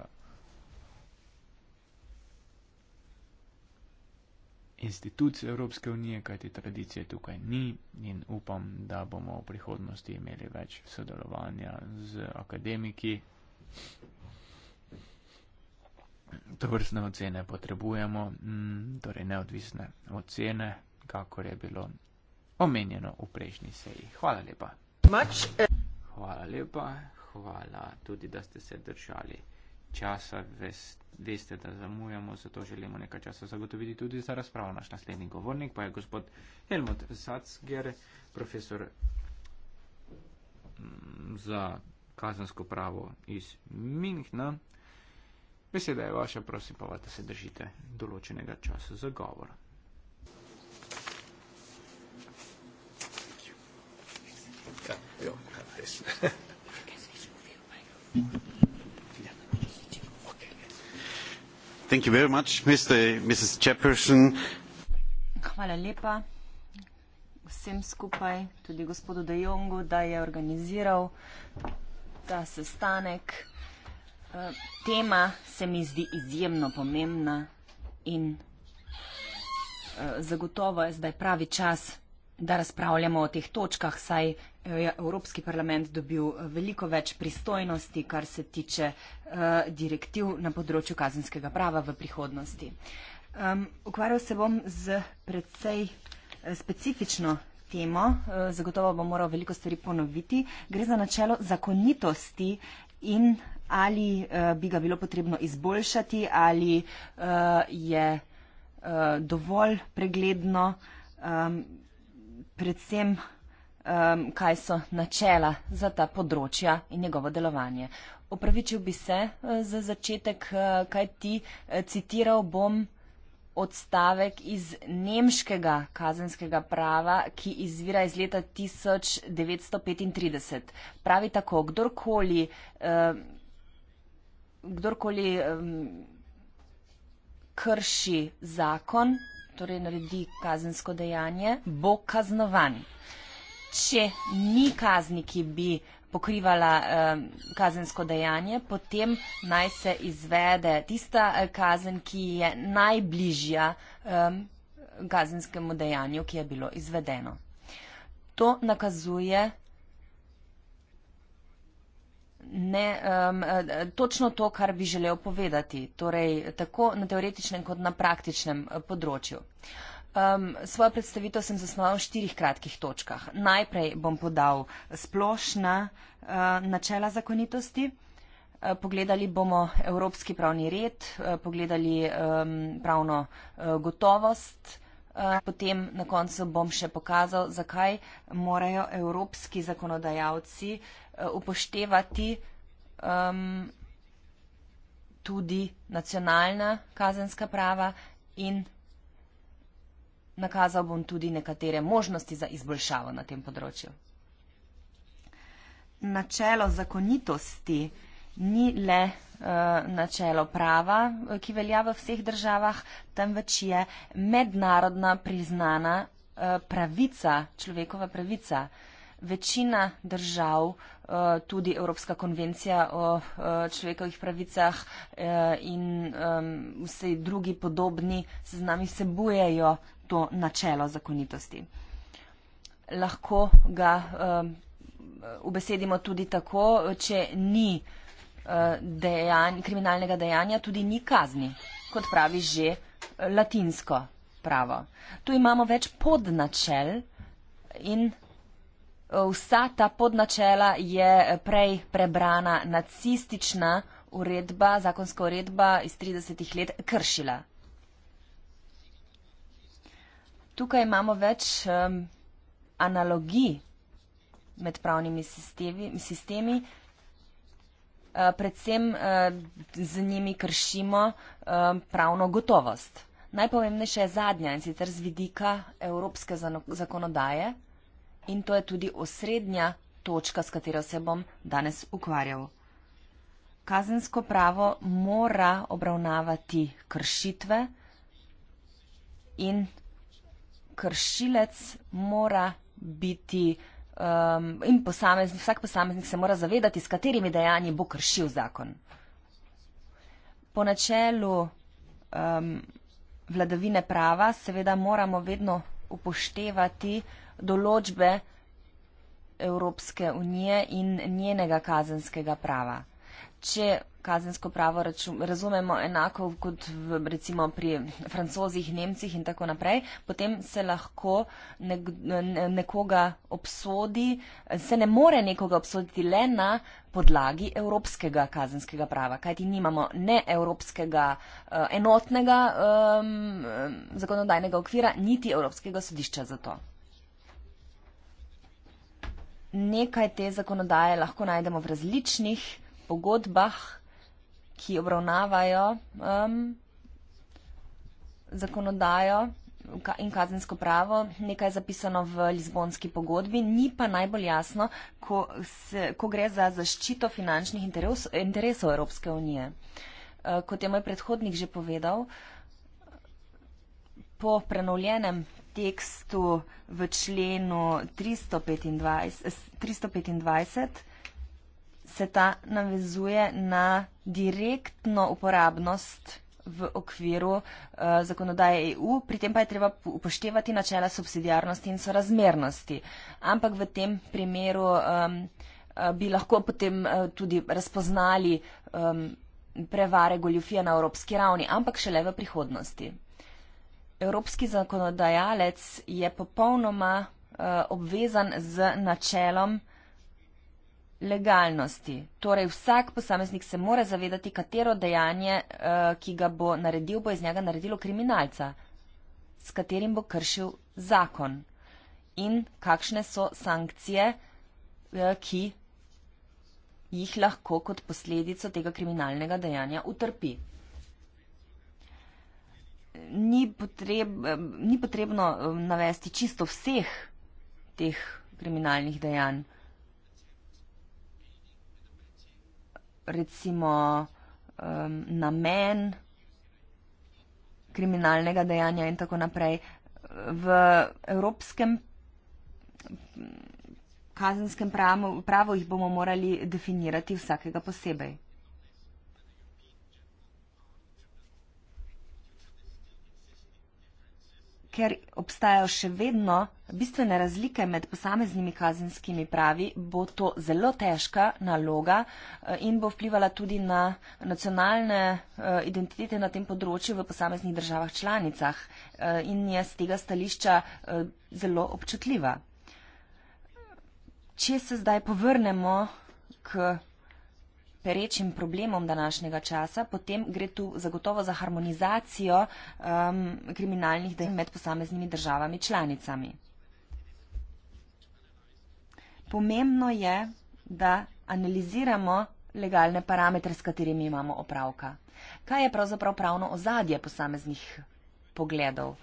institucij Evropske unije, kajti tradicije tukaj ni in upam, da bomo v prihodnosti imeli več sodelovanja z akademiki. To vrstne ocene potrebujemo, mm, torej neodvisne ocene, kakor je bilo omenjeno v prejšnji seji. Hvala lepa. Eh. Hvala lepa, hvala tudi, da ste se držali časa, veste, da zamujamo, zato želimo nekaj časa zagotoviti tudi za razpravo. Naš naslednji govornik pa je gospod Helmut Satzger, profesor mm, za kazansko pravo iz Minhna. Beseda je vaša, prosim pa, da se držite določenega časa za govor. Ja, jo, ja, Hvala lepa vsem skupaj, tudi gospodu de Jongu, da je organiziral ta sestanek. Eh, tema se mi zdi izjemno pomembna in eh, zagotovo je zdaj pravi čas, da razpravljamo o teh točkah, saj Eh, Evropski parlament dobil eh, veliko več pristojnosti, kar se tiče eh, direktiv na področju kazenskega prava v prihodnosti. Ukvarjal se bom z predvsej specifično temo, zagotovo bom moral veliko stvari ponoviti. Gre za načelo zakonitosti in ali bi ga bilo potrebno izboljšati, ali je dovolj pregledno, predvsem vsega, um, kaj so načela za ta področja in njegovo delovanje. Opravičil bi se uh, za začetek, uh, kaj ti uh, citiral bom odstavek iz nemškega kazenskega prava, ki izvira iz leta 1935. Pravi tako, kdorkoli, eh, kdorkoli eh, krši zakon, torej naredi kazensko dejanje, bo kaznovan. Eh, če ni kazni, ki bi pokrivala eh, kazensko dejanje, potem naj se izvede tista eh, kazen, ki je najbližja eh, kazenskemu dejanju, ki je bilo izvedeno. To nakazuje ne, eh, točno to, kar bi želel povedati, torej tako na teoretičnem kot na praktičnem eh, področju. Eh, Um, svojo predstavitev sem zasnoval v štirih kratkih točkah. Najprej bom podal splošna uh, načela zakonitosti. Eh, pogledali bomo evropski pravni red, eh, pogledali um, pravno uh, gotovost, uh, potem na koncu bom še pokazal, zakaj morajo evropski zakonodajalci uh, upoštevati um, tudi nacionalna kazenska prava in nakazal bom tudi nekatere možnosti za izboljšavo na tem področju. Načelo zakonitosti ni le uh, načelo prava, ki velja v vseh državah, temveč je mednarodna priznana uh, pravica, človekova pravica. Večina držav, eh, tudi Evropska konvencija o človekovih pravicah in ehm, vsi drugi podobni seznami, sebujejo to načelo zakonitosti. Lahko ga um, ubesedimo tudi tako, če ni uh, dejanj, kriminalnega dejanja, tudi ni kazni, kot pravi že uh, latinsko pravo. Tu imamo več podnačel in uh, vsa ta podnačela je prej prebrana nacistična uredba, zakonska uredba iz 30 let kršila. tukaj imamo več um, analogij med pravnimi sistemi, sistemi uh, predvsem uh, z njimi kršimo uh, pravno gotovost. Najpomembnejša je zadnja in sicer z vidika evropske zakonodaje in to je tudi osrednja točka, s katero se bom danes ukvarjal. Kazensko pravo mora obravnavati kršitve in kršilec mora biti um, in posamezni, vsak posameznik se mora zavedati, s katerimi dejanji bo kršil zakon. Po načelu um, vladavine prava seveda moramo vedno upoštevati določbe Evropske unije in njenega kazenskega prava če kazensko pravo račum, razumemo enako kot v, recimo pri francozih, nemcih in tako naprej, potem se lahko nek, nekoga obsodi, se ne more nekoga obsoditi le na podlagi evropskega kazenskega prava, kajti nimamo ne evropskega eh, enotnega um, zakonodajnega okvira, niti evropskega sodišča za to. Nekaj te zakonodaje lahko najdemo v različnih pogodbah, ki obravnavajo um, zakonodajo in kazensko pravo, nekaj je zapisano v Lizbonski pogodbi, ni pa najbolj jasno, ko, se, ko gre za zaščito finančnih interes, interesov Evropske unije. Uh, kot je moj predhodnik že povedal, po prenovljenem tekstu v členu 325, 325 se ta navezuje na direktno uporabnost v okviru uh, zakonodaje EU, pri tem pa je treba upoštevati načela subsidijarnosti in sorazmernosti. Ampak v tem primeru um, bi lahko potem uh, tudi razpoznali um, prevare goljufije na evropski ravni, ampak šele v prihodnosti. Evropski zakonodajalec je popolnoma uh, obvezan z načelom legalnosti. Torej, vsak posameznik se mora zavedati, katero dejanje, eh, ki ga bo naredil, bo iz njega naredilo kriminalca, s katerim bo kršil zakon in kakšne so sankcije, eh, ki jih lahko kot posledico tega kriminalnega dejanja utrpi. Ni, potreb, ni potrebno eh, navesti čisto vseh teh kriminalnih dejanj. recimo um, namen kriminalnega dejanja in tako naprej. V evropskem kazenskem pravu, pravu jih bomo morali definirati vsakega posebej. ker obstajajo še vedno bistvene razlike med posameznimi kazenskimi pravi, bo to zelo težka naloga eh, in bo vplivala tudi na nacionalne eh, identitete na tem področju v posameznih državah članicah eh, in je z tega stališča zelo občutljiva. Če se zdaj povrnemo k perečim problemom današnjega časa, potem gre tu zagotovo za harmonizacijo um, kriminalnih dejanj med posameznimi državami članicami. Pomembno je, da analiziramo legalne parametre, s katerimi imamo opravka. Kaj je pravzaprav pravno ozadje posameznih pogledov?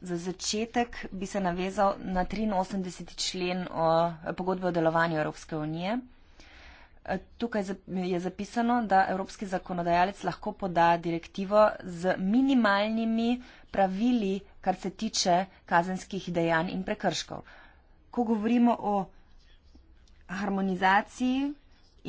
Za začetek bi se navezal na 83. člen o pogodbi o delovanju Evropske unije. Tukaj je zapisano, da evropski zakonodajalec lahko poda direktivo z minimalnimi pravili, kar se tiče kazenskih dejanj in prekrškov. Ko govorimo o harmonizaciji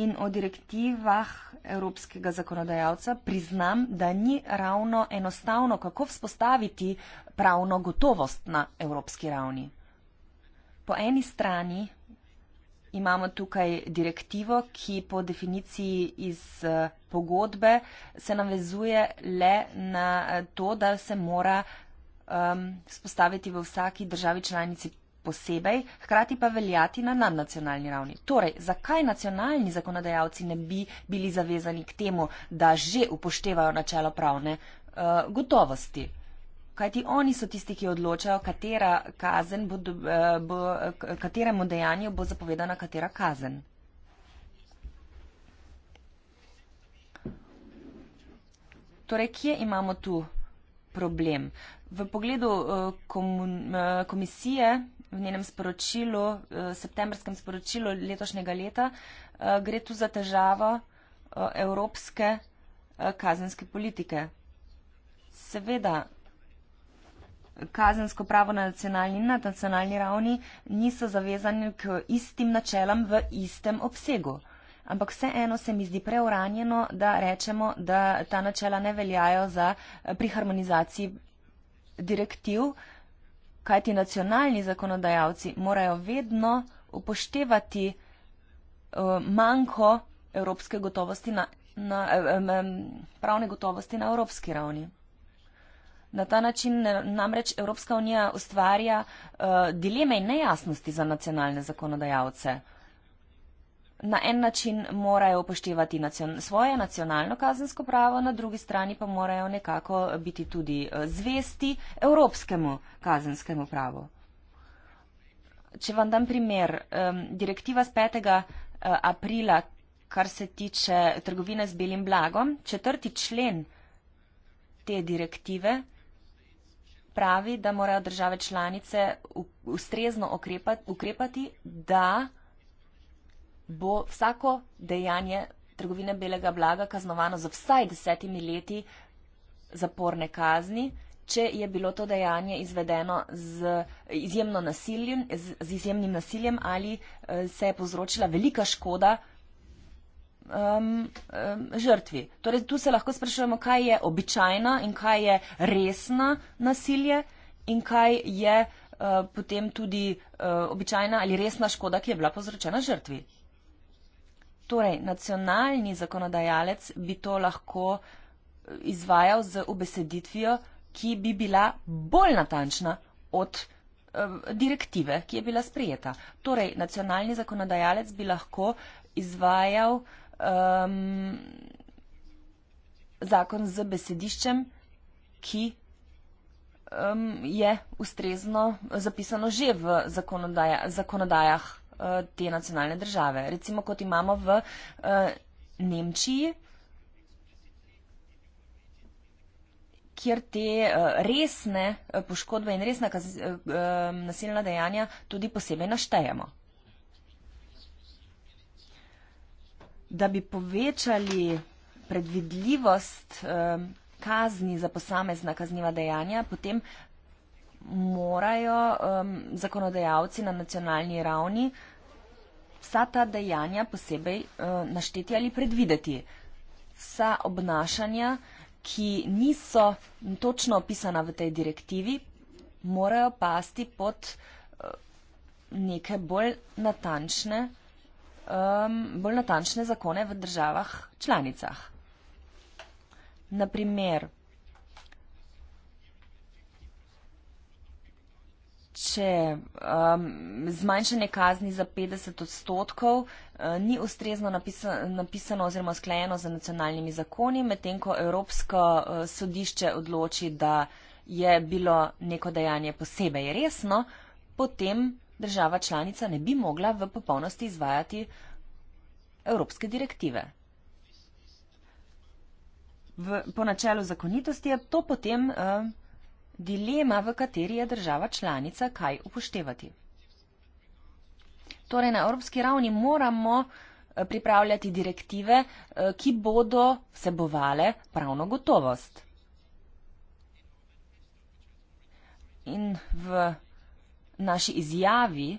in o direktivah evropskega zakonodajalca, priznam, da ni ravno enostavno, kako vzpostaviti pravno gotovost na evropski ravni. Po eni strani imamo tukaj direktivo, ki po definiciji iz eh, pogodbe se navezuje le na eh, to, da se mora um, ehm, spostaviti v vsaki državi članici posebej, hkrati pa veljati na nadnacionalni ravni. Torej, zakaj nacionalni zakonodajalci ne bi bili zavezani k temu, da že upoštevajo načelo pravne uh, gotovosti? kajti oni so tisti, ki odločajo, bo, eh, bo, kateremu dejanju bo zapovedana katera kazen. Torej, kje imamo tu problem? V pogledu eh, komun, eh, komisije v njenem sporočilu, septembrskem sporočilu letošnjega leta, gre tu za težavo evropske kazenske politike. Seveda, kazensko pravo na nacionalni in nadnacionalni ravni niso zavezani k istim načelam v istem obsegu. Ampak vseeno se mi zdi preuranjeno, da rečemo, da ta načela ne veljajo za eh, pri harmonizaciji direktiv, kajti nacionalni zakonodajalci morajo vedno upoštevati eh, manjko evropske gotovosti na, na, eh, pravne gotovosti na evropski ravni. Na ta način namreč Evropska unija ustvarja uh, dileme in nejasnosti za nacionalne zakonodajalce. Na en način morajo upoštevati nacion svoje nacionalno kazensko pravo, na drugi strani pa morajo nekako biti tudi eh, zvesti evropskemu kazenskemu pravu. Če vam dam primer, um, direktiva z 5. Eh, aprila, kar se tiče trgovine z belim blagom, četrti člen te direktive pravi, da morajo države članice ustrezno ukrepati, da bo vsako dejanje trgovine belega blaga kaznovano z vsaj desetimi leti zaporne kazni, če je bilo to dejanje izvedeno z, nasiljem, z, z izjemnim nasiljem ali eh, se je povzročila velika škoda um, um, žrtvi. Torej, tu se lahko sprašujemo, kaj je običajna in kaj je resna nasilje in kaj je uh, potem tudi uh, običajna ali resna škoda, ki je bila povzročena žrtvi. Torej, nacionalni zakonodajalec bi to lahko uh, izvajal z obeseditvijo, ki bi bila bolj natančna od um, direktive, ki je bila sprijeta. Torej, nacionalni zakonodajalec bi lahko izvajal uh, um, zakon z besediščem, ki um, je ustrezno zapisano že v zakonodaja, zakonodajah uh, te nacionalne države. Recimo, kot imamo v uh, Nemčiji, kjer te uh, resne uh, poškodbe in resna uh, um, nasilna dejanja tudi posebej naštejemo. da bi povečali predvidljivost eh, kazni za posamezna kazniva dejanja, potem morajo zakonodajalci na nacionalni ravni vsa ta dejanja posebej eh, našteti ali predvideti. Vsa obnašanja, ki niso točno opisana v tej direktivi, morajo pasti pod eh, neke bolj natančne um, bolj natančne zakone v državah članicah. Naprimer, če um, zmanjšanje kazni za 50 odstotkov uh, ni ustrezno napisa, napisano oziroma sklejeno za nacionalnimi zakoni, medtem ko Evropsko uh, sodišče odloči, da je bilo neko dejanje posebej resno, potem država članica ne bi mogla v popolnosti izvajati evropske direktive. V, po načelu zakonitosti je to potem eh, dilema, v kateri je država članica kaj upoštevati. Torej, na evropski ravni moramo eh, pripravljati direktive, eh, ki bodo vsebovale pravno gotovost. In v naši izjavi,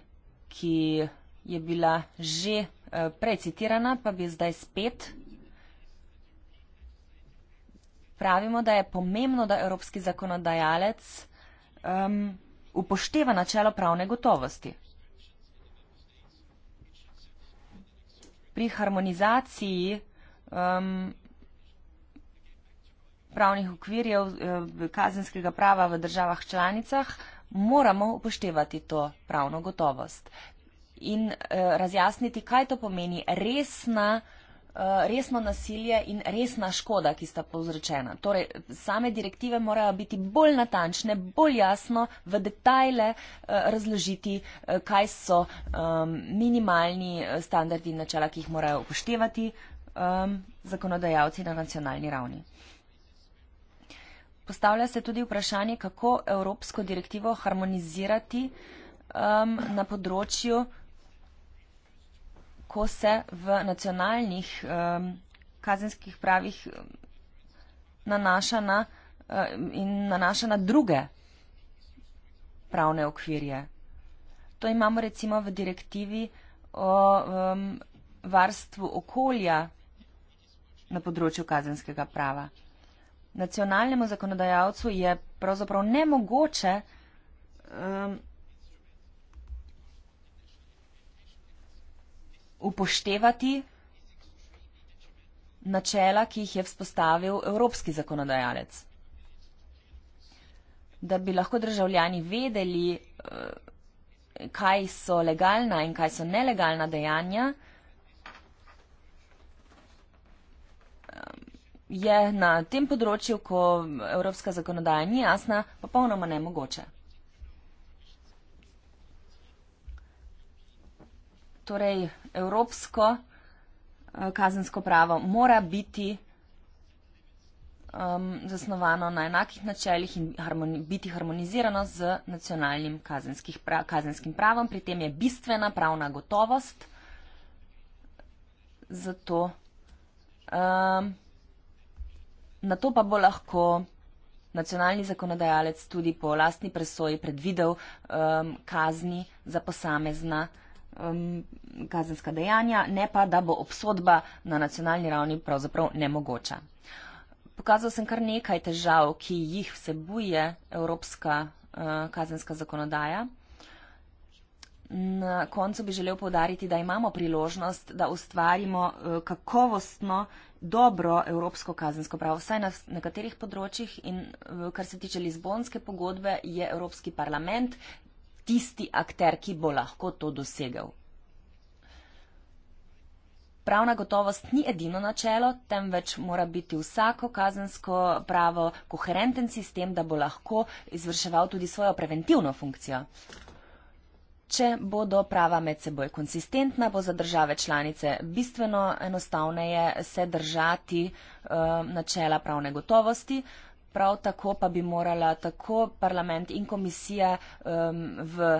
ki je bila že eh, prej citirana, pa bi zdaj spet. Pravimo, da je pomembno, da evropski zakonodajalec um, upošteva načelo pravne gotovosti. Pri harmonizaciji um, pravnih okvirjev eh, kazenskega prava v državah članicah moramo upoštevati to pravno gotovost in uh, razjasniti, kaj to pomeni resna, uh, resno nasilje in resna škoda, ki sta povzročena. Torej, same direktive morajo biti bolj natančne, bolj jasno v detajle uh, razložiti, uh, kaj so um, minimalni standardi in načela, ki jih morajo upoštevati um, zakonodajalci na nacionalni ravni. Postavlja se tudi vprašanje, kako evropsko direktivo harmonizirati um, na področju, ko se v nacionalnih um, kazenskih pravih um, nanaša na, uh, in nanaša na druge pravne okvirje. To imamo recimo v direktivi o um, varstvu okolja na področju kazenskega prava nacionalnemu zakonodajalcu je pravzaprav nemogoče um, upoštevati načela, ki jih je vzpostavil evropski zakonodajalec. Da bi lahko državljani vedeli, uh, kaj so legalna in kaj so nelegalna dejanja, je na tem področju, ko evropska zakonodaja ni jasna, popolnoma nemogoče. Torej, evropsko eh, kazensko pravo mora biti um, zasnovano na enakih načeljih in harmoni biti harmonizirano z nacionalnim pra kazenskim pravom. Pri tem je bistvena pravna gotovost. Zato um, na to pa bo lahko nacionalni zakonodajalec tudi po lastni presoji predvidel um, kazni za posamezna um, kazenska dejanja, ne pa da bo obsodba na nacionalni ravni pravzaprav nemogoča. Pokazal sem kar nekaj težav, ki jih vsebuje evropska uh, kazenska zakonodaja. Na koncu bi želel povdariti, da imamo priložnost, da ustvarimo uh, kakovostno dobro evropsko kazensko pravo, vsaj na nekaterih področjih in eh, kar se tiče Lizbonske pogodbe, je Evropski parlament tisti akter, ki bo lahko to dosegel. Pravna gotovost ni edino načelo, temveč mora biti vsako kazensko pravo koherenten sistem, da bo lahko izvrševal tudi svojo preventivno funkcijo. Če bodo prava med seboj konsistentna, bo za države članice bistveno enostavneje se držati uh, načela pravne gotovosti. Prav tako pa bi morala tako parlament in komisija um, v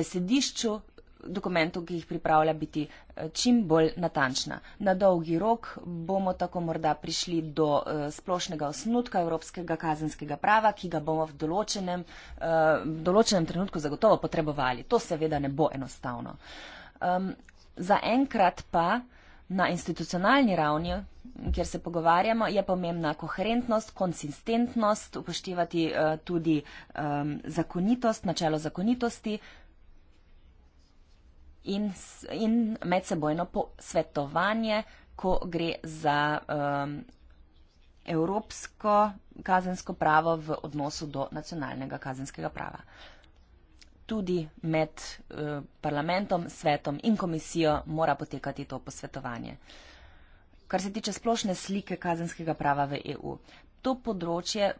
besedišču dokumentov, ki jih pripravlja, biti eh, čim bolj natančna. Na dolgi rok bomo tako morda prišli do eh, splošnega osnutka evropskega kazenskega prava, ki ga bomo v določenem, eh, v določenem trenutku zagotovo potrebovali. To seveda ne bo enostavno. Za enkrat pa na institucionalni ravni, kjer se pogovarjamo, je pomembna koherentnost, konsistentnost, upoštevati tudi zakonitost, načelo zakonitosti, in, in medsebojno posvetovanje, ko gre za um, evropsko kazensko pravo v odnosu do nacionalnega kazenskega prava. Tudi med uh, parlamentom, svetom in komisijo mora potekati to posvetovanje. Kar se tiče splošne slike kazenskega prava v EU, to področje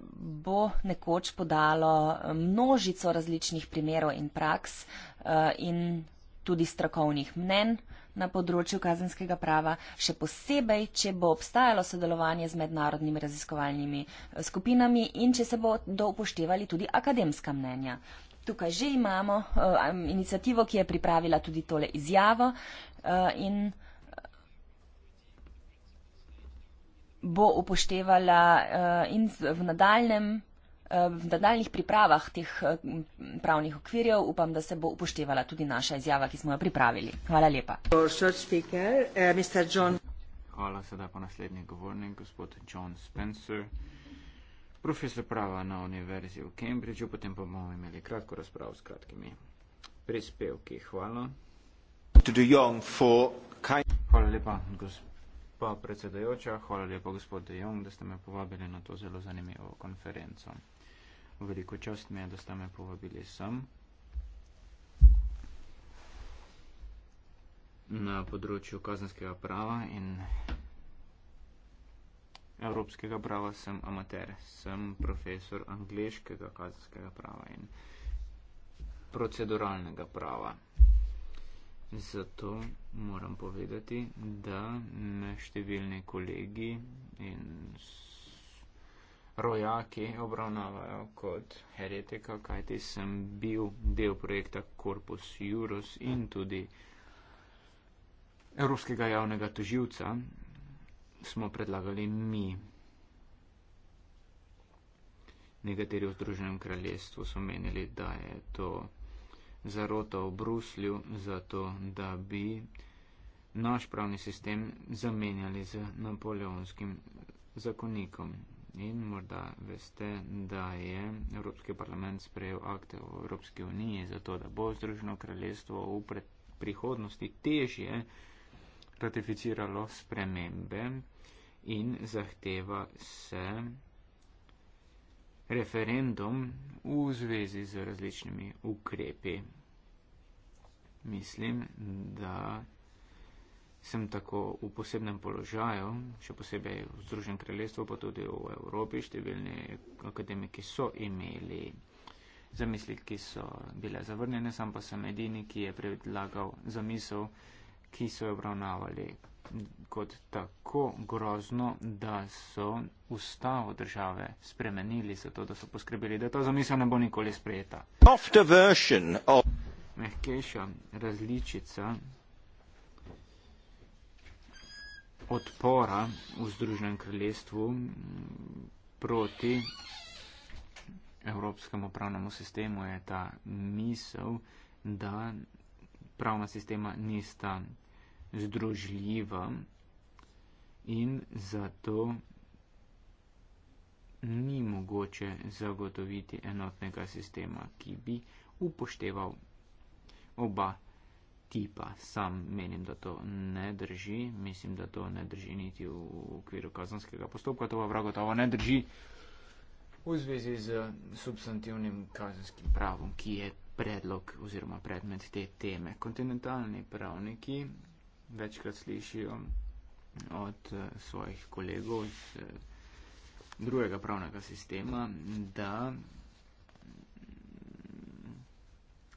bo nekoč podalo množico različnih primerov in praks uh, in tudi strokovnih mnen na področju kazenskega prava, še posebej, če bo obstajalo sodelovanje z mednarodnimi raziskovalnimi eh, skupinami in če se bo do upoštevali tudi akademska mnenja. Tukaj že imamo uh, inicijativo, ki je pripravila tudi tole izjavo uh, in bo upoštevala uh, in v nadaljem Eh, v nadaljnih pripravah teh eh, pravnih okvirjev upam, da se bo upoštevala tudi naša izjava, ki smo jo pripravili. Hvala lepa. Hvala, sedaj pa naslednji govornik, gospod John Spencer, profesor prava na Univerzi v Cambridgeu, potem pa bomo imeli kratko razpravo s kratkimi prispevki. Hvala. Hvala lepa, gospa predsedajoča, hvala lepa, gospod De Jong, da ste me povabili na to zelo zanimivo konferenco veliko čast mi je, da ste me povabili sem. Na področju kazenskega prava in evropskega prava sem amater, sem profesor angliškega kazenskega prava in proceduralnega prava. Zato moram povedati, da me številni kolegi in rojaki obravnavajo kot heretika, kajti sem bil del projekta Corpus Juris in tudi Evropskega javnega toživca smo predlagali mi. Nekateri v Združenem kraljestvu so menili, da je to zarota v Bruslju, zato da bi naš pravni sistem zamenjali z napoleonskim zakonikom. In morda veste, da je Evropski parlament sprejel akte v Evropski uniji za to, da bo Združeno kraljestvo v prihodnosti težje ratificiralo spremembe in zahteva se referendum v zvezi z različnimi ukrepi. Mislim, da sem tako v posebnem položaju, še posebej v Združenem kraljestvu, pa tudi v Evropi, številni akademiki so imeli zamisli, ki so bile zavrnjene, sam pa sem edini, ki je predlagal zamisel, ki so jo obravnavali kot tako grozno, da so ustavo države spremenili zato, da so poskrbeli, da ta zamisel ne bo nikoli sprejeta. Mehkejša različica odpora v Združenem kraljestvu proti evropskemu pravnemu sistemu je ta misel, da pravna sistema nista združljiva in zato ni mogoče zagotoviti enotnega sistema, ki bi upošteval oba tipa. Sam menim, da to ne drži. Mislim, da to ne drži niti v okviru kazanskega postopka. To pa prav gotovo ne drži v zvezi z substantivnim kazanskim pravom, ki je predlog oziroma predmet te teme. Kontinentalni pravniki večkrat slišijo od eh, svojih kolegov iz eh, drugega pravnega sistema, da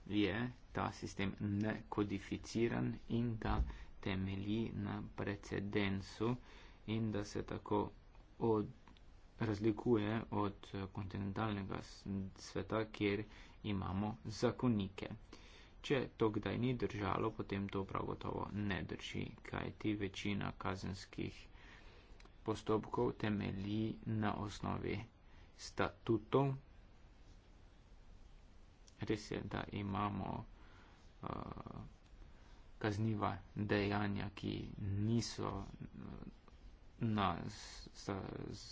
je ta sistem nekodificiran in da temelji na precedensu in da se tako od, razlikuje od kontinentalnega sveta, kjer imamo zakonike. Če to kdaj ni držalo, potem to prav gotovo ne drži, kajti večina kazenskih postopkov temelji na osnovi statutov. Res je, da imamo Eh, kazniva dejanja, ki niso eh, na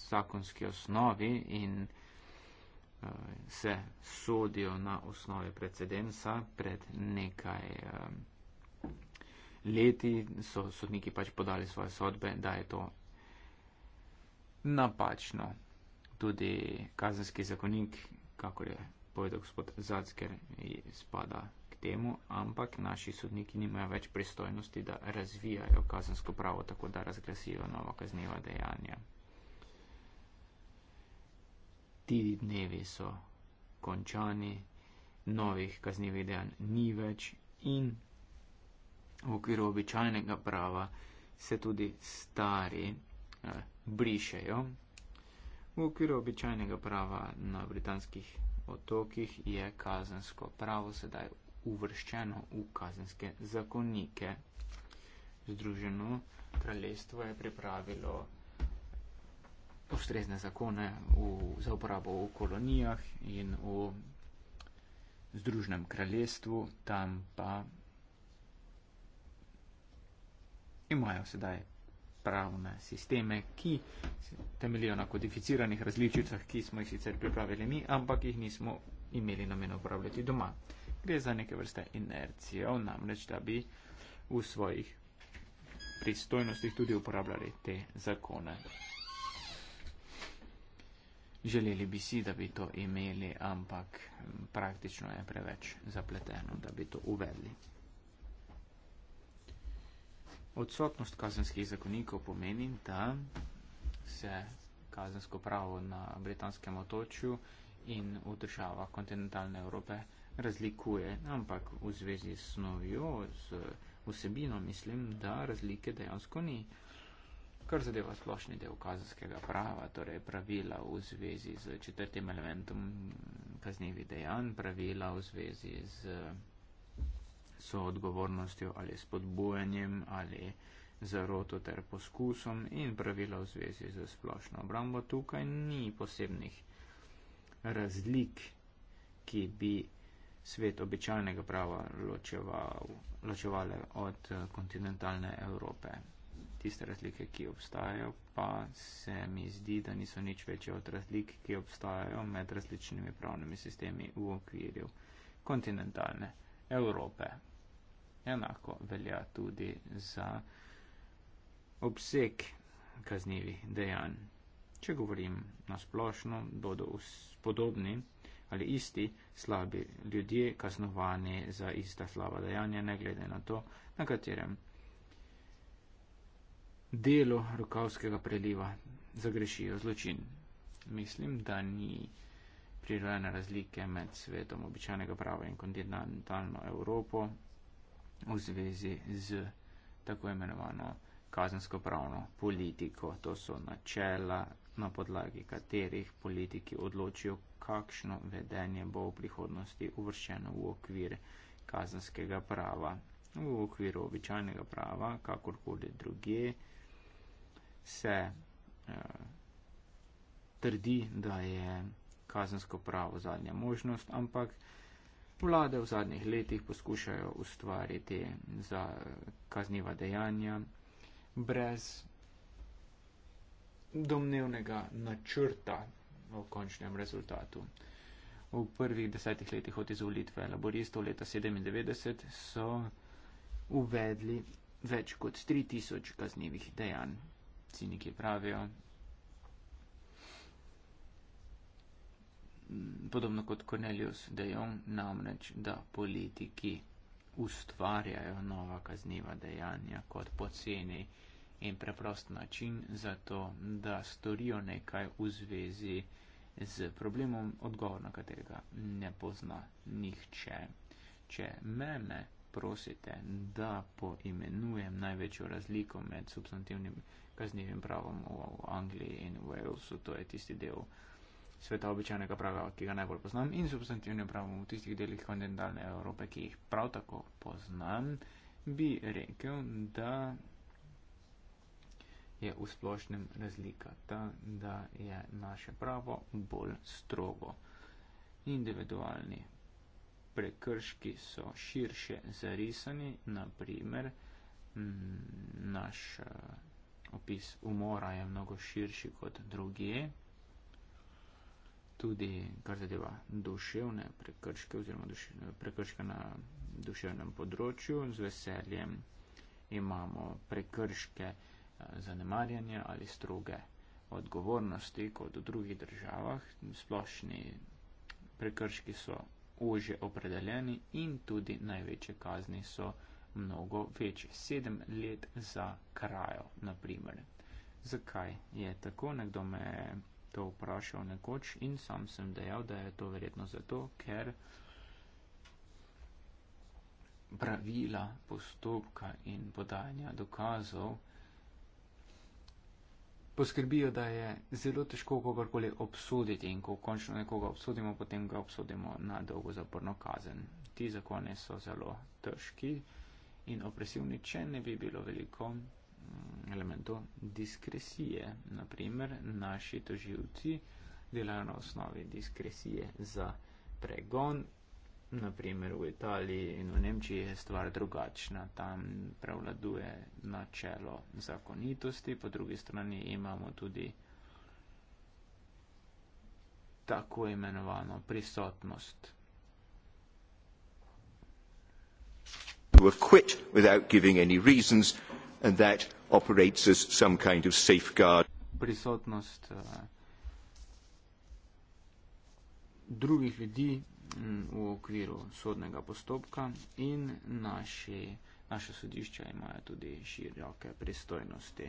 zakonski osnovi in eh, se sodijo na osnovi precedensa. Pred nekaj leti so sodniki pač podali svoje sodbe, da je to napačno. Tudi kazenski zakonik, kakor je povedal gospod Zacker, spada temu, ampak naši sodniki nimajo več pristojnosti, da razvijajo kazensko pravo tako, da razglasijo novo kaznjivo dejanje. Ti dnevi so končani, novih kaznjivih dejanj ni več in v okviru običajnega prava se tudi stari eh, brišejo. V okviru običajnega prava na britanskih otokih je kazensko pravo sedaj uvrščeno v kazenske zakonike. Združeno kraljestvo je pripravilo ustrezne zakone v, za uporabo v kolonijah in v Združenem kraljestvu, tam pa imajo sedaj pravne sisteme, ki temeljijo na kodificiranih različicah, ki smo jih sicer pripravili mi, ampak jih nismo imeli namen uporabljati doma gre za neke vrste inercijo, namreč da bi v svojih pristojnostih tudi uporabljali te zakone. Želeli bi si, da bi to imeli, ampak praktično je preveč zapleteno, da bi to uvedli. Odsotnost kazenskih zakonikov pomeni, da se kazensko pravo na britanskem otočju in v državah kontinentalne Evrope razlikuje, ampak v zvezi s snovjo, z vsebino, mislim, da razlike dejansko ni. Kar zadeva splošni del kazanskega prava, torej pravila v zvezi z četrtim elementom kaznjivih dejanj, pravila v zvezi z soodgovornostjo ali spodbujanjem ali zaroto ter poskusom in pravila v zvezi z splošno obrambo, tukaj ni posebnih razlik, ki bi svet običajnega prava ločeval, ločevale od eh, kontinentalne Evrope. Tiste razlike, ki obstajajo, pa se mi zdi, da niso nič večje od razlik, ki obstajajo med različnimi pravnimi sistemi v okviru kontinentalne Evrope. Enako velja tudi za obseg kaznjivih dejanj. Če govorim na splošno, bodo podobni ali isti slabi ljudje kaznovani za ista slaba dejanja, ne glede na to, na katerem delu rokavskega preliva zagrešijo zločin. Mislim, da ni prirojene razlike med svetom običajnega prava in kontinentalno Evropo v zvezi z tako imenovano kazenskopravno politiko. To so načela, na podlagi katerih politiki odločijo, kakšno vedenje bo v prihodnosti uvrščeno v okvir kazanskega prava. V okviru običajnega prava, kakorkoli druge, se eh, trdi, da je kazansko pravo zadnja možnost, ampak vlade v zadnjih letih poskušajo ustvariti za kazniva dejanja brez domnevnega načrta v končnem rezultatu. V prvih desetih letih od izvolitve laboristov leta 1997 so uvedli več kot 3000 kaznjivih dejanj. Ciniki pravijo, podobno kot Cornelius de Jong, namreč, da politiki ustvarjajo nova kazniva dejanja kot poceni en preprost način za to, da storijo nekaj v zvezi z problemom, odgovor na katerega ne pozna nihče. Če mene prosite, da poimenujem največjo razliko med substantivnim kaznivim pravom v Angliji in v Walesu, to je tisti del sveta običajnega prava, ki ga najbolj poznam, in substantivnim pravom v tistih delih kontinentalne Evrope, ki jih prav tako poznam, bi rekel, da je v splošnem razlika ta, da je naše pravo bolj strogo. Individualni prekrški so širše zarisani, naprimer mm, naš eh, opis umora je mnogo širši kot druge, tudi kar zadeva duševne prekrške oziroma duševne, prekrške na duševnem področju z veseljem. Imamo prekrške, uh, zanemarjanja ali stroge odgovornosti kot v drugih državah. Splošni prekrški so ože opredeljeni in tudi največje kazni so mnogo večje. Sedem let za krajo, naprimer. Zakaj je tako? Nekdo me je to vprašal nekoč in sam sem dejal, da je to verjetno zato, ker pravila postopka in podajanja dokazov poskrbijo, da je zelo težko kogarkoli obsoditi in ko končno nekoga obsodimo, potem ga obsodimo na dolgo zaporno kazen. Ti zakone so zelo težki in opresivni, če ne bi bilo veliko mm, elementov diskresije. Naprimer, naši toživci delajo na osnovi diskresije za pregon naprimer v Italiji in v Nemčiji je stvar drugačna. Tam prevladuje načelo zakonitosti, po drugi strani imamo tudi tako imenovano prisotnost. Kind of prisotnost uh, drugih ljudi, v okviru sodnega postopka in naši, naše sodišča imajo tudi široke pristojnosti.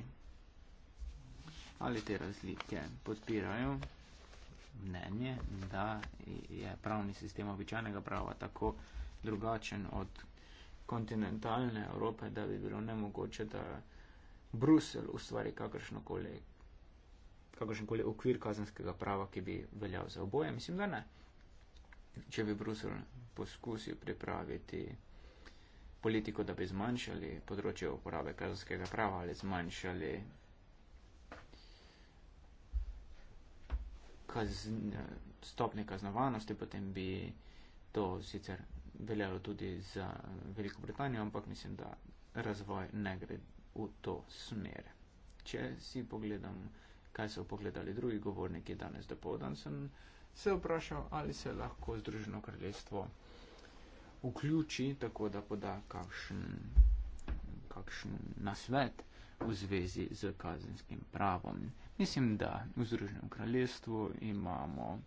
Ali te razlike podpirajo mnenje, da je pravni sistem običajnega prava tako drugačen od kontinentalne Evrope, da bi bilo nemogoče, da Brusel ustvari kakršnokoli, kakršnokoli okvir kazenskega prava, ki bi veljal za oboje? Mislim, da ne če bi Bruselj poskusil pripraviti politiko, da bi zmanjšali področje uporabe kazenskega prava ali zmanjšali kazn, stopne kaznovanosti, potem bi to sicer veljalo tudi za Veliko Britanijo, ampak mislim, da razvoj ne gre v to smer. Če si pogledam, kaj so pogledali drugi govorniki danes do povdan, sem se je vprašal, ali se lahko Združeno kraljestvo vključi, tako da poda kakšen, kakšen nasvet v zvezi z kazenskim pravom. Mislim, da v Združenem kraljestvu imamo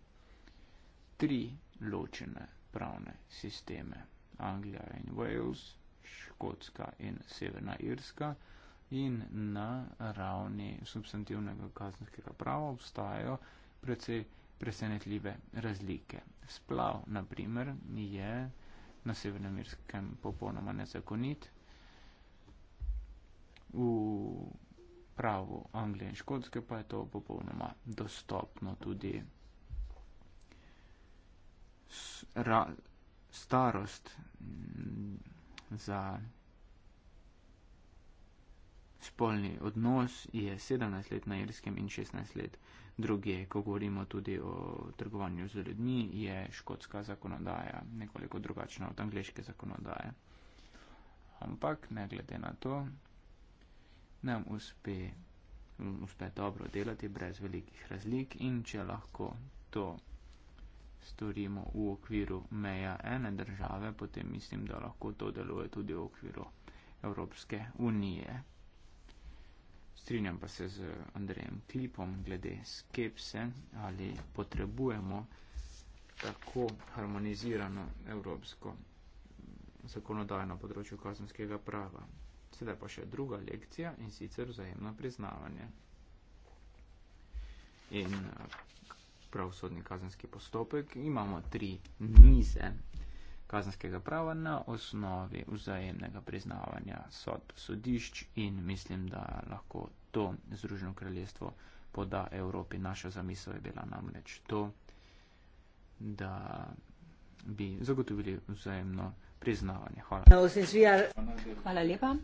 tri ločene pravne sisteme. Anglija in Wales, Škotska in Severna Irska in na ravni substantivnega kazenskega prava obstajajo precej presenetljive razlike. Splav, na primer, je na severnemirskem popolnoma nezakonit. V pravu Anglije in Škotske pa je to popolnoma dostopno tudi. Ra, starost mm, za spolni odnos je 17 let na irskem in 16 let druge, ko govorimo tudi o trgovanju z ljudmi, je škotska zakonodaja nekoliko drugačna od angleške zakonodaje. Ampak, ne glede na to, nam uspe, uspe dobro delati brez velikih razlik in če lahko to storimo v okviru meja ene države, potem mislim, da lahko to deluje tudi v okviru Evropske unije. Strinjam pa se z Andrejem Klipom glede skepse, ali potrebujemo tako harmonizirano evropsko zakonodajno področje kazenskega prava. Sedaj pa še druga lekcija in sicer vzajemno priznavanje. In eh, pravosodni kazenski postopek imamo tri nize kazenskega prava na osnovi vzajemnega priznavanja sodb sodišč in mislim, da lahko to Združeno kraljestvo poda Evropi. Naša zamisel je bila namreč to, da bi zagotovili vzajemno priznavanje. Hvala. Hvala lepa.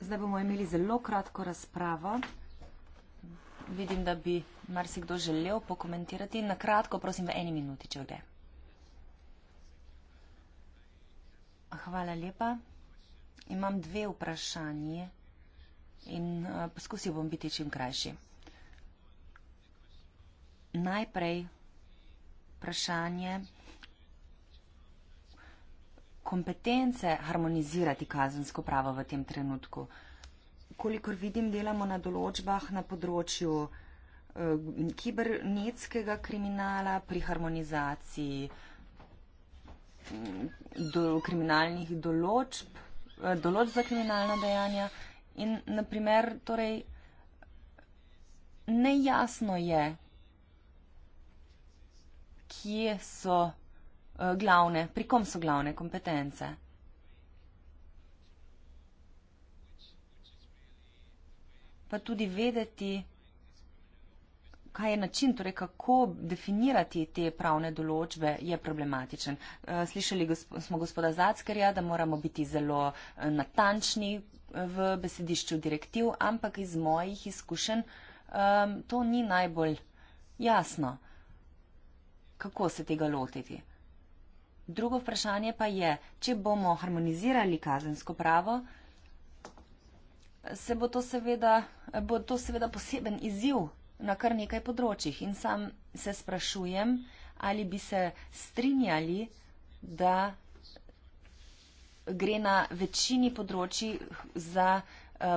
Zdaj bomo imeli zelo kratko razpravo. Vidim, da bi marsikdo želel pokomentirati. Na kratko, prosim, v eni minuti, če gre. Hvala lepa. Imam dve vprašanje in eh, poskusil bom biti čim krajši. Najprej vprašanje kompetence harmonizirati kazensko pravo v tem trenutku. Kolikor vidim, delamo na določbah na področju eh, kibernetskega kriminala pri harmonizaciji do, kriminalnih določb, eh, določb za kriminalna dejanja. In naprimer, torej, nejasno je, kje so eh, glavne, pri kom so glavne kompetence. Pa tudi vedeti, kaj je način, torej kako definirati te pravne določbe, je problematičen. Eh, slišali smo gospoda Zackerja, da moramo biti zelo eh, natančni eh, v besedišču direktiv, ampak iz mojih izkušenj ehm, to ni najbolj jasno, kako se tega lotiti. Drugo vprašanje pa je, če bomo harmonizirali kazensko pravo, se bo to seveda, bo to seveda poseben izziv na kar nekaj področjih in sam se sprašujem, ali bi se strinjali, da gre na večini področji za uh,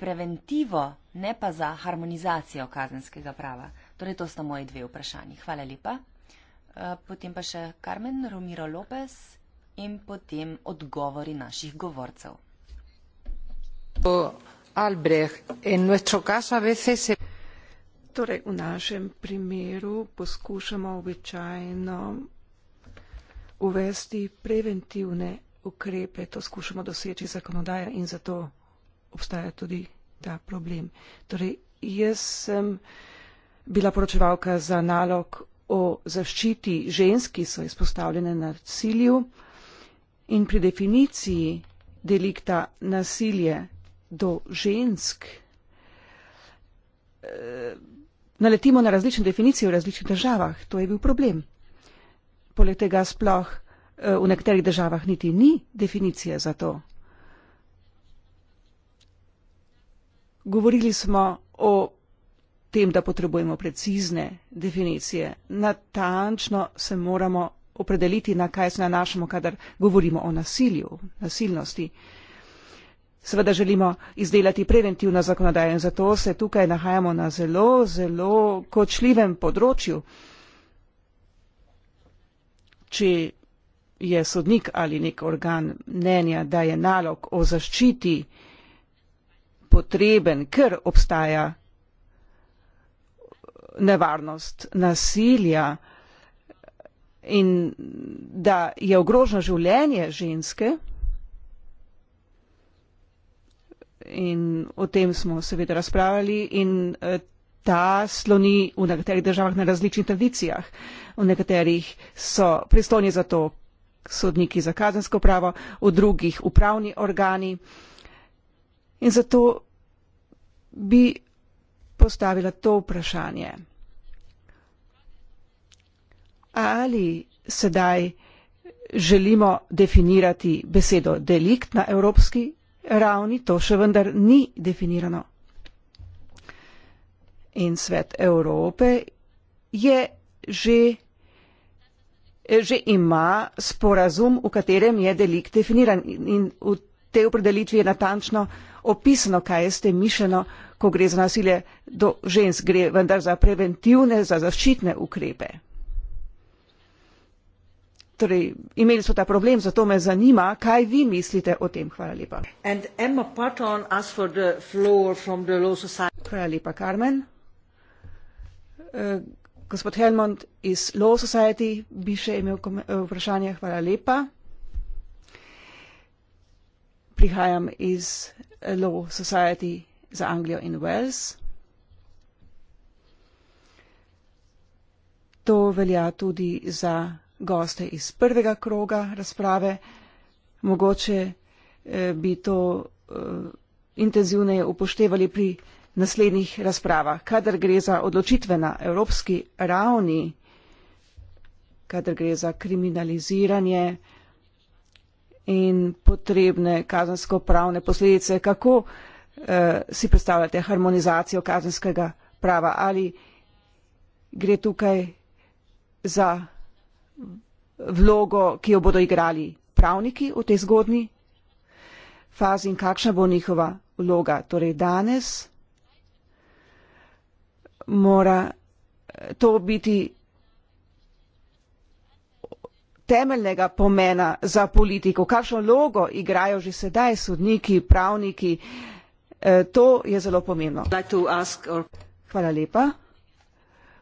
preventivo, ne pa za harmonizacijo kazenskega prava. Torej, to sta moji dve vprašanji. Hvala lepa. Eh, potem pa še Carmen Romiro Lopez in potem odgovori naših govorcev. Albrecht, v našem primeru a veces se. Torej, v našem primeru poskušamo običajno uvesti preventivne ukrepe, to skušamo doseči zakonodaja in zato obstaja tudi ta problem. Torej, jaz sem bila poročevalka za nalog o zaščiti žensk, ki so izpostavljene na cilju in pri definiciji delikta nasilje do žensk. Eh, naletimo na različne definicije v različnih državah. To je bil problem. Poleg tega sploh eh, v nekaterih državah niti ni definicije za to. Govorili smo o tem, da potrebujemo precizne definicije. Natančno se moramo opredeliti, na kaj se nanašamo, kadar govorimo o nasilju, nasilnosti. Uh, seveda želimo izdelati preventivno zakonodajo in zato se tukaj nahajamo na zelo, zelo kočljivem področju. Če je sodnik ali nek organ mnenja, da je nalog o zaščiti potreben, ker obstaja nevarnost nasilja in da je ogroženo življenje ženske, in o tem smo seveda razpravljali in eh, ta sloni v nekaterih državah na različnih tradicijah. V nekaterih so pristojni za to sodniki za kazensko pravo, v drugih upravni organi in zato bi postavila to vprašanje. Ali sedaj želimo definirati besedo delikt na evropski ravni to še vendar ni definirano. In svet Evrope je že, že ima sporazum, v katerem je delik definiran in v tej opredelitvi je natančno opisano, kaj je s tem mišljeno, ko gre za nasilje do žensk, gre vendar za preventivne, za zaščitne ukrepe. Torej, imeli so ta problem, zato me zanima, kaj vi mislite o tem. Hvala lepa. Hvala lepa, Carmen. Eh, gospod Helmond iz Law Society bi še imel eh, vprašanje. Hvala lepa. Prihajam iz Law Society za Anglijo in Wales. To velja tudi za goste iz prvega kroga razprave. Mogoče eh, bi to eh, intenzivneje upoštevali pri naslednjih razpravah. Kadar gre za odločitve na evropski ravni, kadar gre za kriminaliziranje in potrebne kazensko pravne posledice, kako eh, si predstavljate harmonizacijo kazenskega prava ali gre tukaj za vlogo, ki jo bodo igrali pravniki v tej zgodni fazi in kakšna bo njihova vloga. Torej danes mora to biti temeljnega pomena za politiko. Kakšno vlogo igrajo že sedaj sodniki, pravniki, eh, to je zelo pomembno. Hvala lepa.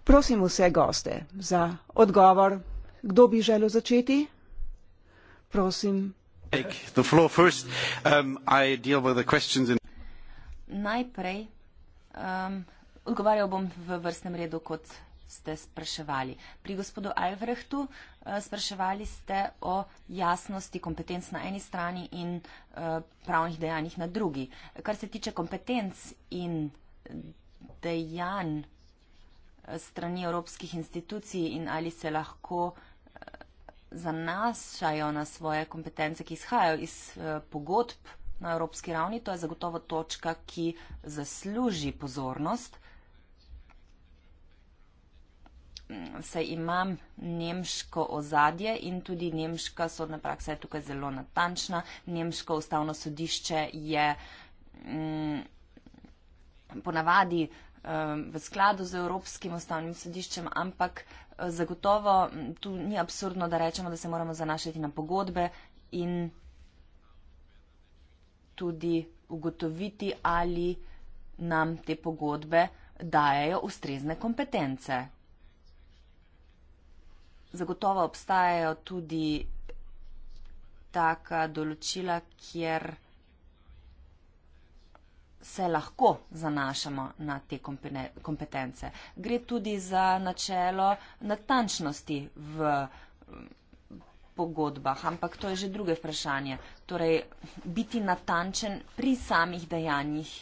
Prosim vse goste za odgovor. Kdo bi želel začeti? Prosim. Um, Najprej um, odgovarjal bom v vrstnem redu, kot ste spraševali. Pri gospodu Alvrehtu uh, spraševali ste o jasnosti kompetenc na eni strani in uh, pravnih dejanjih na drugi. Kar se tiče kompetenc in dejanj uh, strani evropskih institucij in ali se lahko vsega, zanašajo na svoje kompetence, ki izhajajo iz eh, pogodb na evropski ravni, to je zagotovo točka, ki zasluži pozornost. Saj imam nemško ozadje in tudi nemška sodna praksa je tukaj zelo natančna. Nemško ustavno sodišče je mm, ponavadi uh, Um, v skladu z Evropskim ustavnim sodiščem, ampak eh, zagotovo tu ni absurdno, da rečemo, da se moramo zanašati na pogodbe in tudi ugotoviti, ali nam te pogodbe dajajo ustrezne kompetence. Zagotovo obstajajo tudi taka določila, kjer se lahko zanašamo na te kompetence. Gre tudi za načelo natančnosti v pogodbah, ampak to je že druge vprašanje. Torej, biti natančen pri samih dejanjih,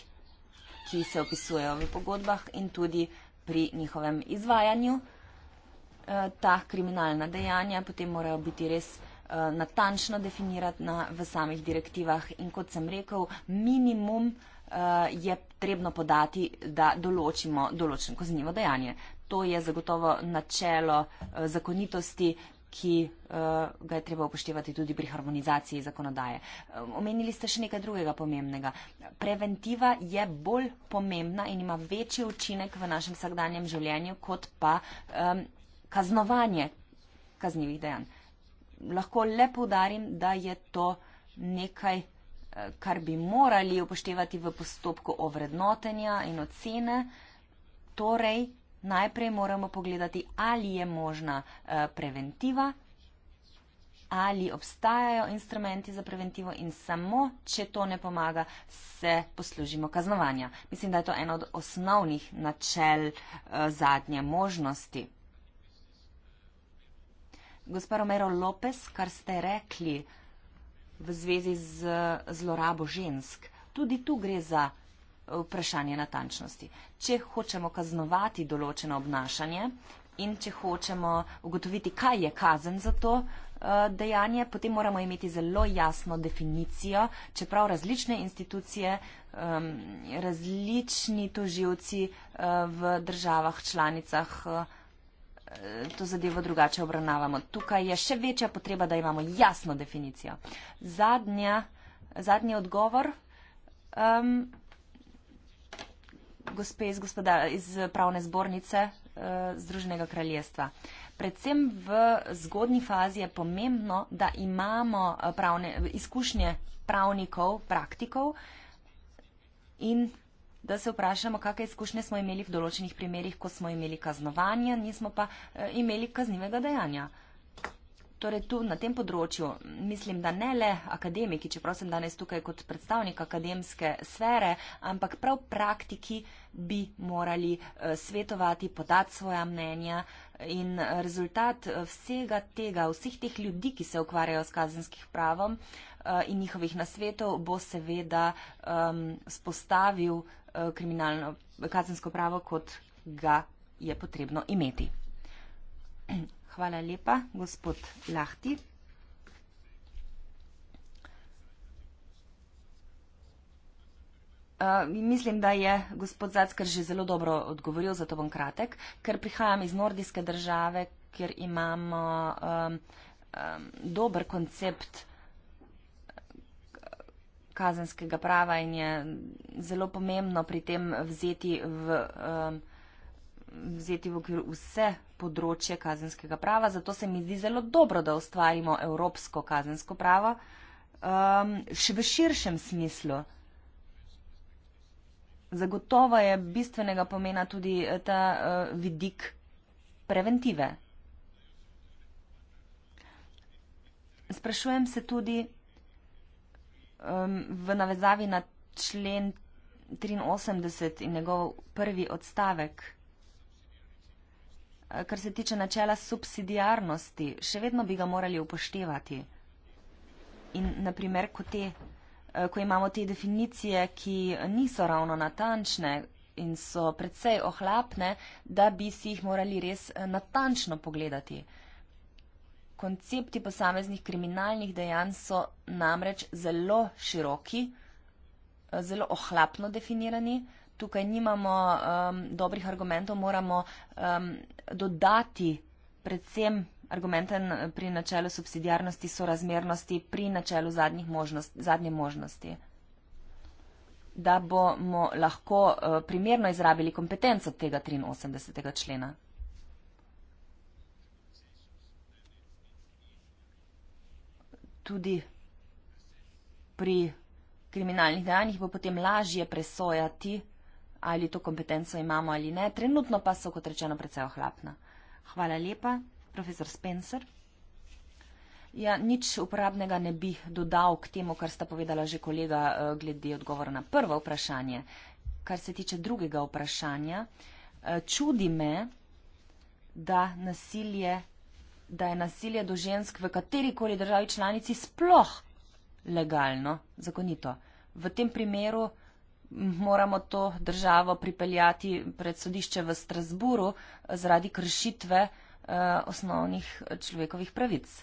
ki se opisujejo v pogodbah in tudi pri njihovem izvajanju. E, ta kriminalna dejanja potem morajo biti res e, natančno definirana v samih direktivah in kot sem rekel, minimum uh, je potrebno podati, da določimo določeno kaznivo dejanje. To je zagotovo načelo uh, zakonitosti, ki uh, ga je treba upoštevati tudi pri harmonizaciji zakonodaje. Omenili ste še nekaj drugega pomembnega. Preventiva je bolj pomembna in ima večji učinek v našem vsakdanjem življenju kot pa um, kaznovanje kaznivih dejanj. Lahko le poudarim, da je to nekaj kar bi morali upoštevati v postopku ovrednotenja in ocene. Torej, najprej moramo pogledati, ali je možna eh, preventiva, ali obstajajo instrumenti za preventivo in samo, če to ne pomaga, se poslužimo kaznovanja. Mislim, da je to eno od osnovnih načel eh, zadnje možnosti. Gospa Romero Lopez, kar ste rekli, v zvezi z zlorabo žensk. Tudi tu gre za eh, vprašanje natančnosti. Če hočemo kaznovati določeno obnašanje in če hočemo ugotoviti, kaj je kazen za to eh, dejanje, potem moramo imeti zelo jasno definicijo, čeprav različne institucije, ehm, različni toživci eh, v državah, članicah to zadevo drugače obravnavamo. Tukaj je še večja potreba, da imamo jasno definicijo. Zadnja, zadnji odgovor um, gospe iz, gospoda, iz pravne zbornice uh, Združenega kraljestva. Predvsem v zgodni fazi je pomembno, da imamo uh, pravne, izkušnje pravnikov, praktikov in da se vprašamo, kakšne izkušnje smo imeli v določenih primerjih, ko smo imeli kaznovanje, nismo pa eh, imeli kaznivega dejanja. Torej tu na tem področju mislim, da ne le akademiki, čeprav sem danes tukaj kot predstavnik akademske sfere, ampak prav praktiki bi morali eh, svetovati, podati svoja mnenja in rezultat eh, vsega tega, vseh teh ljudi, ki se ukvarjajo s kazenskih pravom in njihovih nasvetov, bo seveda spostavil. Ehm, um, Eh, kriminalno, kazensko pravo, kot ga je potrebno imeti. Hvala lepa, gospod Lahti. Uh, mislim, da je gospod Zackar že zelo dobro odgovoril, zato bom kratek, ker prihajam iz nordijske države, kjer imamo um, um, dober koncept uh, kazenskega prava in je zelo pomembno pri tem vzeti v, um, vzeti v okvir vse področje kazenskega prava. Zato se mi zdi zelo dobro, da ustvarimo evropsko kazensko pravo um, še v širšem smislu. Zagotovo je bistvenega pomena tudi eh, ta uh, vidik preventive. Sprašujem se tudi, um, v navezavi na člen 83 in njegov prvi odstavek. Eh, kar se tiče načela subsidijarnosti, še vedno bi ga morali upoštevati. In naprimer, ko, te, eh, ko imamo te definicije, ki niso ravno natančne in so precej ohlapne, da bi si jih morali res eh, natančno pogledati koncepti posameznih kriminalnih dejanj so namreč zelo široki, zelo ohlapno definirani. Tukaj nimamo um, dobrih argumentov, moramo um, dodati predvsem argumente pri načelu subsidijarnosti, sorazmernosti, pri načelu možnost, zadnje možnosti, da bomo lahko uh, primerno izrabili kompetenco tega 83. člena. tudi pri kriminalnih dejanjih bo potem lažje presojati, ali to kompetenco imamo ali ne. Trenutno pa so, kot rečeno, precej ohlapna. Hvala lepa, profesor Spencer. Ja, nič uporabnega ne bi dodal k temu, kar sta povedala že kolega eh, glede odgovora na prvo vprašanje. Kar se tiče drugega vprašanja, eh, čudi me, da nasilje da je nasilje do žensk v katerikoli državi članici sploh legalno, zakonito. V tem primeru moramo to državo pripeljati pred sodišče v Strasburu eh, zaradi kršitve eh, osnovnih človekovih pravic.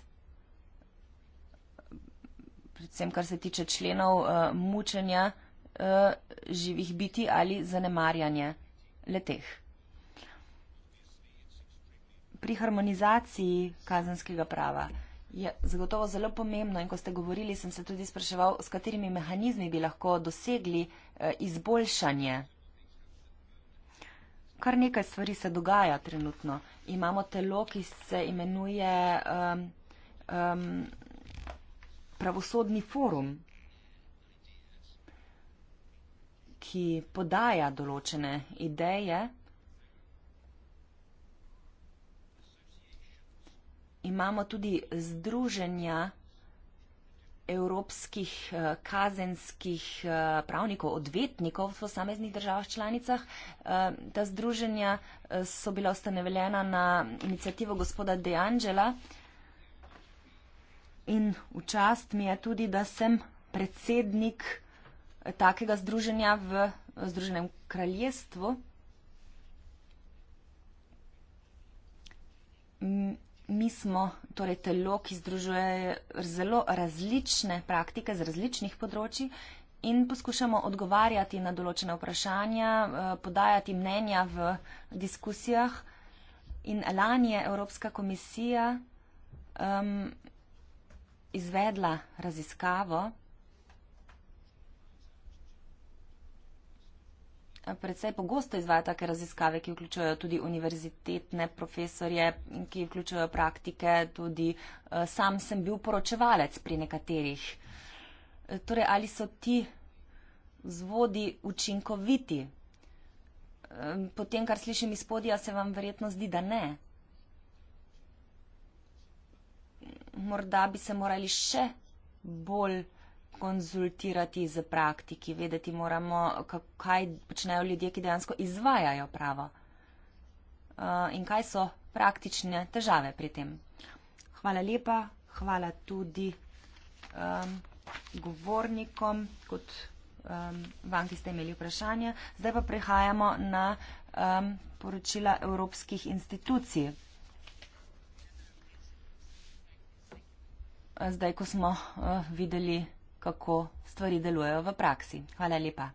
Predvsem, kar se tiče členov eh, mučenja eh, živih biti ali zanemarjanje leteh pri harmonizaciji kazenskega prava je zagotovo zelo pomembno in ko ste govorili, sem se tudi spraševal, s katerimi mehanizmi bi lahko dosegli eh, izboljšanje. Kar nekaj stvari se dogaja trenutno. Imamo telo, ki se imenuje um, um, pravosodni forum, ki podaja določene ideje. imamo tudi združenja evropskih eh, kazenskih eh, pravnikov, odvetnikov v posameznih državah članicah. Eh, ta združenja so bila ustanovljena na inicijativo gospoda De Angela in v čast mi je tudi, da sem predsednik takega združenja v Združenem kraljestvu mi smo torej telo, ki združuje zelo različne praktike z različnih področji in poskušamo odgovarjati na določene vprašanja, eh, podajati mnenja v diskusijah. In lani je Evropska komisija um, izvedla raziskavo, predvsej pogosto izvaja take raziskave, ki vključujejo tudi univerzitetne profesorje, ki vključujejo praktike, tudi eh, sam sem bil poročevalec pri nekaterih. Eh, torej, ali so ti vzvodi učinkoviti? Eh, po tem, kar slišim iz podija, se vam verjetno zdi, da ne. Morda bi se morali še bolj konzultirati z praktiki, vedeti moramo, kaj počnejo ljudje, ki dejansko izvajajo pravo uh, in kaj so praktične težave pri tem. Hvala lepa, hvala tudi um, govornikom, kot um, vam, ki ste imeli vprašanje. Zdaj pa prehajamo na um, poročila evropskih institucij. Zdaj, ko smo uh, videli kako stvari delujejo v praksi. Hvala lepa.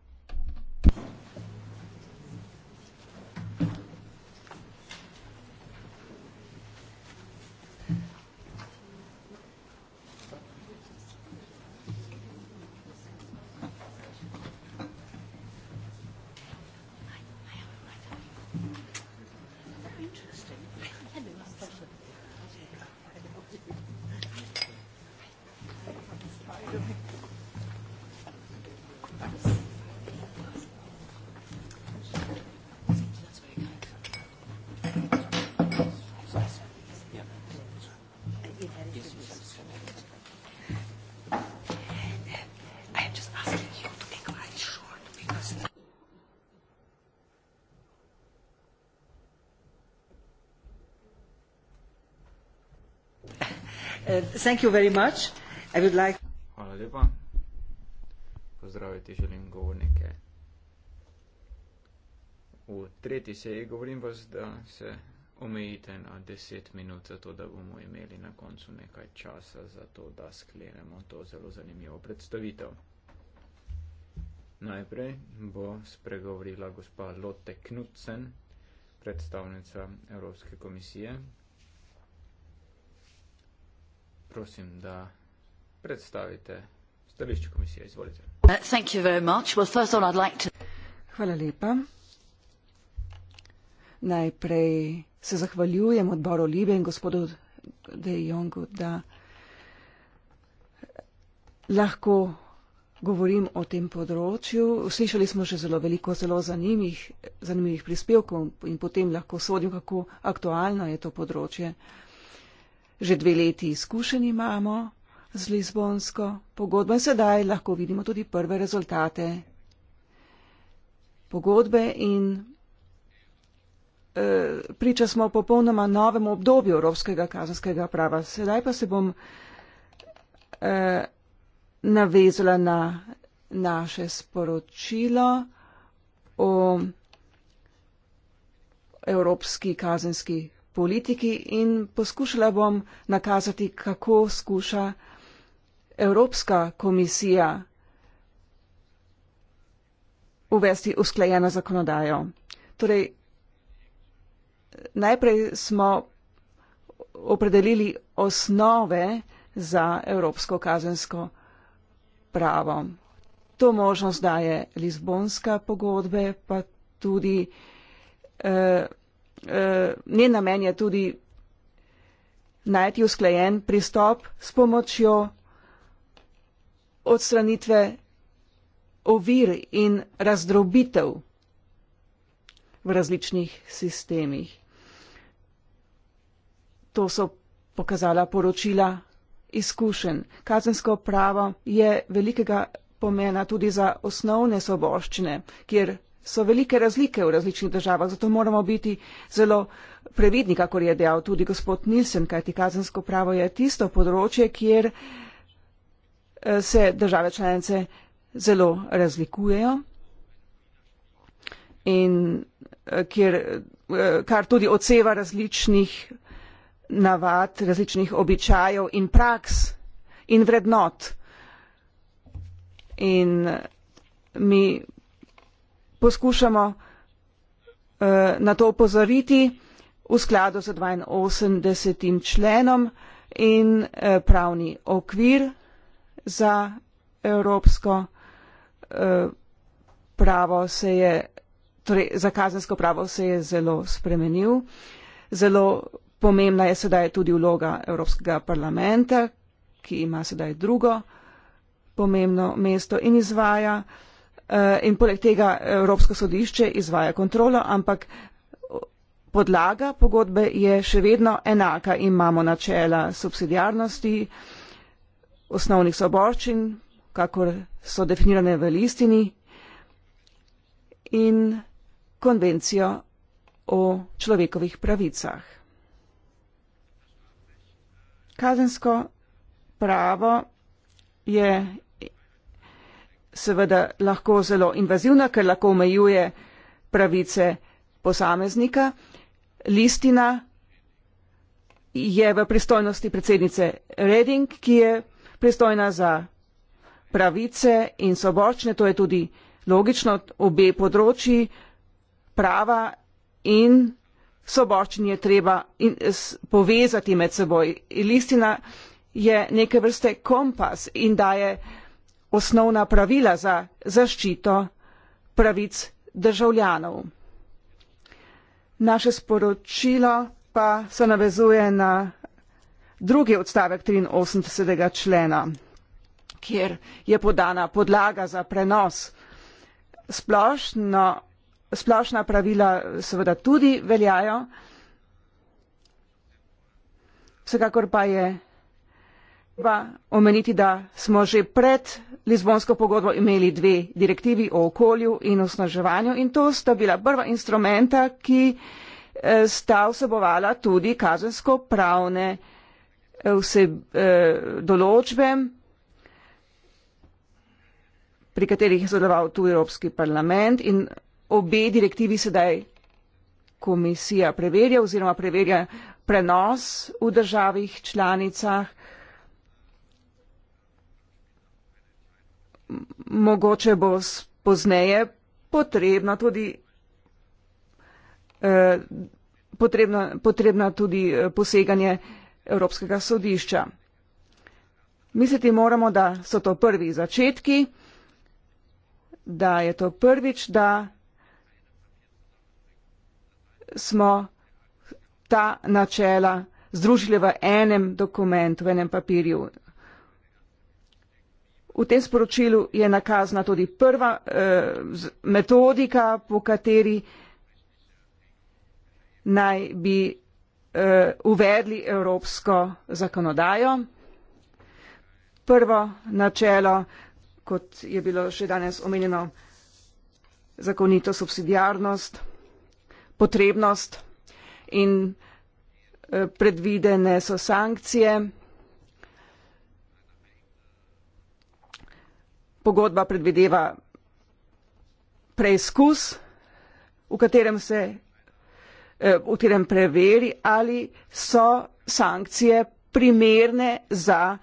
Thank you very much. I would like... Hvala lepa. Pozdraviti želim govornike. V tretji seji govorim vas, da se omejite na 10 minut, zato da bomo imeli na koncu nekaj časa za to, da sklenemo to zelo zanimivo predstavitev. Najprej bo spregovorila gospa Lotte Knudsen, predstavnica Evropske komisije, prosim, da predstavite stališče komisije. Izvolite. Uh, Hvala lepa. Najprej se zahvaljujem odboru Libe in gospodu De Jongu, da lahko govorim o tem področju. Slišali smo že zelo veliko zelo zanimih, zanimivih prispevkov in potem lahko sodim, kako aktualno je to področje že dve leti izkušen imamo z Lizbonsko pogodbo in sedaj lahko vidimo tudi prve rezultate pogodbe in eh, priča smo popolnoma novemu obdobju evropskega kazenskega prava. Sedaj pa se bom eh, navezala na naše sporočilo o evropski kazenski politiki in poskušala bom nakazati, kako skuša Evropska komisija uvesti usklajeno zakonodajo. Torej, najprej smo opredelili osnove za Evropsko kazensko pravo. To možnost daje Lizbonska pogodbe, pa tudi eh, uh, njen namen je tudi najti usklajen pristop s pomočjo odstranitve ovir in razdrobitev v različnih sistemih. To so pokazala poročila izkušenj. Kazensko pravo je velikega pomena tudi za osnovne soboščine, kjer so velike razlike v različnih državah, zato moramo biti zelo previdni, kako je dejal tudi gospod Nilsen, kajti kazensko pravo je tisto področje, kjer eh, se države članice zelo razlikujejo in eh, kjer, eh, kar tudi odseva različnih navad, različnih običajev in praks in vrednot. In mi poskušamo eh, na to upozoriti v skladu z 82. členom in eh, pravni okvir za evropsko eh, pravo se je, torej za kazensko pravo se je zelo spremenil. Zelo pomembna je sedaj tudi vloga Evropskega parlamenta, ki ima sedaj drugo pomembno mesto in izvaja Eh, in poleg tega Evropsko sodišče izvaja kontrolo, ampak podlaga pogodbe je še vedno enaka. Imamo načela subsidijarnosti, osnovnih soboščin, kakor so definirane v listini in konvencijo o človekovih pravicah. Kazensko pravo je seveda lahko zelo invazivna, ker lahko omejuje pravice posameznika. Listina je v pristojnosti predsednice Reding, ki je pristojna za pravice in soboščine, to je tudi logično, obe področji prava in soboščini je treba in, s, povezati med seboj. Listina je neke vrste kompas in daje uh, osnovna pravila za zaščito pravic državljanov. Naše sporočilo pa se navezuje na drugi odstavek 83. člena, kjer je podana podlaga za prenos. Splošno, splošna pravila seveda tudi veljajo, vsekakor pa je treba omeniti, da smo že pred Lizbonsko pogodbo imeli dve direktivi o okolju in osnaževanju in to sta bila prva instrumenta, ki eh, sta vsebovala tudi kazensko pravne eh, vse eh, določbe, pri katerih je sodeloval tudi Evropski parlament in obe direktivi sedaj komisija preverja oziroma preverja prenos v državih članicah mogoče bo spozneje potrebna tudi, eh, potrebna, potrebna tudi eh, poseganje Evropskega sodišča. Misliti moramo, da so to prvi začetki, da je to prvič, da smo ta načela združili v enem dokumentu, v enem papirju. V tem sporočilu je nakazna tudi prva eh, metodika, po kateri naj bi eh, uvedli evropsko zakonodajo. Prvo načelo, kot je bilo še danes omenjeno, zakonito subsidijarnost, potrebnost in eh, predvidene so sankcije. pogodba predvideva preizkus, v katerem se eh, v katerem preveri, ali so sankcije primerne za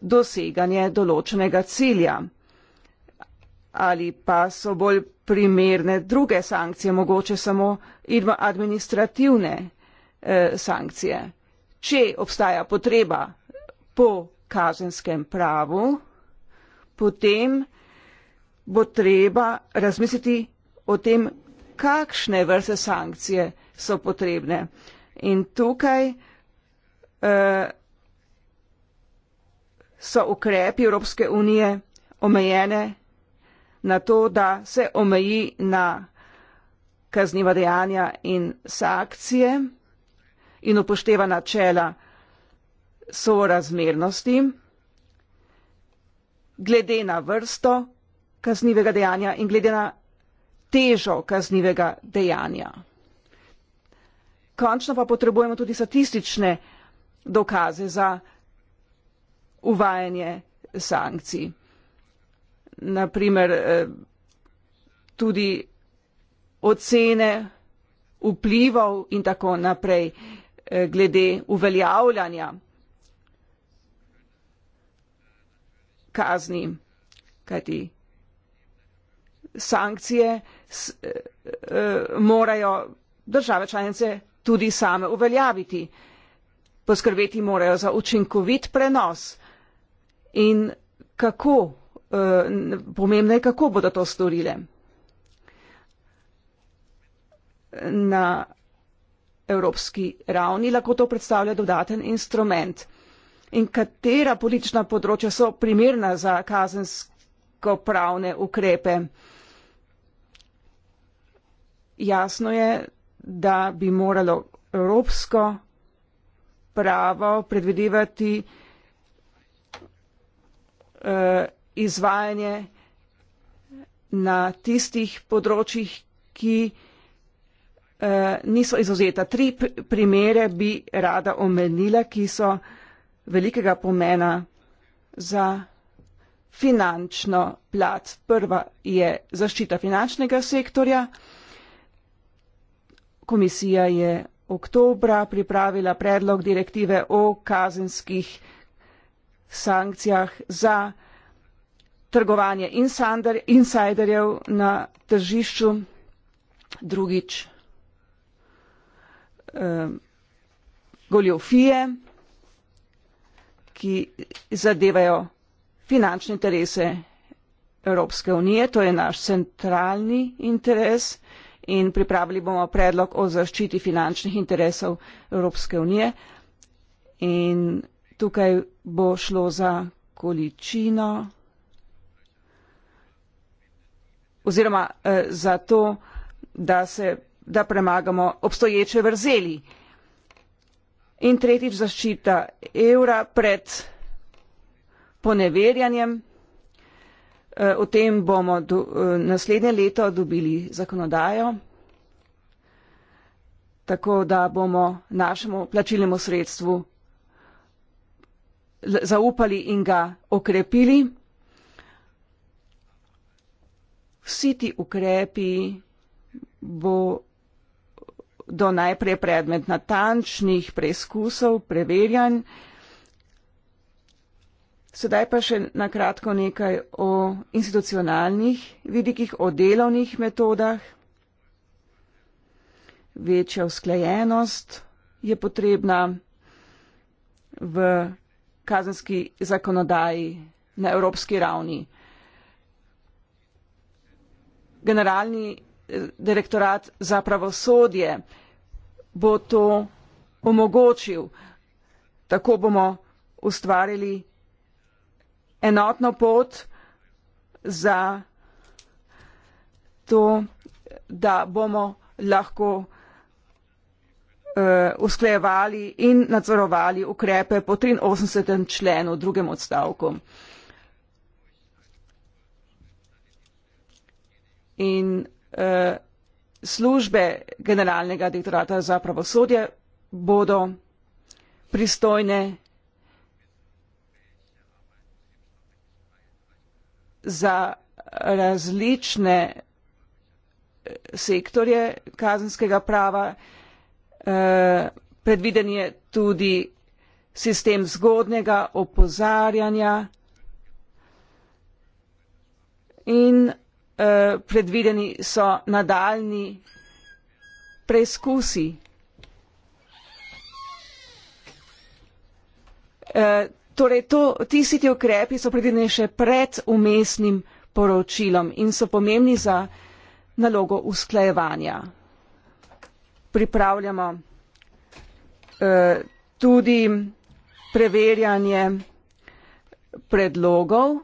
doseganje določenega cilja ali pa so bolj primerne druge sankcije, mogoče samo administrativne eh, sankcije. Če obstaja potreba po kazenskem pravu, potem bo treba razmisliti o tem, kakšne vrste sankcije so potrebne. In tukaj uh, so ukrepi Evropske unije omejene na to, da se omeji na kazniva dejanja in sankcije in upošteva načela sorazmernosti glede na vrsto kaznivega dejanja in glede na težo kaznivega dejanja. Končno pa potrebujemo tudi statistične dokaze za uvajanje sankcij. Naprimer, eh, tudi ocene vplivov in tako naprej eh, glede uveljavljanja kazni. Kajti sankcije s, e, e, morajo države članice tudi same uveljaviti. Poskrbeti morajo za učinkovit prenos. In kako, e, pomembno je, kako bodo to storile. Na evropski ravni lahko to predstavlja dodaten instrument – in katera politična področja so primerna za kazensko pravne ukrepe. Jasno je, da bi moralo evropsko pravo predvidevati eh, izvajanje na tistih področjih, ki eh, niso izuzeta. Tri primere bi rada omenila, ki so eh, velikega pomena za finančno plat. Prva je zaščita finančnega sektorja. Komisija je oktobra pripravila predlog direktive o kazenskih sankcijah za trgovanje insajderjev na tržišču. Drugič, eh, goljofije ki zadevajo finančne interese Evropske unije, to je naš centralni interes in pripravili bomo predlog o zaščiti finančnih interesov Evropske unije. In tukaj bo šlo za količino oziroma eh, za to, da, se, da premagamo obstoječe vrzeli in tretjič zaščita evra pred poneverjanjem. E, o tem bomo do, e, naslednje leto dobili zakonodajo, tako da bomo našemu plačilnemu sredstvu zaupali in ga okrepili. Vsi ti ukrepi bo do najprej predmet natančnih preizkusov, preverjanj. Sedaj pa še na kratko nekaj o institucionalnih vidikih, o delovnih metodah. Večja usklajenost je potrebna v kazenski zakonodaji na evropski ravni. Generalni direktorat za pravosodje bo to omogočil. Tako bomo ustvarili enotno pot za to, da bomo lahko uh, eh, usklejevali in nadzorovali ukrepe po 83. členu drugem odstavku. In Eh, službe generalnega direktorata za pravosodje bodo pristojne za različne eh, sektorje kazenskega prava. Eh, predviden je tudi sistem zgodnega opozarjanja in Eh, predvideni so nadaljnji preizkusi. Eh, torej, to, ti siti ukrepi so predvideni še pred umestnim poročilom in so pomembni za nalogo usklajevanja. Pripravljamo eh, tudi preverjanje predlogov.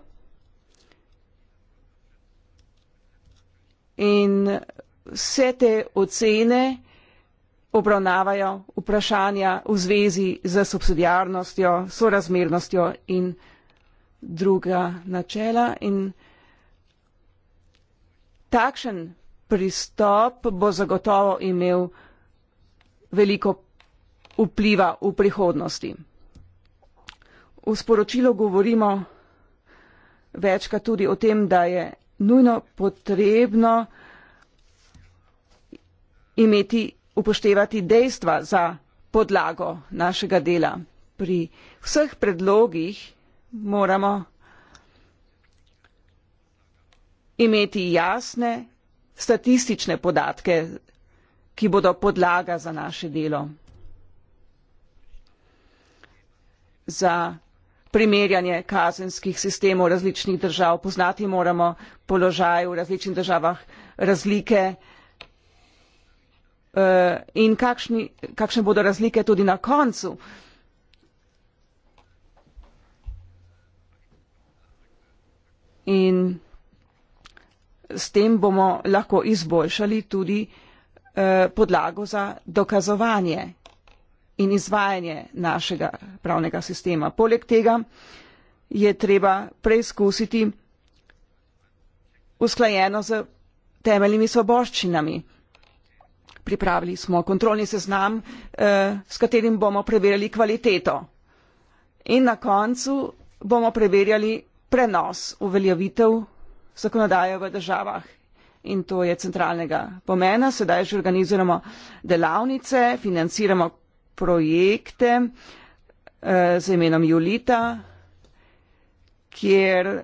in vse te ocene obravnavajo vprašanja v zvezi z subsidijarnostjo, sorazmernostjo in druga načela. In takšen pristop bo zagotovo imel veliko vpliva v prihodnosti. V sporočilu govorimo večkrat tudi o tem, da je nujno potrebno imeti, upoštevati dejstva za podlago našega dela. Pri vseh predlogih moramo imeti jasne statistične podatke, ki bodo podlaga za naše delo. Za primerjanje kazenskih sistemov različnih držav. Poznati moramo položaj v različnih državah, razlike eh, in kakšni, kakšne bodo razlike tudi na koncu. In s tem bomo lahko izboljšali tudi eh, podlago za dokazovanje in izvajanje našega pravnega sistema. Poleg tega je treba preizkusiti usklajeno z temeljnimi svoboščinami. Pripravili smo kontrolni seznam, eh, s katerim bomo preverjali kvaliteto. In na koncu bomo preverjali prenos uveljavitev zakonodaje v državah. In to je centralnega pomena. Sedaj že organiziramo delavnice, financiramo projekte eh, z imenom Julita, kjer eh,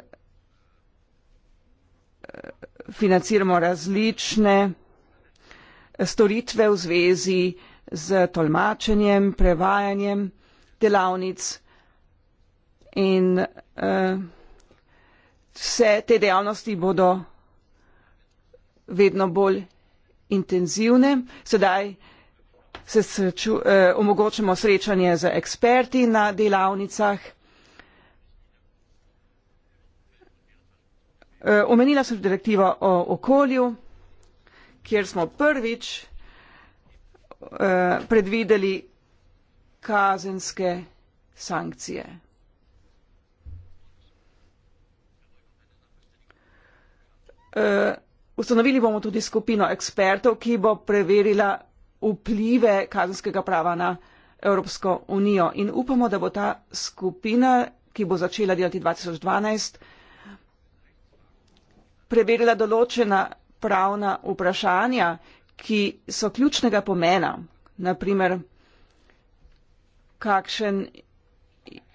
financiramo različne eh, storitve v zvezi z tolmačenjem, prevajanjem delavnic in vse te dejavnosti bodo vedno bolj intenzivne. Sedaj se sreču, eh, omogočamo srečanje z eksperti na delavnicah. Eh, omenila sem direktivo o okolju, kjer smo prvič eh, predvideli kazenske sankcije. Uh, ustanovili bomo tudi skupino ekspertov, ki bo preverila vplive kazenskega prava na Evropsko unijo. In upamo, da bo ta skupina, ki bo začela delati 2012, preverila določena pravna vprašanja, ki so ključnega pomena. Naprimer, kakšen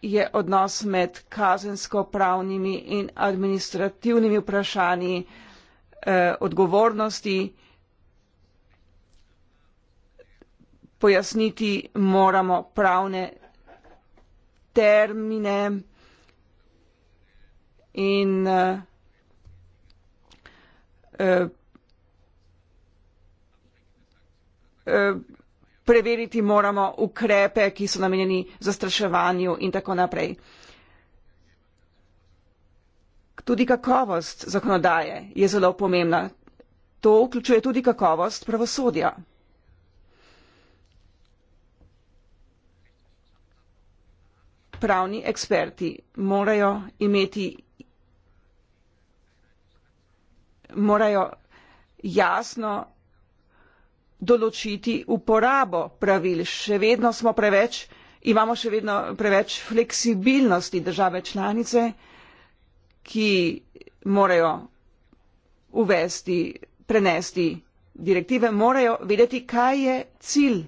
je odnos med kazensko pravnimi in administrativnimi vprašanji eh, odgovornosti, eh, pojasniti moramo pravne termine in eh, eh, eh, preveriti moramo ukrepe, ki so namenjeni zastraševanju in tako naprej. Tudi kakovost zakonodaje je zelo pomembna. To vključuje tudi kakovost pravosodja. pravni eksperti morajo imeti morajo jasno določiti uporabo pravil. Še vedno smo preveč, imamo še vedno preveč fleksibilnosti države članice, ki morajo uvesti, prenesti direktive, morajo vedeti, kaj je cilj,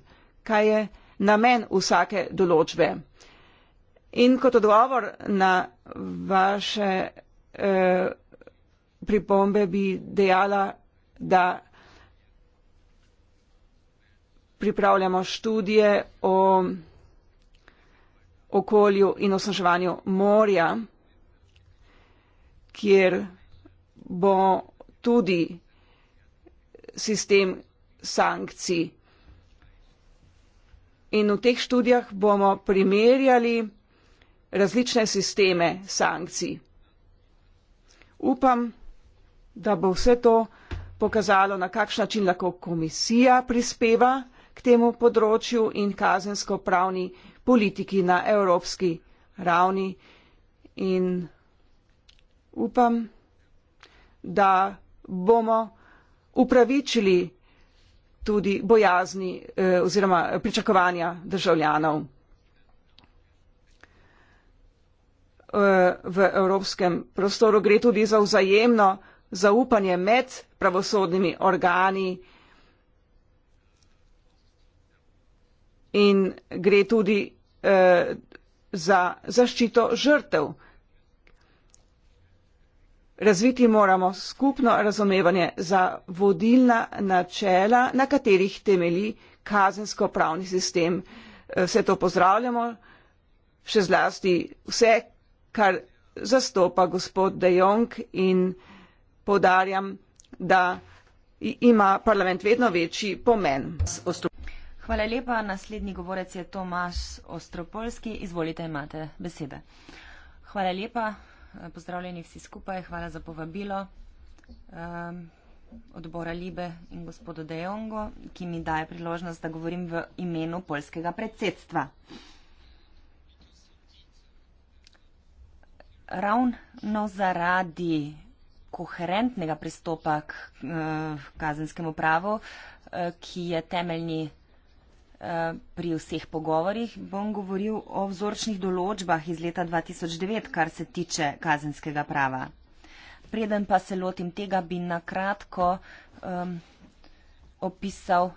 kaj je namen vsake določbe. In kot odgovor na vaše eh, pripombe bi dejala, da pripravljamo študije o okolju in osnaževanju morja, kjer bo tudi sistem sankcij. In v teh študijah bomo primerjali, različne sisteme sankcij. Upam, da bo vse to pokazalo, na kakšen način lahko komisija prispeva k temu področju in kazensko pravni politiki na evropski ravni. In upam, da bomo upravičili tudi bojazni eh, oziroma pričakovanja državljanov. v evropskem prostoru, gre tudi za vzajemno zaupanje med pravosodnimi organi in gre tudi eh, za zaščito žrtev. Razviti moramo skupno razumevanje za vodilna načela, na katerih temeli kazensko-pravni sistem. Eh, vse to pozdravljamo, še zlasti vse, kar zastopa gospod De Jong in podarjam, da ima parlament vedno večji pomen. Hvala lepa. Naslednji govorec je Tomaš Ostropolski. Izvolite, imate besede. Hvala lepa. Pozdravljeni vsi skupaj. Hvala za povabilo um, odbora Libe in gospodu Dejongo, ki mi daje priložnost, da govorim v imenu polskega predsedstva. ravno zaradi koherentnega pristopa k uh, kazenskemu pravu, uh, ki je temeljni eh, pri vseh pogovorih bom govoril o vzorčnih določbah iz leta 2009, kar se tiče kazenskega prava. Preden pa se lotim tega, bi na kratko um, opisal,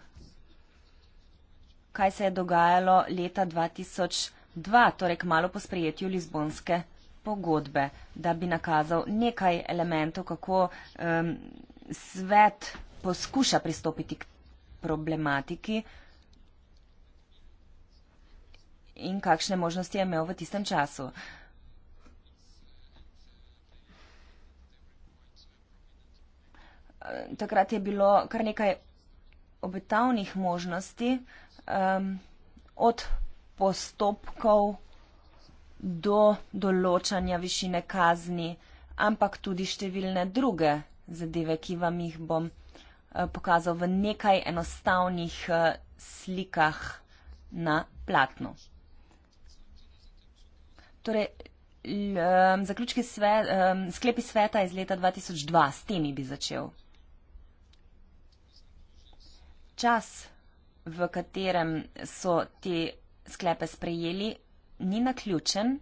kaj se je dogajalo leta 2002, torej k malo po sprejetju Lizbonske pogodbe, da bi nakazal nekaj elementov, kako um, svet poskuša pristopiti k problematiki in kakšne možnosti je imel v tistem času. Takrat je bilo kar nekaj obetavnih možnosti um, od postopkov, do določanja višine kazni, ampak tudi številne druge zadeve, ki vam jih bom eh, pokazal v nekaj enostavnih eh, slikah na platnu. Torej, eh, zaključki sveta, sklepi sveta iz leta 2002, s temi bi začel. Čas, v katerem so te sklepe sprejeli, ni naključen.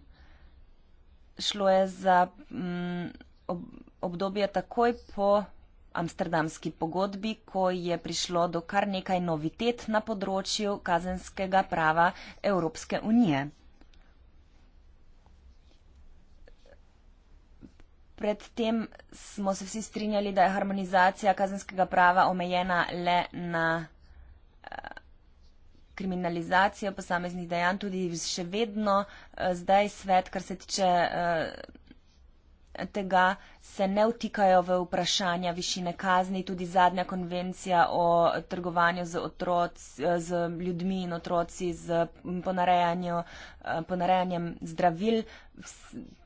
Šlo je za mm, ob, obdobje takoj po amsterdamski pogodbi, ko je prišlo do kar nekaj novitet na področju kazenskega prava Evropske unije. Predtem smo se vsi strinjali, da je harmonizacija kazenskega prava omejena le na eh, kriminalizacijo posameznih dejanj, tudi še vedno uh, zdaj svet, kar se tiče uh, tega, se ne vtikajo v vprašanja višine kazni. Tudi zadnja konvencija o trgovanju z, otroc, eh, z ljudmi in otroci, z ponarejanjem uh, zdravil,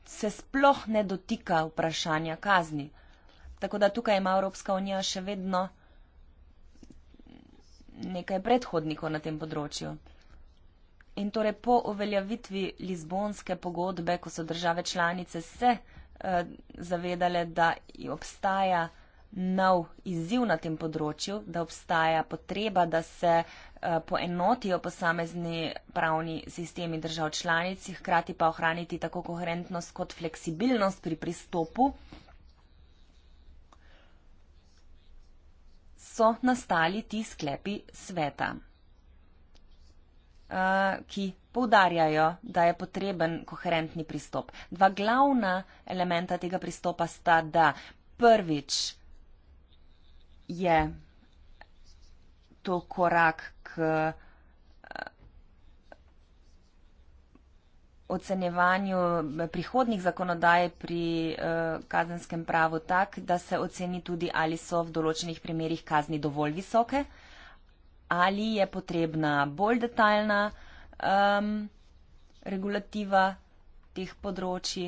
se sploh ne dotika vprašanja kazni. Tako da tukaj ima Evropska unija še vedno nekaj predhodnikov na tem področju. In torej po uveljavitvi Lizbonske pogodbe, ko so države članice se eh, zavedale, da obstaja nov izziv na tem področju, da obstaja potreba, da se eh, poenotijo posamezni pravni sistemi držav članic, hkrati pa ohraniti tako koherentnost kot fleksibilnost pri pristopu. so nastali ti sklepi sveta, eh, ki poudarjajo, da je potreben koherentni pristop. Dva glavna elementa tega pristopa sta, da prvič je to korak k. ocenjevanju prihodnih zakonodaj pri eh, kazenskem pravu tak, da se oceni tudi, ali so v določenih primerjih kazni dovolj visoke, ali je potrebna bolj detaljna um, regulativa teh področji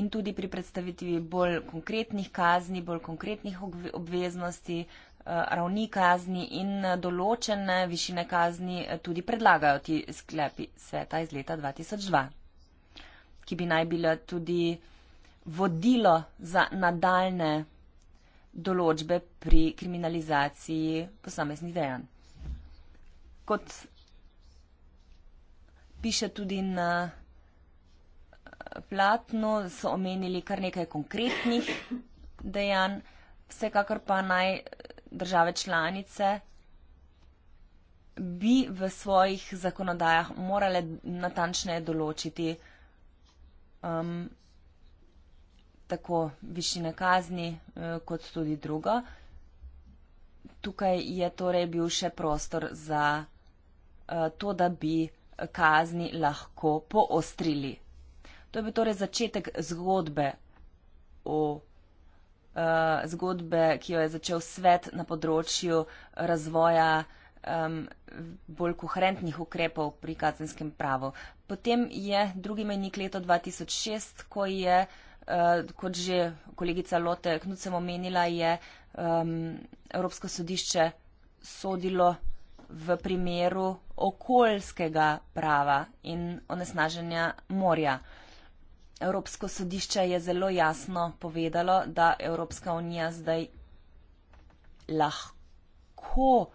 in tudi pri predstavitvi bolj konkretnih kazni, bolj konkretnih obveznosti Eh, ravni kazni in eh, določene višine kazni eh, tudi predlagajo ti sklepi sveta iz leta 2002, ki bi naj bila tudi vodilo za nadaljne določbe pri kriminalizaciji posameznih dejanj. Kot piše tudi na platno, so omenili kar nekaj konkretnih dejanj, vsekakor pa naj države članice bi v svojih zakonodajah morale natančneje določiti um, tako višine kazni uh, kot tudi drugo. Tukaj je torej bil še prostor za uh, to, da bi kazni lahko poostrili. To je bil torej začetek zgodbe o Eh, zgodbe, ki jo je začel svet na področju razvoja um, bolj koherentnih ukrepov pri kazenskem pravu. Potem je drugi menik leto 2006, ko je, uh, kot že kolegica Lote Knucem omenila, je um, Evropsko sodišče sodilo v primeru okoljskega prava in onesnaženja morja. Uh, Evropsko sodišče je zelo jasno povedalo, da Evropska unija zdaj lahko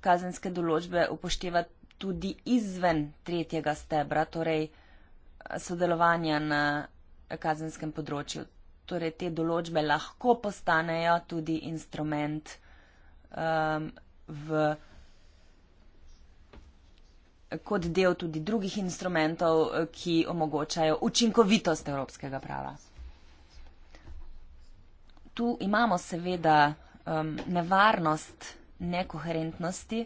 kazenske določbe upošteva tudi izven tretjega stebra, torej eh, sodelovanja na kazenskem področju. Torej, te določbe lahko postanejo tudi instrument um, v kot del tudi drugih instrumentov, eh, ki omogočajo učinkovitost evropskega prava. Tu imamo seveda um, nevarnost nekoherentnosti.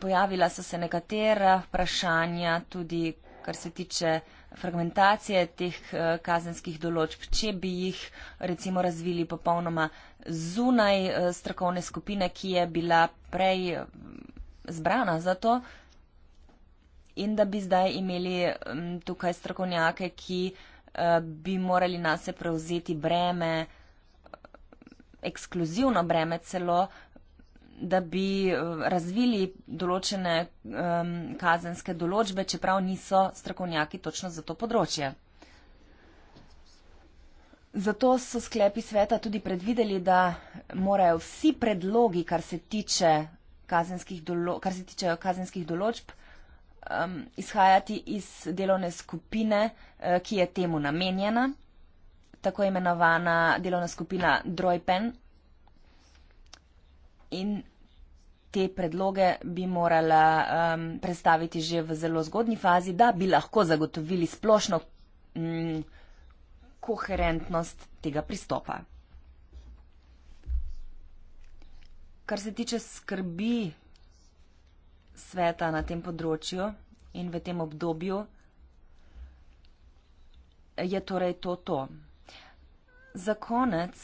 Pojavila so se nekatera vprašanja tudi, kar se tiče fragmentacije teh eh, kazenskih določb, če bi jih recimo razvili popolnoma zunaj eh, strokovne skupine, ki je bila prej zbrana za to, in da bi zdaj imeli um, tukaj strokovnjake, ki uh, bi morali na se prevzeti breme, ekskluzivno breme celo, da bi eh, razvili določene um, kazenske določbe, čeprav niso strokovnjaki točno za to področje. Zato so sklepi sveta tudi predvideli, da morajo vsi predlogi, kar se tiče kazenskih, dolo kar se tiče kazenskih določb, um, izhajati iz delovne skupine, uh, ki je temu namenjena, tako imenovana delovna skupina Drojpen. In te predloge bi morala um, predstaviti že v zelo zgodni fazi, da bi lahko zagotovili splošno um, koherentnost tega pristopa. Kar se tiče skrbi sveta na tem področju in v tem obdobju, je torej to to. Za konec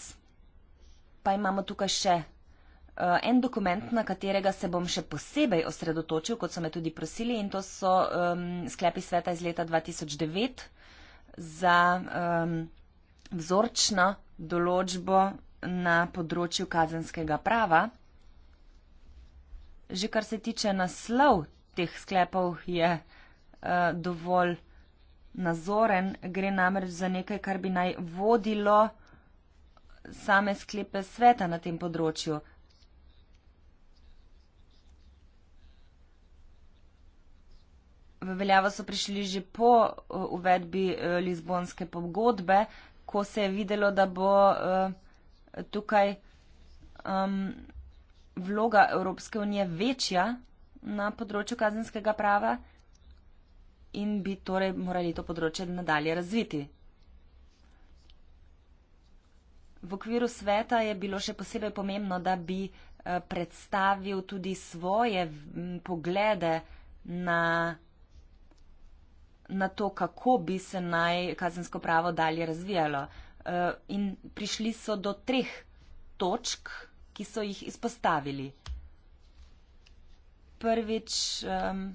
pa imamo tukaj še eh, en dokument, na katerega se bom še posebej osredotočil, kot so me tudi prosili, in to so um, sklepi sveta iz leta 2009 za um, vzorčno določbo na področju kazenskega prava že kar se tiče naslov teh sklepov, je uh, dovolj nazoren. Gre namreč za nekaj, kar bi naj vodilo same sklepe sveta na tem področju. V veljavo so prišli že po eh, uvedbi eh, Lizbonske pogodbe, ko se je videlo, da bo tukaj um, vloga Evropske unije večja na področju kazenskega prava in bi torej morali to področje nadalje razviti. V okviru sveta je bilo še posebej pomembno, da bi eh, predstavil tudi svoje poglede na, na to, kako bi se naj kazensko pravo dalje razvijalo. Eh, in prišli so do treh točk, ki so jih izpostavili. Prvič, um,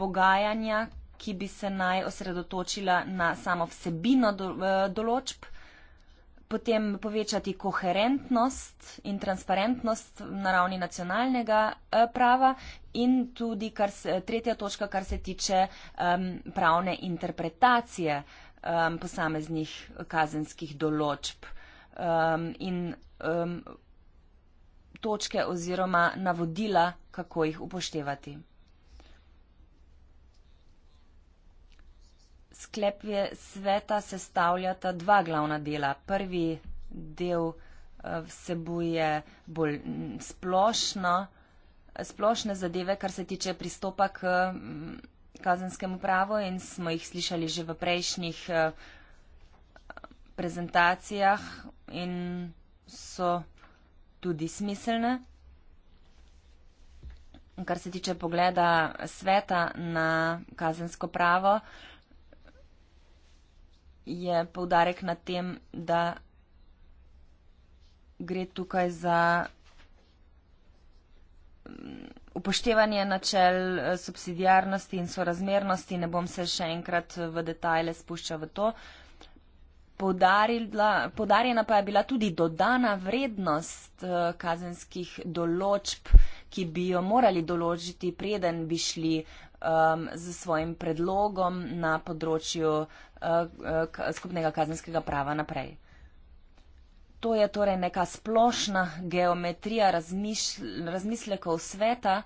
pogajanja, ki bi se naj osredotočila na samo vsebino do, eh, določb, potem povečati koherentnost in transparentnost na ravni nacionalnega eh, prava in tudi kar se, tretja točka, kar se tiče um, pravne interpretacije um, posameznih kazenskih določb um, in um, točke oziroma navodila, kako jih upoštevati. Sklep je sveta sestavljata dva glavna dela. Prvi del eh, vsebuje bolj splošno, splošne zadeve, kar se tiče pristopa k kazenskemu pravu in smo jih slišali že v prejšnjih eh, prezentacijah in so tudi smiselne. Kar se tiče pogleda sveta na kazensko pravo, je poudarek na tem, da gre tukaj za mm, upoštevanje načel eh, subsidijarnosti in sorazmernosti. Ne bom se še enkrat v detajle spuščal v to. Uh, Podarjena pa je bila tudi dodana vrednost eh, kazenskih določb, ki bi jo morali določiti, preden bi šli um, z svojim predlogom na področju uh, skupnega kazenskega prava naprej. To je torej neka splošna geometrija razmišljekov sveta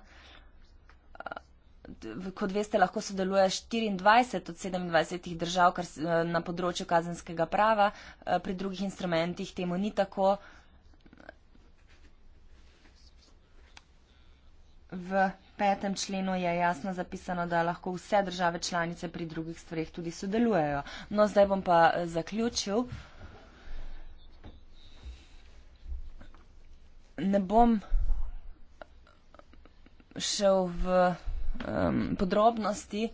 kot veste, lahko sodeluje 24 od 27 držav kar, eh, na področju kazenskega prava, eh, pri drugih instrumentih temu ni tako. V petem členu je jasno zapisano, da lahko vse države članice pri drugih stvarih tudi sodelujejo. No, zdaj bom pa eh, zaključil. Ne bom šel v um, podrobnosti eh,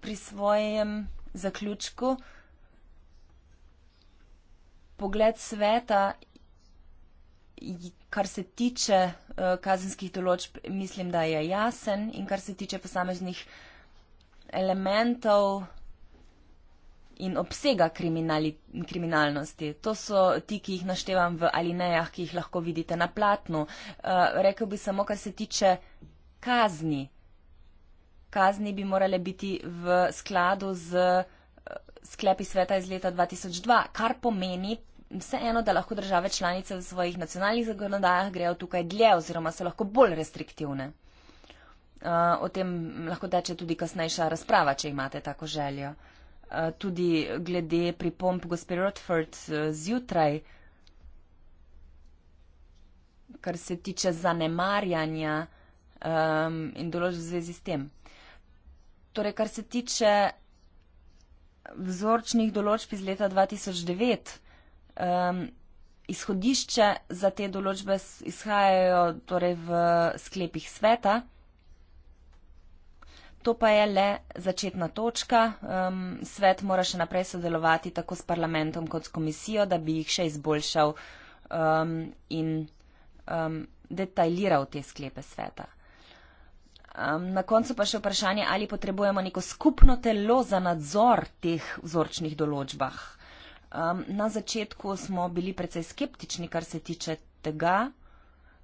pri svojem zaključku. Pogled sveta, kar se tiče uh, kazenskih določb, mislim, da je jasen in kar se tiče posameznih elementov in obsega kriminalnosti. To so ti, ki jih naštevam v alinejah, ki jih lahko vidite na platnu. Uh, rekel bi samo, kar se tiče kazni kazni bi morale biti v skladu z eh, sklepi sveta iz leta 2002, kar pomeni vseeno, da lahko države članice v svojih nacionalnih zakonodajah grejo tukaj dlje oziroma so lahko bolj restriktivne. Eh, o tem lahko teče tudi kasnejša razprava, če imate tako željo. Eh, tudi glede pripomp gospe Rotford zjutraj, kar se tiče zanemarjanja um, in določb v zvezi s tem. Torej, kar se tiče vzorčnih določb iz leta 2009, um, ehm, izhodišče za te določbe izhajajo torej, v sklepih sveta. To pa je le začetna točka. Um, svet mora še naprej sodelovati tako s parlamentom kot s komisijo, da bi jih še izboljšal um, in um, detajliral te sklepe sveta. Um, na koncu pa še vprašanje, ali potrebujemo neko skupno telo za nadzor teh vzorčnih določbah. Um, na začetku smo bili precej skeptični, kar se tiče tega.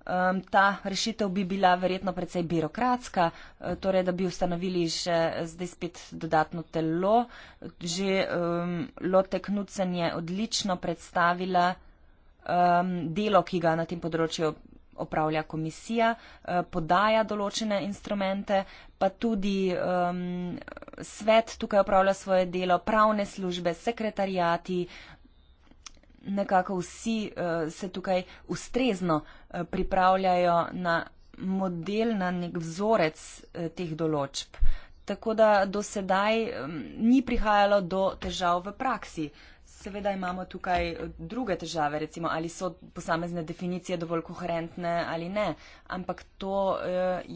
Um, ta rešitev bi bila verjetno precej birokratska, e, torej da bi ustanovili še zdaj spet dodatno telo. Že um, Lotte Knudsen je odlično predstavila um, delo, ki ga na tem področju opravlja komisija, eh, podaja določene instrumente, pa tudi um, svet tukaj opravlja svoje delo, pravne službe, sekretarijati, nekako vsi uh, se tukaj ustrezno uh, pripravljajo na model, na nek vzorec uh, teh določb. Tako da do sedaj um, ni prihajalo do težav v praksi. Uh, seveda imamo tukaj eh, druge težave, recimo ali so posamezne definicije dovolj koherentne ali ne, ampak to uh,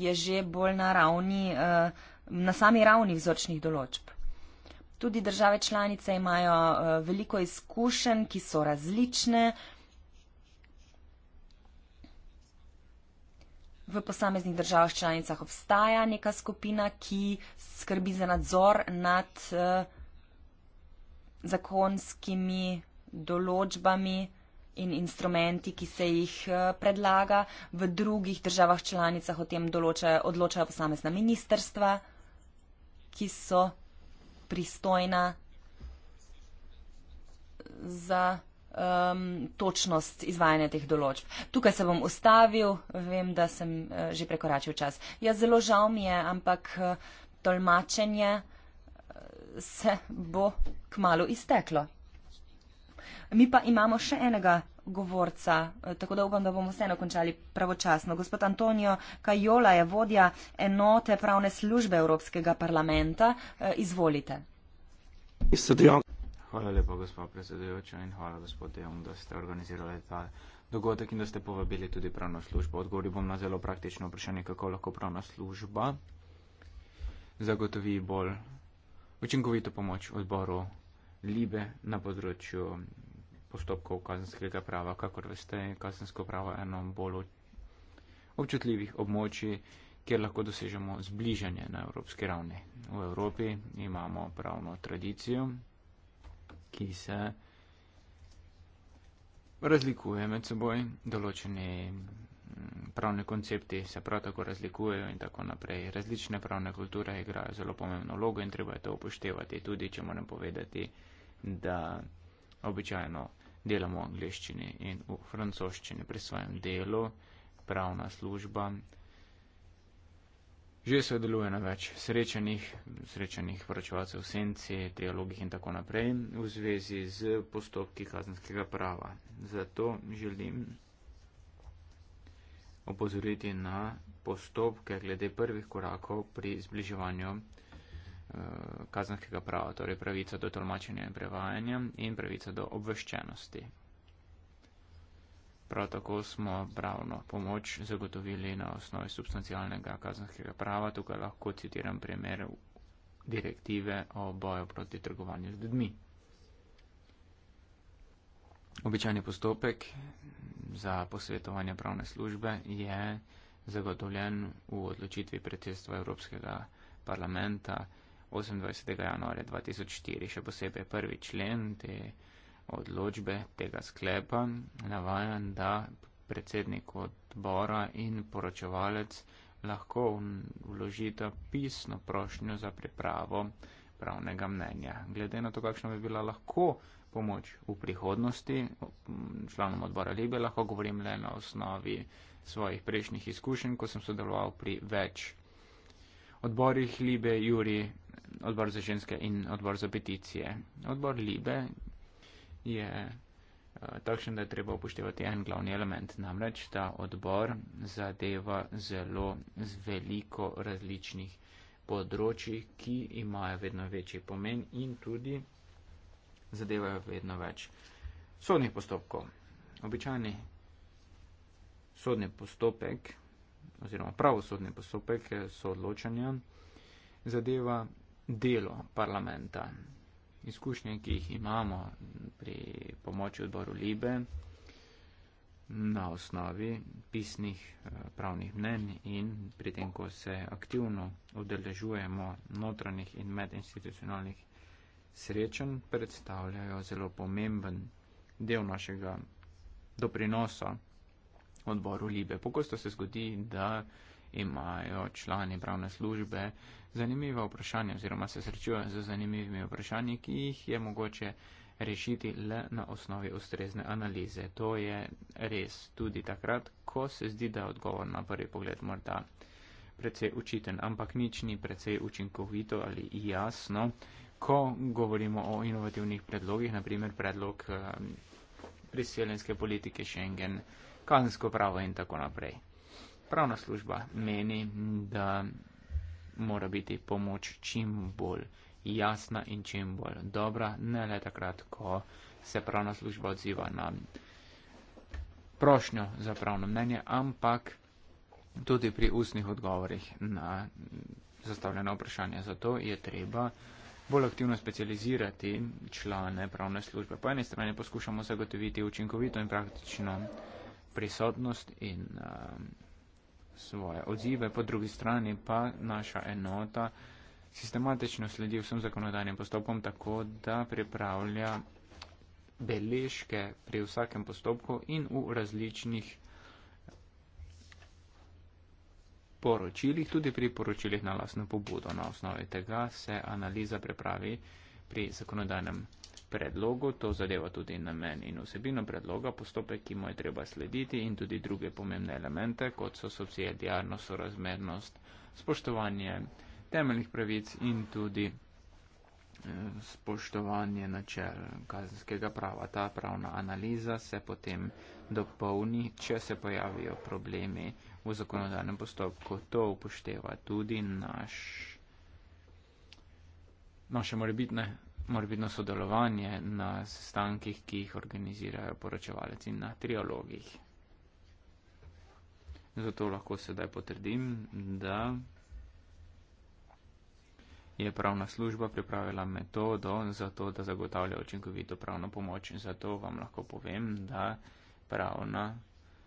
je že bolj na ravni, uh, na sami ravni vzročnih določb. Tudi države članice imajo uh, veliko izkušenj, ki so različne. V posameznih državah članicah obstaja neka skupina, ki skrbi za nadzor nad uh, zakonskimi določbami in instrumenti, ki se jih eh, predlaga. V drugih državah članicah o tem določajo, odločajo posamezna ministerstva, ki so pristojna za um, točnost izvajanja teh določb. Tukaj se bom ustavil, vem, da sem uh, že prekoračil čas. Ja, zelo žal mi je, ampak uh, tolmačenje uh, se bo kmalo izteklo. Mi pa imamo še enega govorca, eh, tako da upam, da bomo vseeno končali pravočasno. Gospod Antonijo Kajola je vodja enote pravne službe Evropskega parlamenta. Eh, izvolite. Hvala lepa, gospod predsedujoča, in hvala, gospod Dejom, da ste organizirali ta dogodek in da ste povabili tudi pravno službo. Odgovoril bom na zelo praktično vprašanje, kako lahko pravna služba zagotovi bolj učinkovito pomoč odboru Libe na področju postopkov kazenskega prava. Kakor veste, kazensko pravo je eno bolj občutljivih območij, kjer lahko dosežemo zbližanje na evropski ravni. V Evropi imamo pravno tradicijo, ki se razlikuje med seboj določenimi pravni koncepti se prav tako razlikujejo in tako naprej. Različne pravne kulture igrajo zelo pomembno vlogo in treba je to upoštevati, tudi če moram povedati, da običajno delamo v angliščini in v francoščini pri svojem delu, pravna služba. Že sodeluje na več srečanih, srečanih poročevalcev v senci, dialogih in tako naprej v zvezi z postopki kazenskega prava. Zato želim opozoriti na postopke glede prvih korakov pri zbliževanju eh, kazanskega prava, torej pravica do tolmačenja in prevajanja in pravica do obveščenosti. Prav tako smo pravno pomoč zagotovili na osnovi substancialnega kazanskega prava, tukaj lahko citiram primer direktive o boju proti trgovanju z ljudmi. Običajni postopek za posvetovanje pravne službe je zagotovljen v odločitvi predsedstva Evropskega parlamenta 28. januarja 2004. Še posebej prvi člen te odločbe, tega sklepa, navaja, da predsednik odbora in poročevalec lahko vložita pisno prošnjo za pripravo pravnega mnenja. Glede na to, kakšno bi bila lahko pomoč v prihodnosti. Članom odbora Libe lahko govorim le na osnovi svojih prejšnjih izkušenj, ko sem sodeloval pri več odborih Libe, Juri, odbor za ženske in odbor za peticije. Odbor Libe je eh, takšen, da je treba upoštevati en glavni element, namreč ta odbor zadeva zelo z veliko različnih področji, ki imajo vedno večji pomen in tudi zadevajo vedno več sodnih postopkov. Običajni sodni postopek oziroma pravosodni postopek so odločanja zadeva delo parlamenta. Izkušnje, ki jih imamo pri pomoči odboru Libe na osnovi pisnih eh, pravnih mnen in pri tem, ko se aktivno udeležujemo notranjih in medinstitucionalnih srečen predstavljajo zelo pomemben del našega doprinosa odboru Libe. Pogosto se zgodi, da imajo člani pravne službe zanimiva vprašanja oziroma se srečujejo z zanimivimi vprašanji, ki jih je mogoče rešiti le na osnovi ustrezne analize. To je res tudi takrat, ko se zdi, da je odgovor na prvi pogled morda precej učiten, ampak nič ni precej učinkovito ali jasno, ko govorimo o inovativnih predlogih, naprimer predlog priseljenske politike Schengen, kazensko pravo in tako naprej. Pravna služba meni, da mora biti pomoč čim bolj jasna in čim bolj dobra, ne le takrat, ko se pravna služba odziva na prošnjo za pravno mnenje, ampak tudi pri ustnih odgovorih na zastavljena vprašanja. Zato je treba bolj aktivno specializirati člane pravne službe. Po eni strani poskušamo zagotoviti učinkovito in praktično prisotnost in um, svoje odzive, po drugi strani pa naša enota sistematično sledi vsem zakonodajnim postopkom tako, da pripravlja beležke pri vsakem postopku in v različnih poročilih, tudi pri poročilih na lasno pobudo. Na osnovi tega se analiza prepravi pri zakonodajnem predlogu, to zadeva tudi namen in vsebino predloga, postopek, ki mu je treba slediti in tudi druge pomembne elemente, kot so subsidijarnost, sorazmernost, spoštovanje temeljnih pravic in tudi eh, spoštovanje načel kazenskega prava. Ta pravna analiza se potem dopolni, če se pojavijo problemi v zakonodajnem postopku. To upošteva tudi naš, naše morebitne, morebitno sodelovanje na sestankih, ki jih organizirajo poročevalec in na triologih. Zato lahko sedaj potrdim, da je pravna služba pripravila metodo za to, da zagotavlja očinkovito pravno pomoč. Zato vam lahko povem, da pravna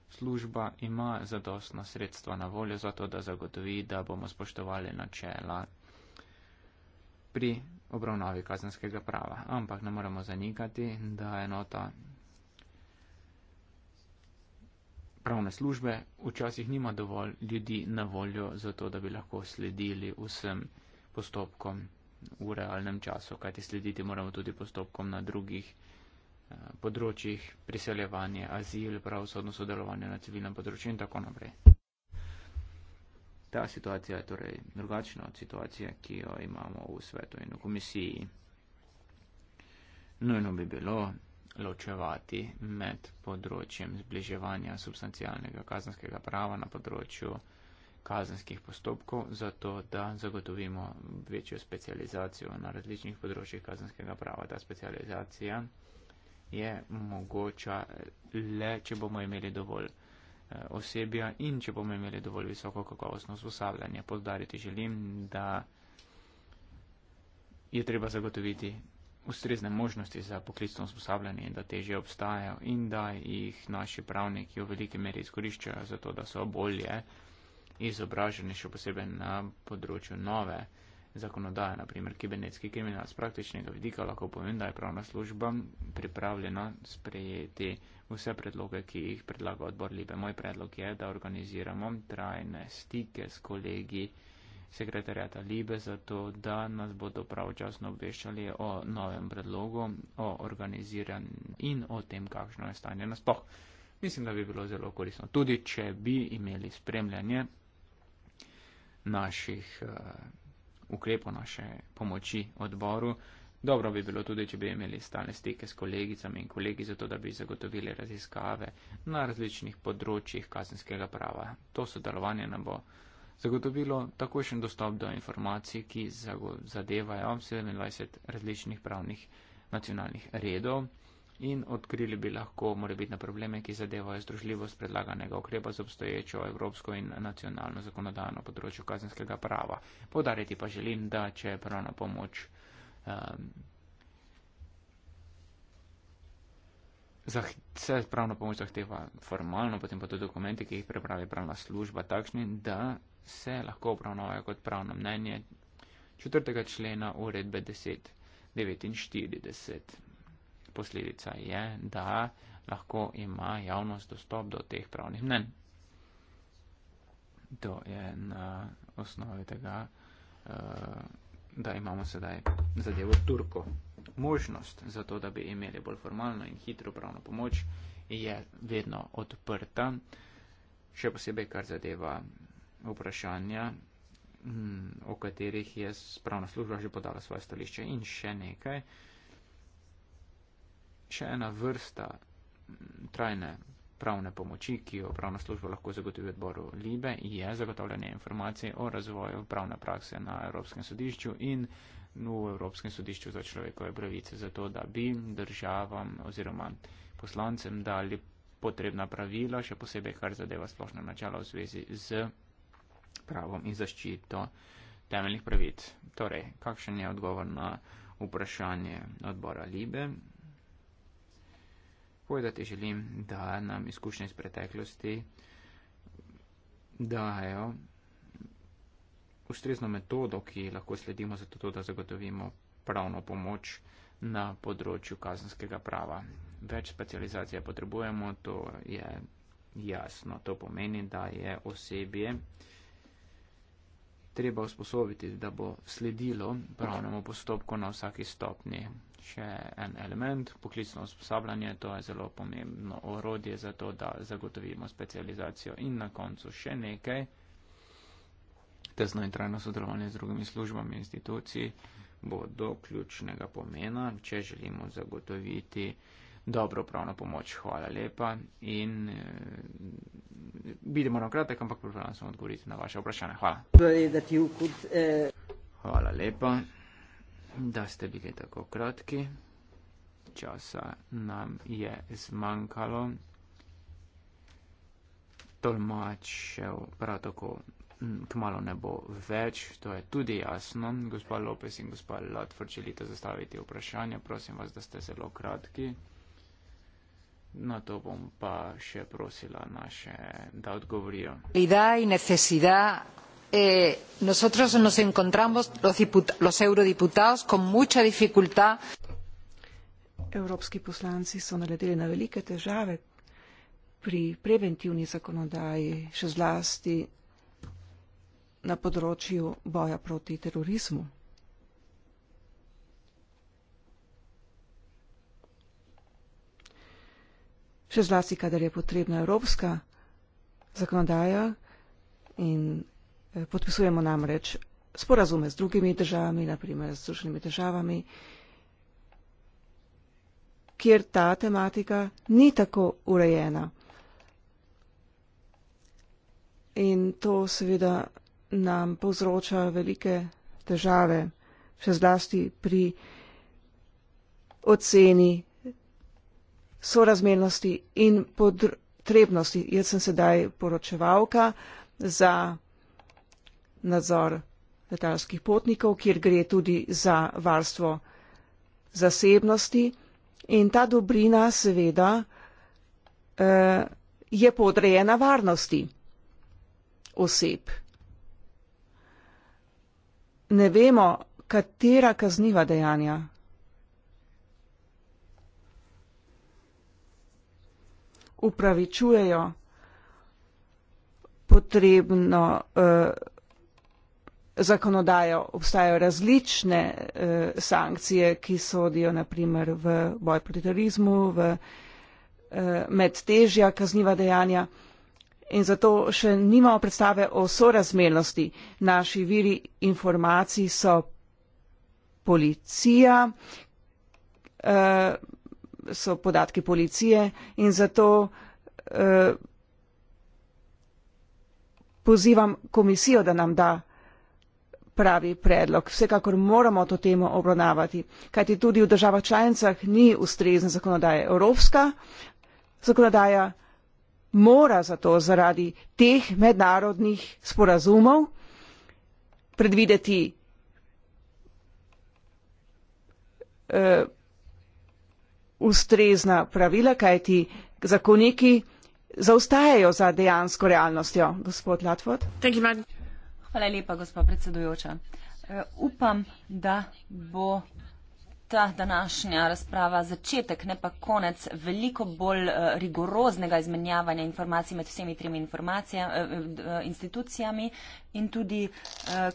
služba ima zadostna sredstva na voljo za to, da zagotovi, da bomo spoštovali načela pri obravnavi kazenskega prava. Ampak ne moremo zanikati, da enota pravne službe včasih nima dovolj ljudi na voljo za to, da bi lahko sledili vsem postopkom v realnem času, kajti slediti moramo tudi postopkom na drugih področjih priseljevanje, azil, pravosodno sodelovanje na civilnem področju in tako naprej. Ta situacija je torej drugačna od situacije, ki jo imamo v svetu in v komisiji. Nujno bi bilo ločevati med področjem zbliževanja substancialnega kazanskega prava na področju kazanskih postopkov, zato da zagotovimo večjo specializacijo na različnih področjih kazanskega prava. Ta specializacija je mogoča le, če bomo imeli dovolj eh, osebja in če bomo imeli dovolj visoko kakovostno usposabljanje. Poddariti želim, da je treba zagotoviti ustrezne možnosti za poklicno usposabljanje in da te že obstajajo in da jih naši pravniki v veliki meri izkoriščajo za to, da so bolje izobraženi, še posebej na področju nove zakonodaje, naprimer kibernetski kriminal z praktičnega vidika, lahko povem, da je pravna služba pripravljena sprejeti vse predloge, ki jih predlaga odbor Libe. Moj predlog je, da organiziramo trajne stike s kolegi sekretarjata Libe, zato da nas bodo pravočasno obveščali o novem predlogu, o organiziranju in o tem, kakšno je stanje nasploh. Mislim, da bi bilo zelo korisno, tudi če bi imeli spremljanje naših uh, ukrepu naše pomoči odboru. Dobro bi bilo tudi, če bi imeli stalne stike s kolegicami in kolegi, zato da bi zagotovili raziskave na različnih področjih kazenskega prava. To sodelovanje nam bo zagotovilo takošen dostop do informacij, ki zadevajo 27 različnih pravnih nacionalnih redov in odkrili bi lahko morebitne probleme, ki zadevajo združljivost predlaganega okrepa z obstoječo evropsko in nacionalno zakonodajno področju kazenskega prava. Povdariti pa želim, da če je pravna pomoč um, Vse pravno pomoč zahteva formalno, potem pa tudi dokumenti, ki jih pripravi pravna služba, takšni, da se lahko obravnavajo kot pravno mnenje 4. člena uredbe 1049 posledica je, da lahko ima javnost dostop do teh pravnih mnen. To je na osnovi tega, eh, da imamo sedaj zadevo Turko. Možnost za to, da bi imeli bolj formalno in hitro pravno pomoč, je vedno odprta, še posebej kar zadeva vprašanja, mm, o katerih je pravna služba že podala svoje stališče in še nekaj. Uh, še ena vrsta mm, trajne pravne pomoči, ki jo pravna služba lahko zagotovi odboru Libe, je zagotavljanje informacij o razvoju pravne prakse na Evropskem sodišču in v Evropskem sodišču za človekove pravice, zato da bi državam oziroma poslancem dali potrebna pravila, še posebej kar zadeva splošna načela v zvezi z pravom in zaščito temeljnih pravic. Torej, kakšen je odgovor na vprašanje odbora Libe? povedati želim, da nam izkušnje iz preteklosti dajo ustrezno metodo, ki lahko sledimo za to, da zagotovimo pravno pomoč na področju kazenskega prava. Več specializacije potrebujemo, to je jasno. To pomeni, da je osebje, treba usposobiti, da bo sledilo pravnemu postopku na vsaki stopni. Še en element, poklicno usposabljanje, to je zelo pomembno orodje za to, da zagotovimo specializacijo in na koncu še nekaj. Tesno in trajno sodelovanje z drugimi službami in instituciji bo do ključnega pomena, če želimo zagotoviti dobro pravno pomoč. Hvala lepa in eh, bi moral kratek, ampak pripravljam sem odgovoriti na vaše vprašanje. Hvala. Hvala lepa, da ste bili tako kratki. Časa nam je zmanjkalo. Tolmačev prav tako kmalo ne bo več, to je tudi jasno. Gospa Lopes in gospa Latvr, če želite zastaviti vprašanje, prosim vas, da ste zelo kratki. No to bom pa še prosila naše, da odgovorijo. Eh, nosotros nos encontramos los, los eurodiputados con mucha dificultad. Evropski poslanci so naleteli na velike težave pri preventivni zakonodaji, še zlasti na področju boja proti terorizmu. še zlasti, kadar je potrebna evropska zakonodaja in eh, podpisujemo namreč sporazume z drugimi državami, naprimer z zrušenimi državami, kjer ta tematika ni tako urejena. In to seveda nam povzroča velike težave, še zlasti pri oceni sorazmernosti in potrebnosti. Jaz sem sedaj poročevalka za nadzor letalskih potnikov, kjer gre tudi za varstvo zasebnosti. In ta dobrina seveda eh, je podrejena varnosti oseb. Ne vemo, katera kazniva dejanja upravičujejo potrebno eh, zakonodajo. Obstajajo različne eh, sankcije, ki sodijo naprimer v boj proti terorizmu, v eh, medtežja kazniva dejanja. In zato še nimamo predstave o sorazmernosti. Naši viri informacij so policija, eh, so podatki policije in zato eh, pozivam komisijo, da nam da pravi predlog. Vsekakor moramo to temo obravnavati, kajti tudi v državah članicah ni ustrezna zakonodaja evropska. Zakonodaja mora zato zaradi teh mednarodnih sporazumov predvideti eh, ustrezna pravila, kajti zakoniki zaostajajo za dejansko realnostjo. Gospod Latvod. Hvala lepa, gospod predsedujoča. Eh, upam, da bo ta današnja razprava začetek, ne pa konec veliko bolj eh, rigoroznega izmenjavanja informacij med vsemi tremi eh, institucijami in tudi,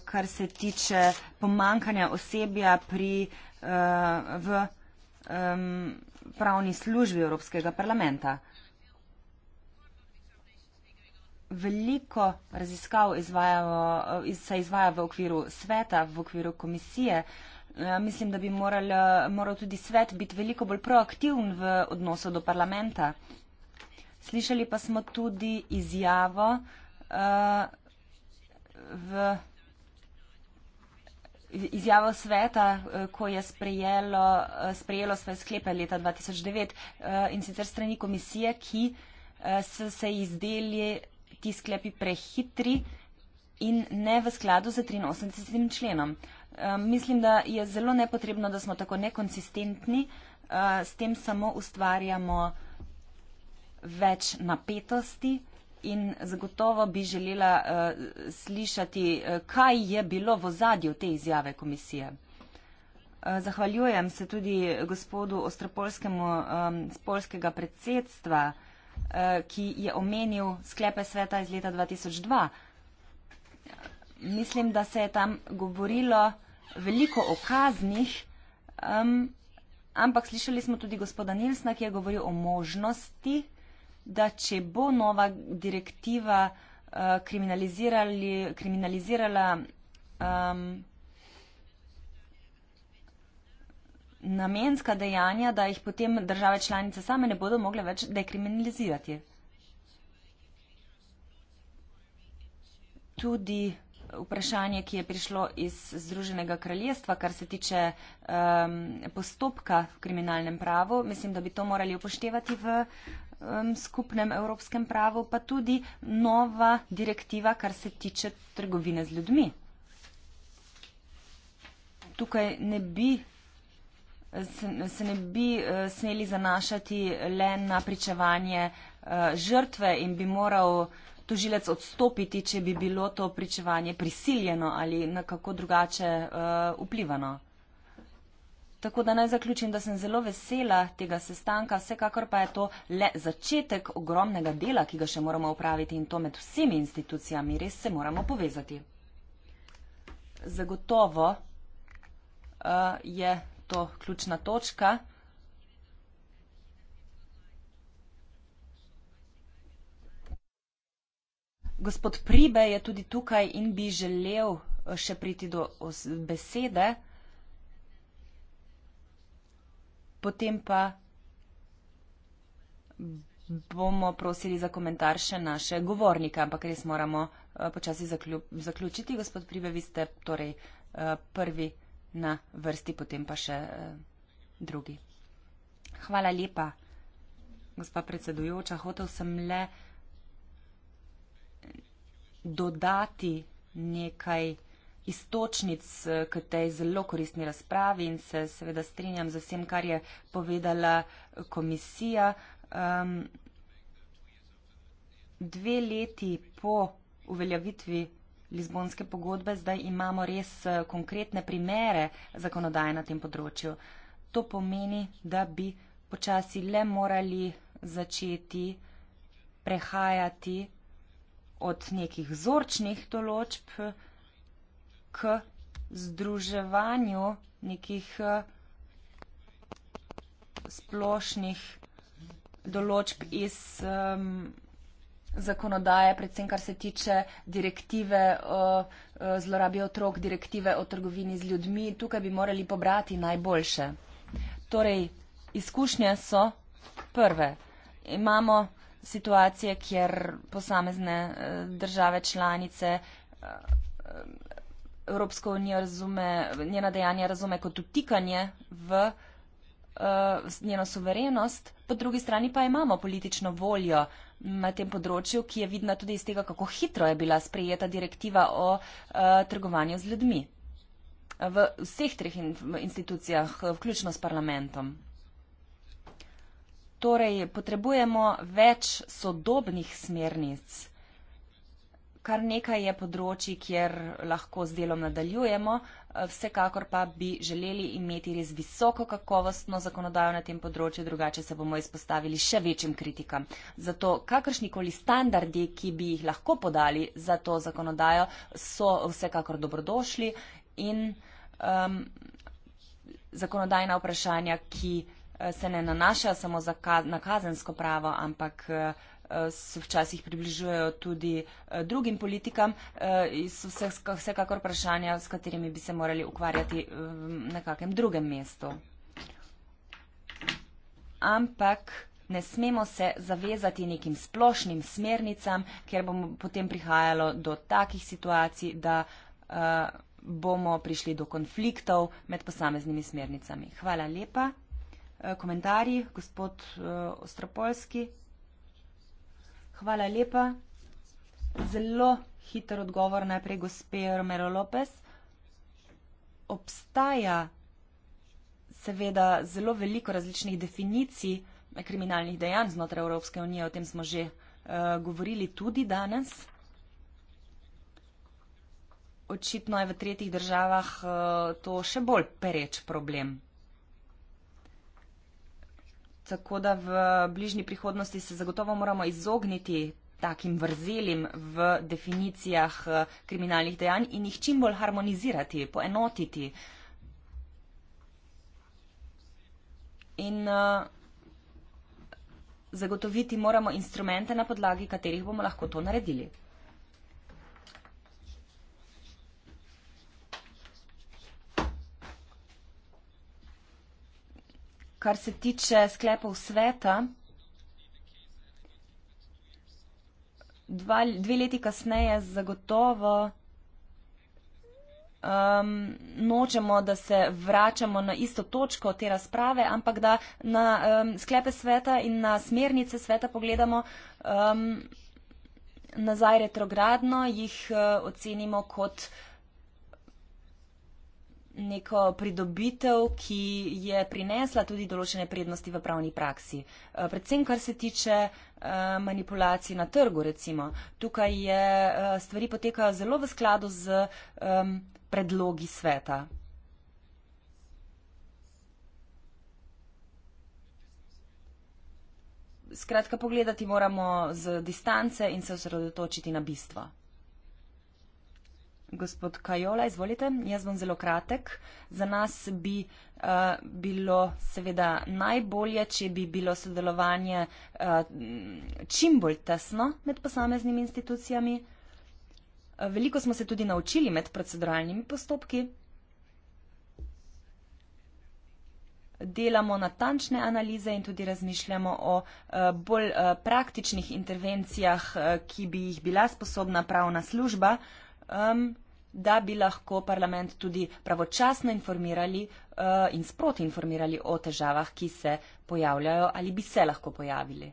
kar se tiče pomankanja osebja pri, v, um, pravni službi Evropskega parlamenta. Veliko raziskav se izvaja v okviru sveta, v okviru komisije. Ja, mislim, da bi moral, moral tudi svet biti veliko bolj proaktivn v odnosu do parlamenta. Slišali pa smo tudi izjavo uh, v izjavo sveta, eh, ko je sprejelo, eh, sprejelo svoje sklepe leta 2009 eh, in sicer strani komisije, ki so se izdelili ti sklepi prehitri in ne v skladu z 83. členom. Mislim, da je zelo nepotrebno, da smo tako nekonsistentni, s tem samo ustvarjamo več napetosti in zagotovo bi želela uh, slišati, uh, kaj je bilo v zadju te izjave komisije. Eh, zahvaljujem se tudi gospodu Ostropolskemu um, ehm, z polskega predsedstva, uh, ki je omenil sklepe sveta iz leta 2002. Mislim, da se je tam govorilo veliko o kaznih, um, ampak slišali smo tudi gospoda Nilsna, ki je govoril o možnosti uh, da če bo nova direktiva uh, kriminalizirali, kriminalizirala um, namenska dejanja, da jih potem države članice same ne bodo mogle več dekriminalizirati. Tudi vprašanje, ki je prišlo iz Združenega kraljestva, kar se tiče um, postopka v kriminalnem pravu, mislim, da bi to morali upoštevati v uh, skupnem evropskem pravu, pa tudi nova direktiva, kar se tiče trgovine z ljudmi. Tukaj ne bi, se, se ne bi uh, smeli zanašati le na pričevanje uh, žrtve in bi moral tožilec odstopiti, če bi bilo to pričevanje prisiljeno ali na kako drugače uh, vplivano. Tako da naj zaključim, da sem zelo vesela tega sestanka, vsekakor pa je to le začetek ogromnega dela, ki ga še moramo upraviti in to med vsemi institucijami. Res se moramo povezati. Zagotovo uh, je to ključna točka. Gospod Pribe je tudi tukaj in bi želel eh, še priti do besede. potem pa bomo prosili za komentar še naše govornike, ampak res moramo eh, počasi zaklju zaključiti. Gospod Pribe, vi ste torej eh, prvi na vrsti, potem pa še eh, drugi. Hvala lepa, gospa predsedujoča. Hotev sem le dodati nekaj istočnic eh, k tej zelo koristni razpravi in se seveda strinjam z vsem, kar je povedala eh, komisija. Um, dve leti po uveljavitvi Lizbonske pogodbe zdaj imamo res eh, konkretne primere zakonodaje na tem področju. To pomeni, da bi počasi le morali začeti prehajati od nekih vzorčnih določb, k združevanju nekih eh, splošnih določb iz zakonodaje, predvsem kar se tiče direktive o eh, zlorabi otrok, direktive o trgovini z ljudmi. Tukaj bi morali pobrati najboljše. Torej, izkušnje so prve. Imamo situacije, kjer posamezne eh, države članice Evropska unija razume, njena dejanja razume kot utikanje v uh, njeno suverenost, po drugi strani pa imamo politično voljo na tem področju, ki je vidna tudi iz tega, kako hitro je bila sprejeta direktiva o uh, trgovanju z ljudmi v vseh treh in, v institucijah, vključno s parlamentom. Torej, potrebujemo več sodobnih smernic kar nekaj je področji, kjer lahko z delom nadaljujemo, eh, vsekakor pa bi želeli imeti res visoko kakovostno zakonodajo na tem področju, drugače se bomo izpostavili še večjim kritikam. Zato kakršnikoli standardi, ki bi jih lahko podali za to zakonodajo, so vsekakor dobrodošli in um, zakonodajna vprašanja, ki eh, se ne nanašajo samo na kazensko pravo, ampak uh, Eh, se včasih približujejo tudi eh, drugim politikam, eh, so vse, vsekakor vprašanja, s katerimi bi se morali ukvarjati na kakem drugem mestu. Ampak ne smemo se zavezati nekim splošnim smernicam, ker bomo potem prihajalo do takih situacij, da bomo prišli do konfliktov med posameznimi smernicami. Hvala lepa. Komentarji, gospod Ostropolski. Hvala lepa. Zelo hiter odgovor najprej gospe Romero Lopez. Obstaja seveda zelo veliko različnih definicij kriminalnih dejanj znotraj Evropske unije, o tem smo že uh, govorili tudi danes. Očitno je v tretjih državah uh, to še bolj pereč problem. Tako da v bližnji prihodnosti se zagotovo moramo izogniti takim vrzelim v definicijah eh, kriminalnih dejanj in jih čim bolj harmonizirati, poenotiti. In uh, zagotoviti moramo instrumente, na podlagi katerih bomo lahko to naredili. kar se tiče sklepov sveta, dva, dve leti kasneje zagotovo um, nočemo, da se vračamo na isto točko te razprave, ampak da na um, sklepe sveta in na smernice sveta pogledamo um, nazaj retrogradno, jih uh, ocenimo kot uh, neko pridobitev, ki je prinesla tudi določene prednosti v pravni praksi. Eh, predvsem, kar se tiče eh, manipulacij na trgu, recimo. Tukaj je, eh, stvari potekajo zelo v skladu z um, predlogi sveta. Skratka, pogledati moramo z distance in se osredotočiti na bistvo. Gospod Kajola, izvolite, jaz bom zelo kratek. Za nas bi uh, bilo seveda najbolje, če bi bilo sodelovanje uh, čim bolj tesno med posameznimi institucijami. Eh, veliko smo se tudi naučili med proceduralnimi postopki. Delamo natančne analize in tudi razmišljamo o bolj praktičnih intervencijah, ki bi jih bila sposobna pravna služba da bi lahko parlament tudi pravočasno informirali uh, in sproti informirali o težavah, ki se pojavljajo ali bi se lahko pojavili.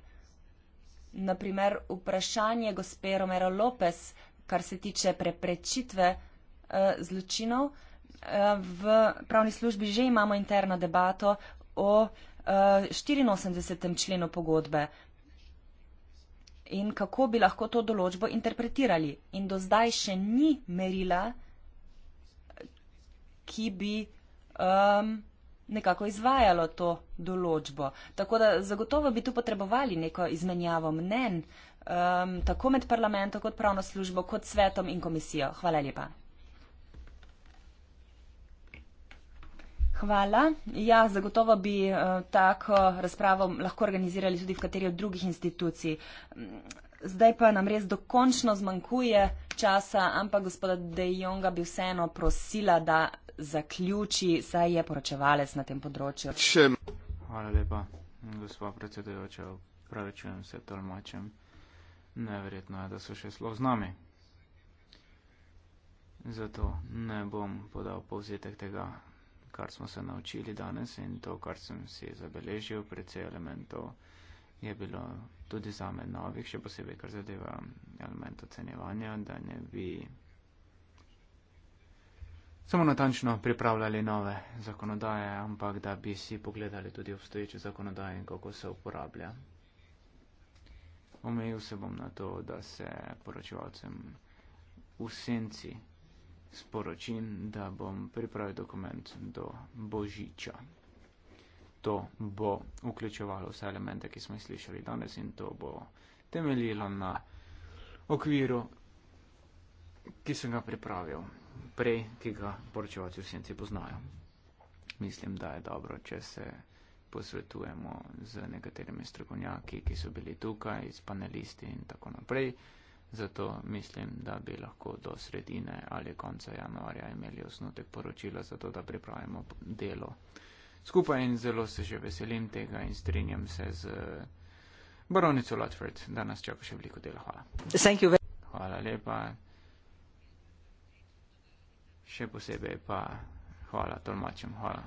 Naprimer, vprašanje gospe Romero Lopez, kar se tiče preprečitve uh, zločinov, uh, v pravni službi že imamo interno debato o uh, 84. členu pogodbe. Uh, in kako bi lahko to določbo interpretirali. In do zdaj še ni merila, ki bi um, nekako izvajalo to določbo. Tako da zagotovo bi tu potrebovali neko izmenjavo mnen, um, tako med parlamentom, kot pravno službo, kot svetom in komisijo. Hvala lepa. Hvala. Ja, zagotovo bi eh, tako eh, razpravo lahko organizirali tudi v kateri od drugih institucij. Mm, zdaj pa nam res dokončno zmanjkuje časa, ampak gospoda De Jonga bi vseeno prosila, da zaključi, saj je poročevalec na tem področju. Hvala lepa, gospa predsedujoča. Pravičujem se tolmačem. Neverjetno je, da so še slo z nami. Zato ne bom podal povzetek tega kar smo se naučili danes in to, kar sem si zabeležil, precej elementov je bilo tudi za me novih, še posebej, kar zadeva element ocenjevanja, da ne bi samo natančno pripravljali nove zakonodaje, ampak da bi si pogledali tudi obstoječe zakonodaje in kako se uporablja. Omejil se bom na to, da se poročevalcem v senci sporočim, da bom pripravil dokument do božiča. To bo vključevalo vse elemente, ki smo jih slišali danes in to bo temeljilo na okviru, ki sem ga pripravil prej, ki ga poročevalci v senci poznajo. Mislim, da je dobro, če se posvetujemo z nekaterimi strokovnjaki, ki so bili tukaj, s panelisti in tako naprej. Zato mislim, da bi lahko do sredine ali konca januarja imeli osnutek poročila, zato da pripravimo delo skupaj in zelo se že veselim tega in strinjam se z eh, baronico Lotford, da nas čaka še veliko dela. Hvala. Hvala lepa. Še posebej pa hvala, tolmačem, hvala.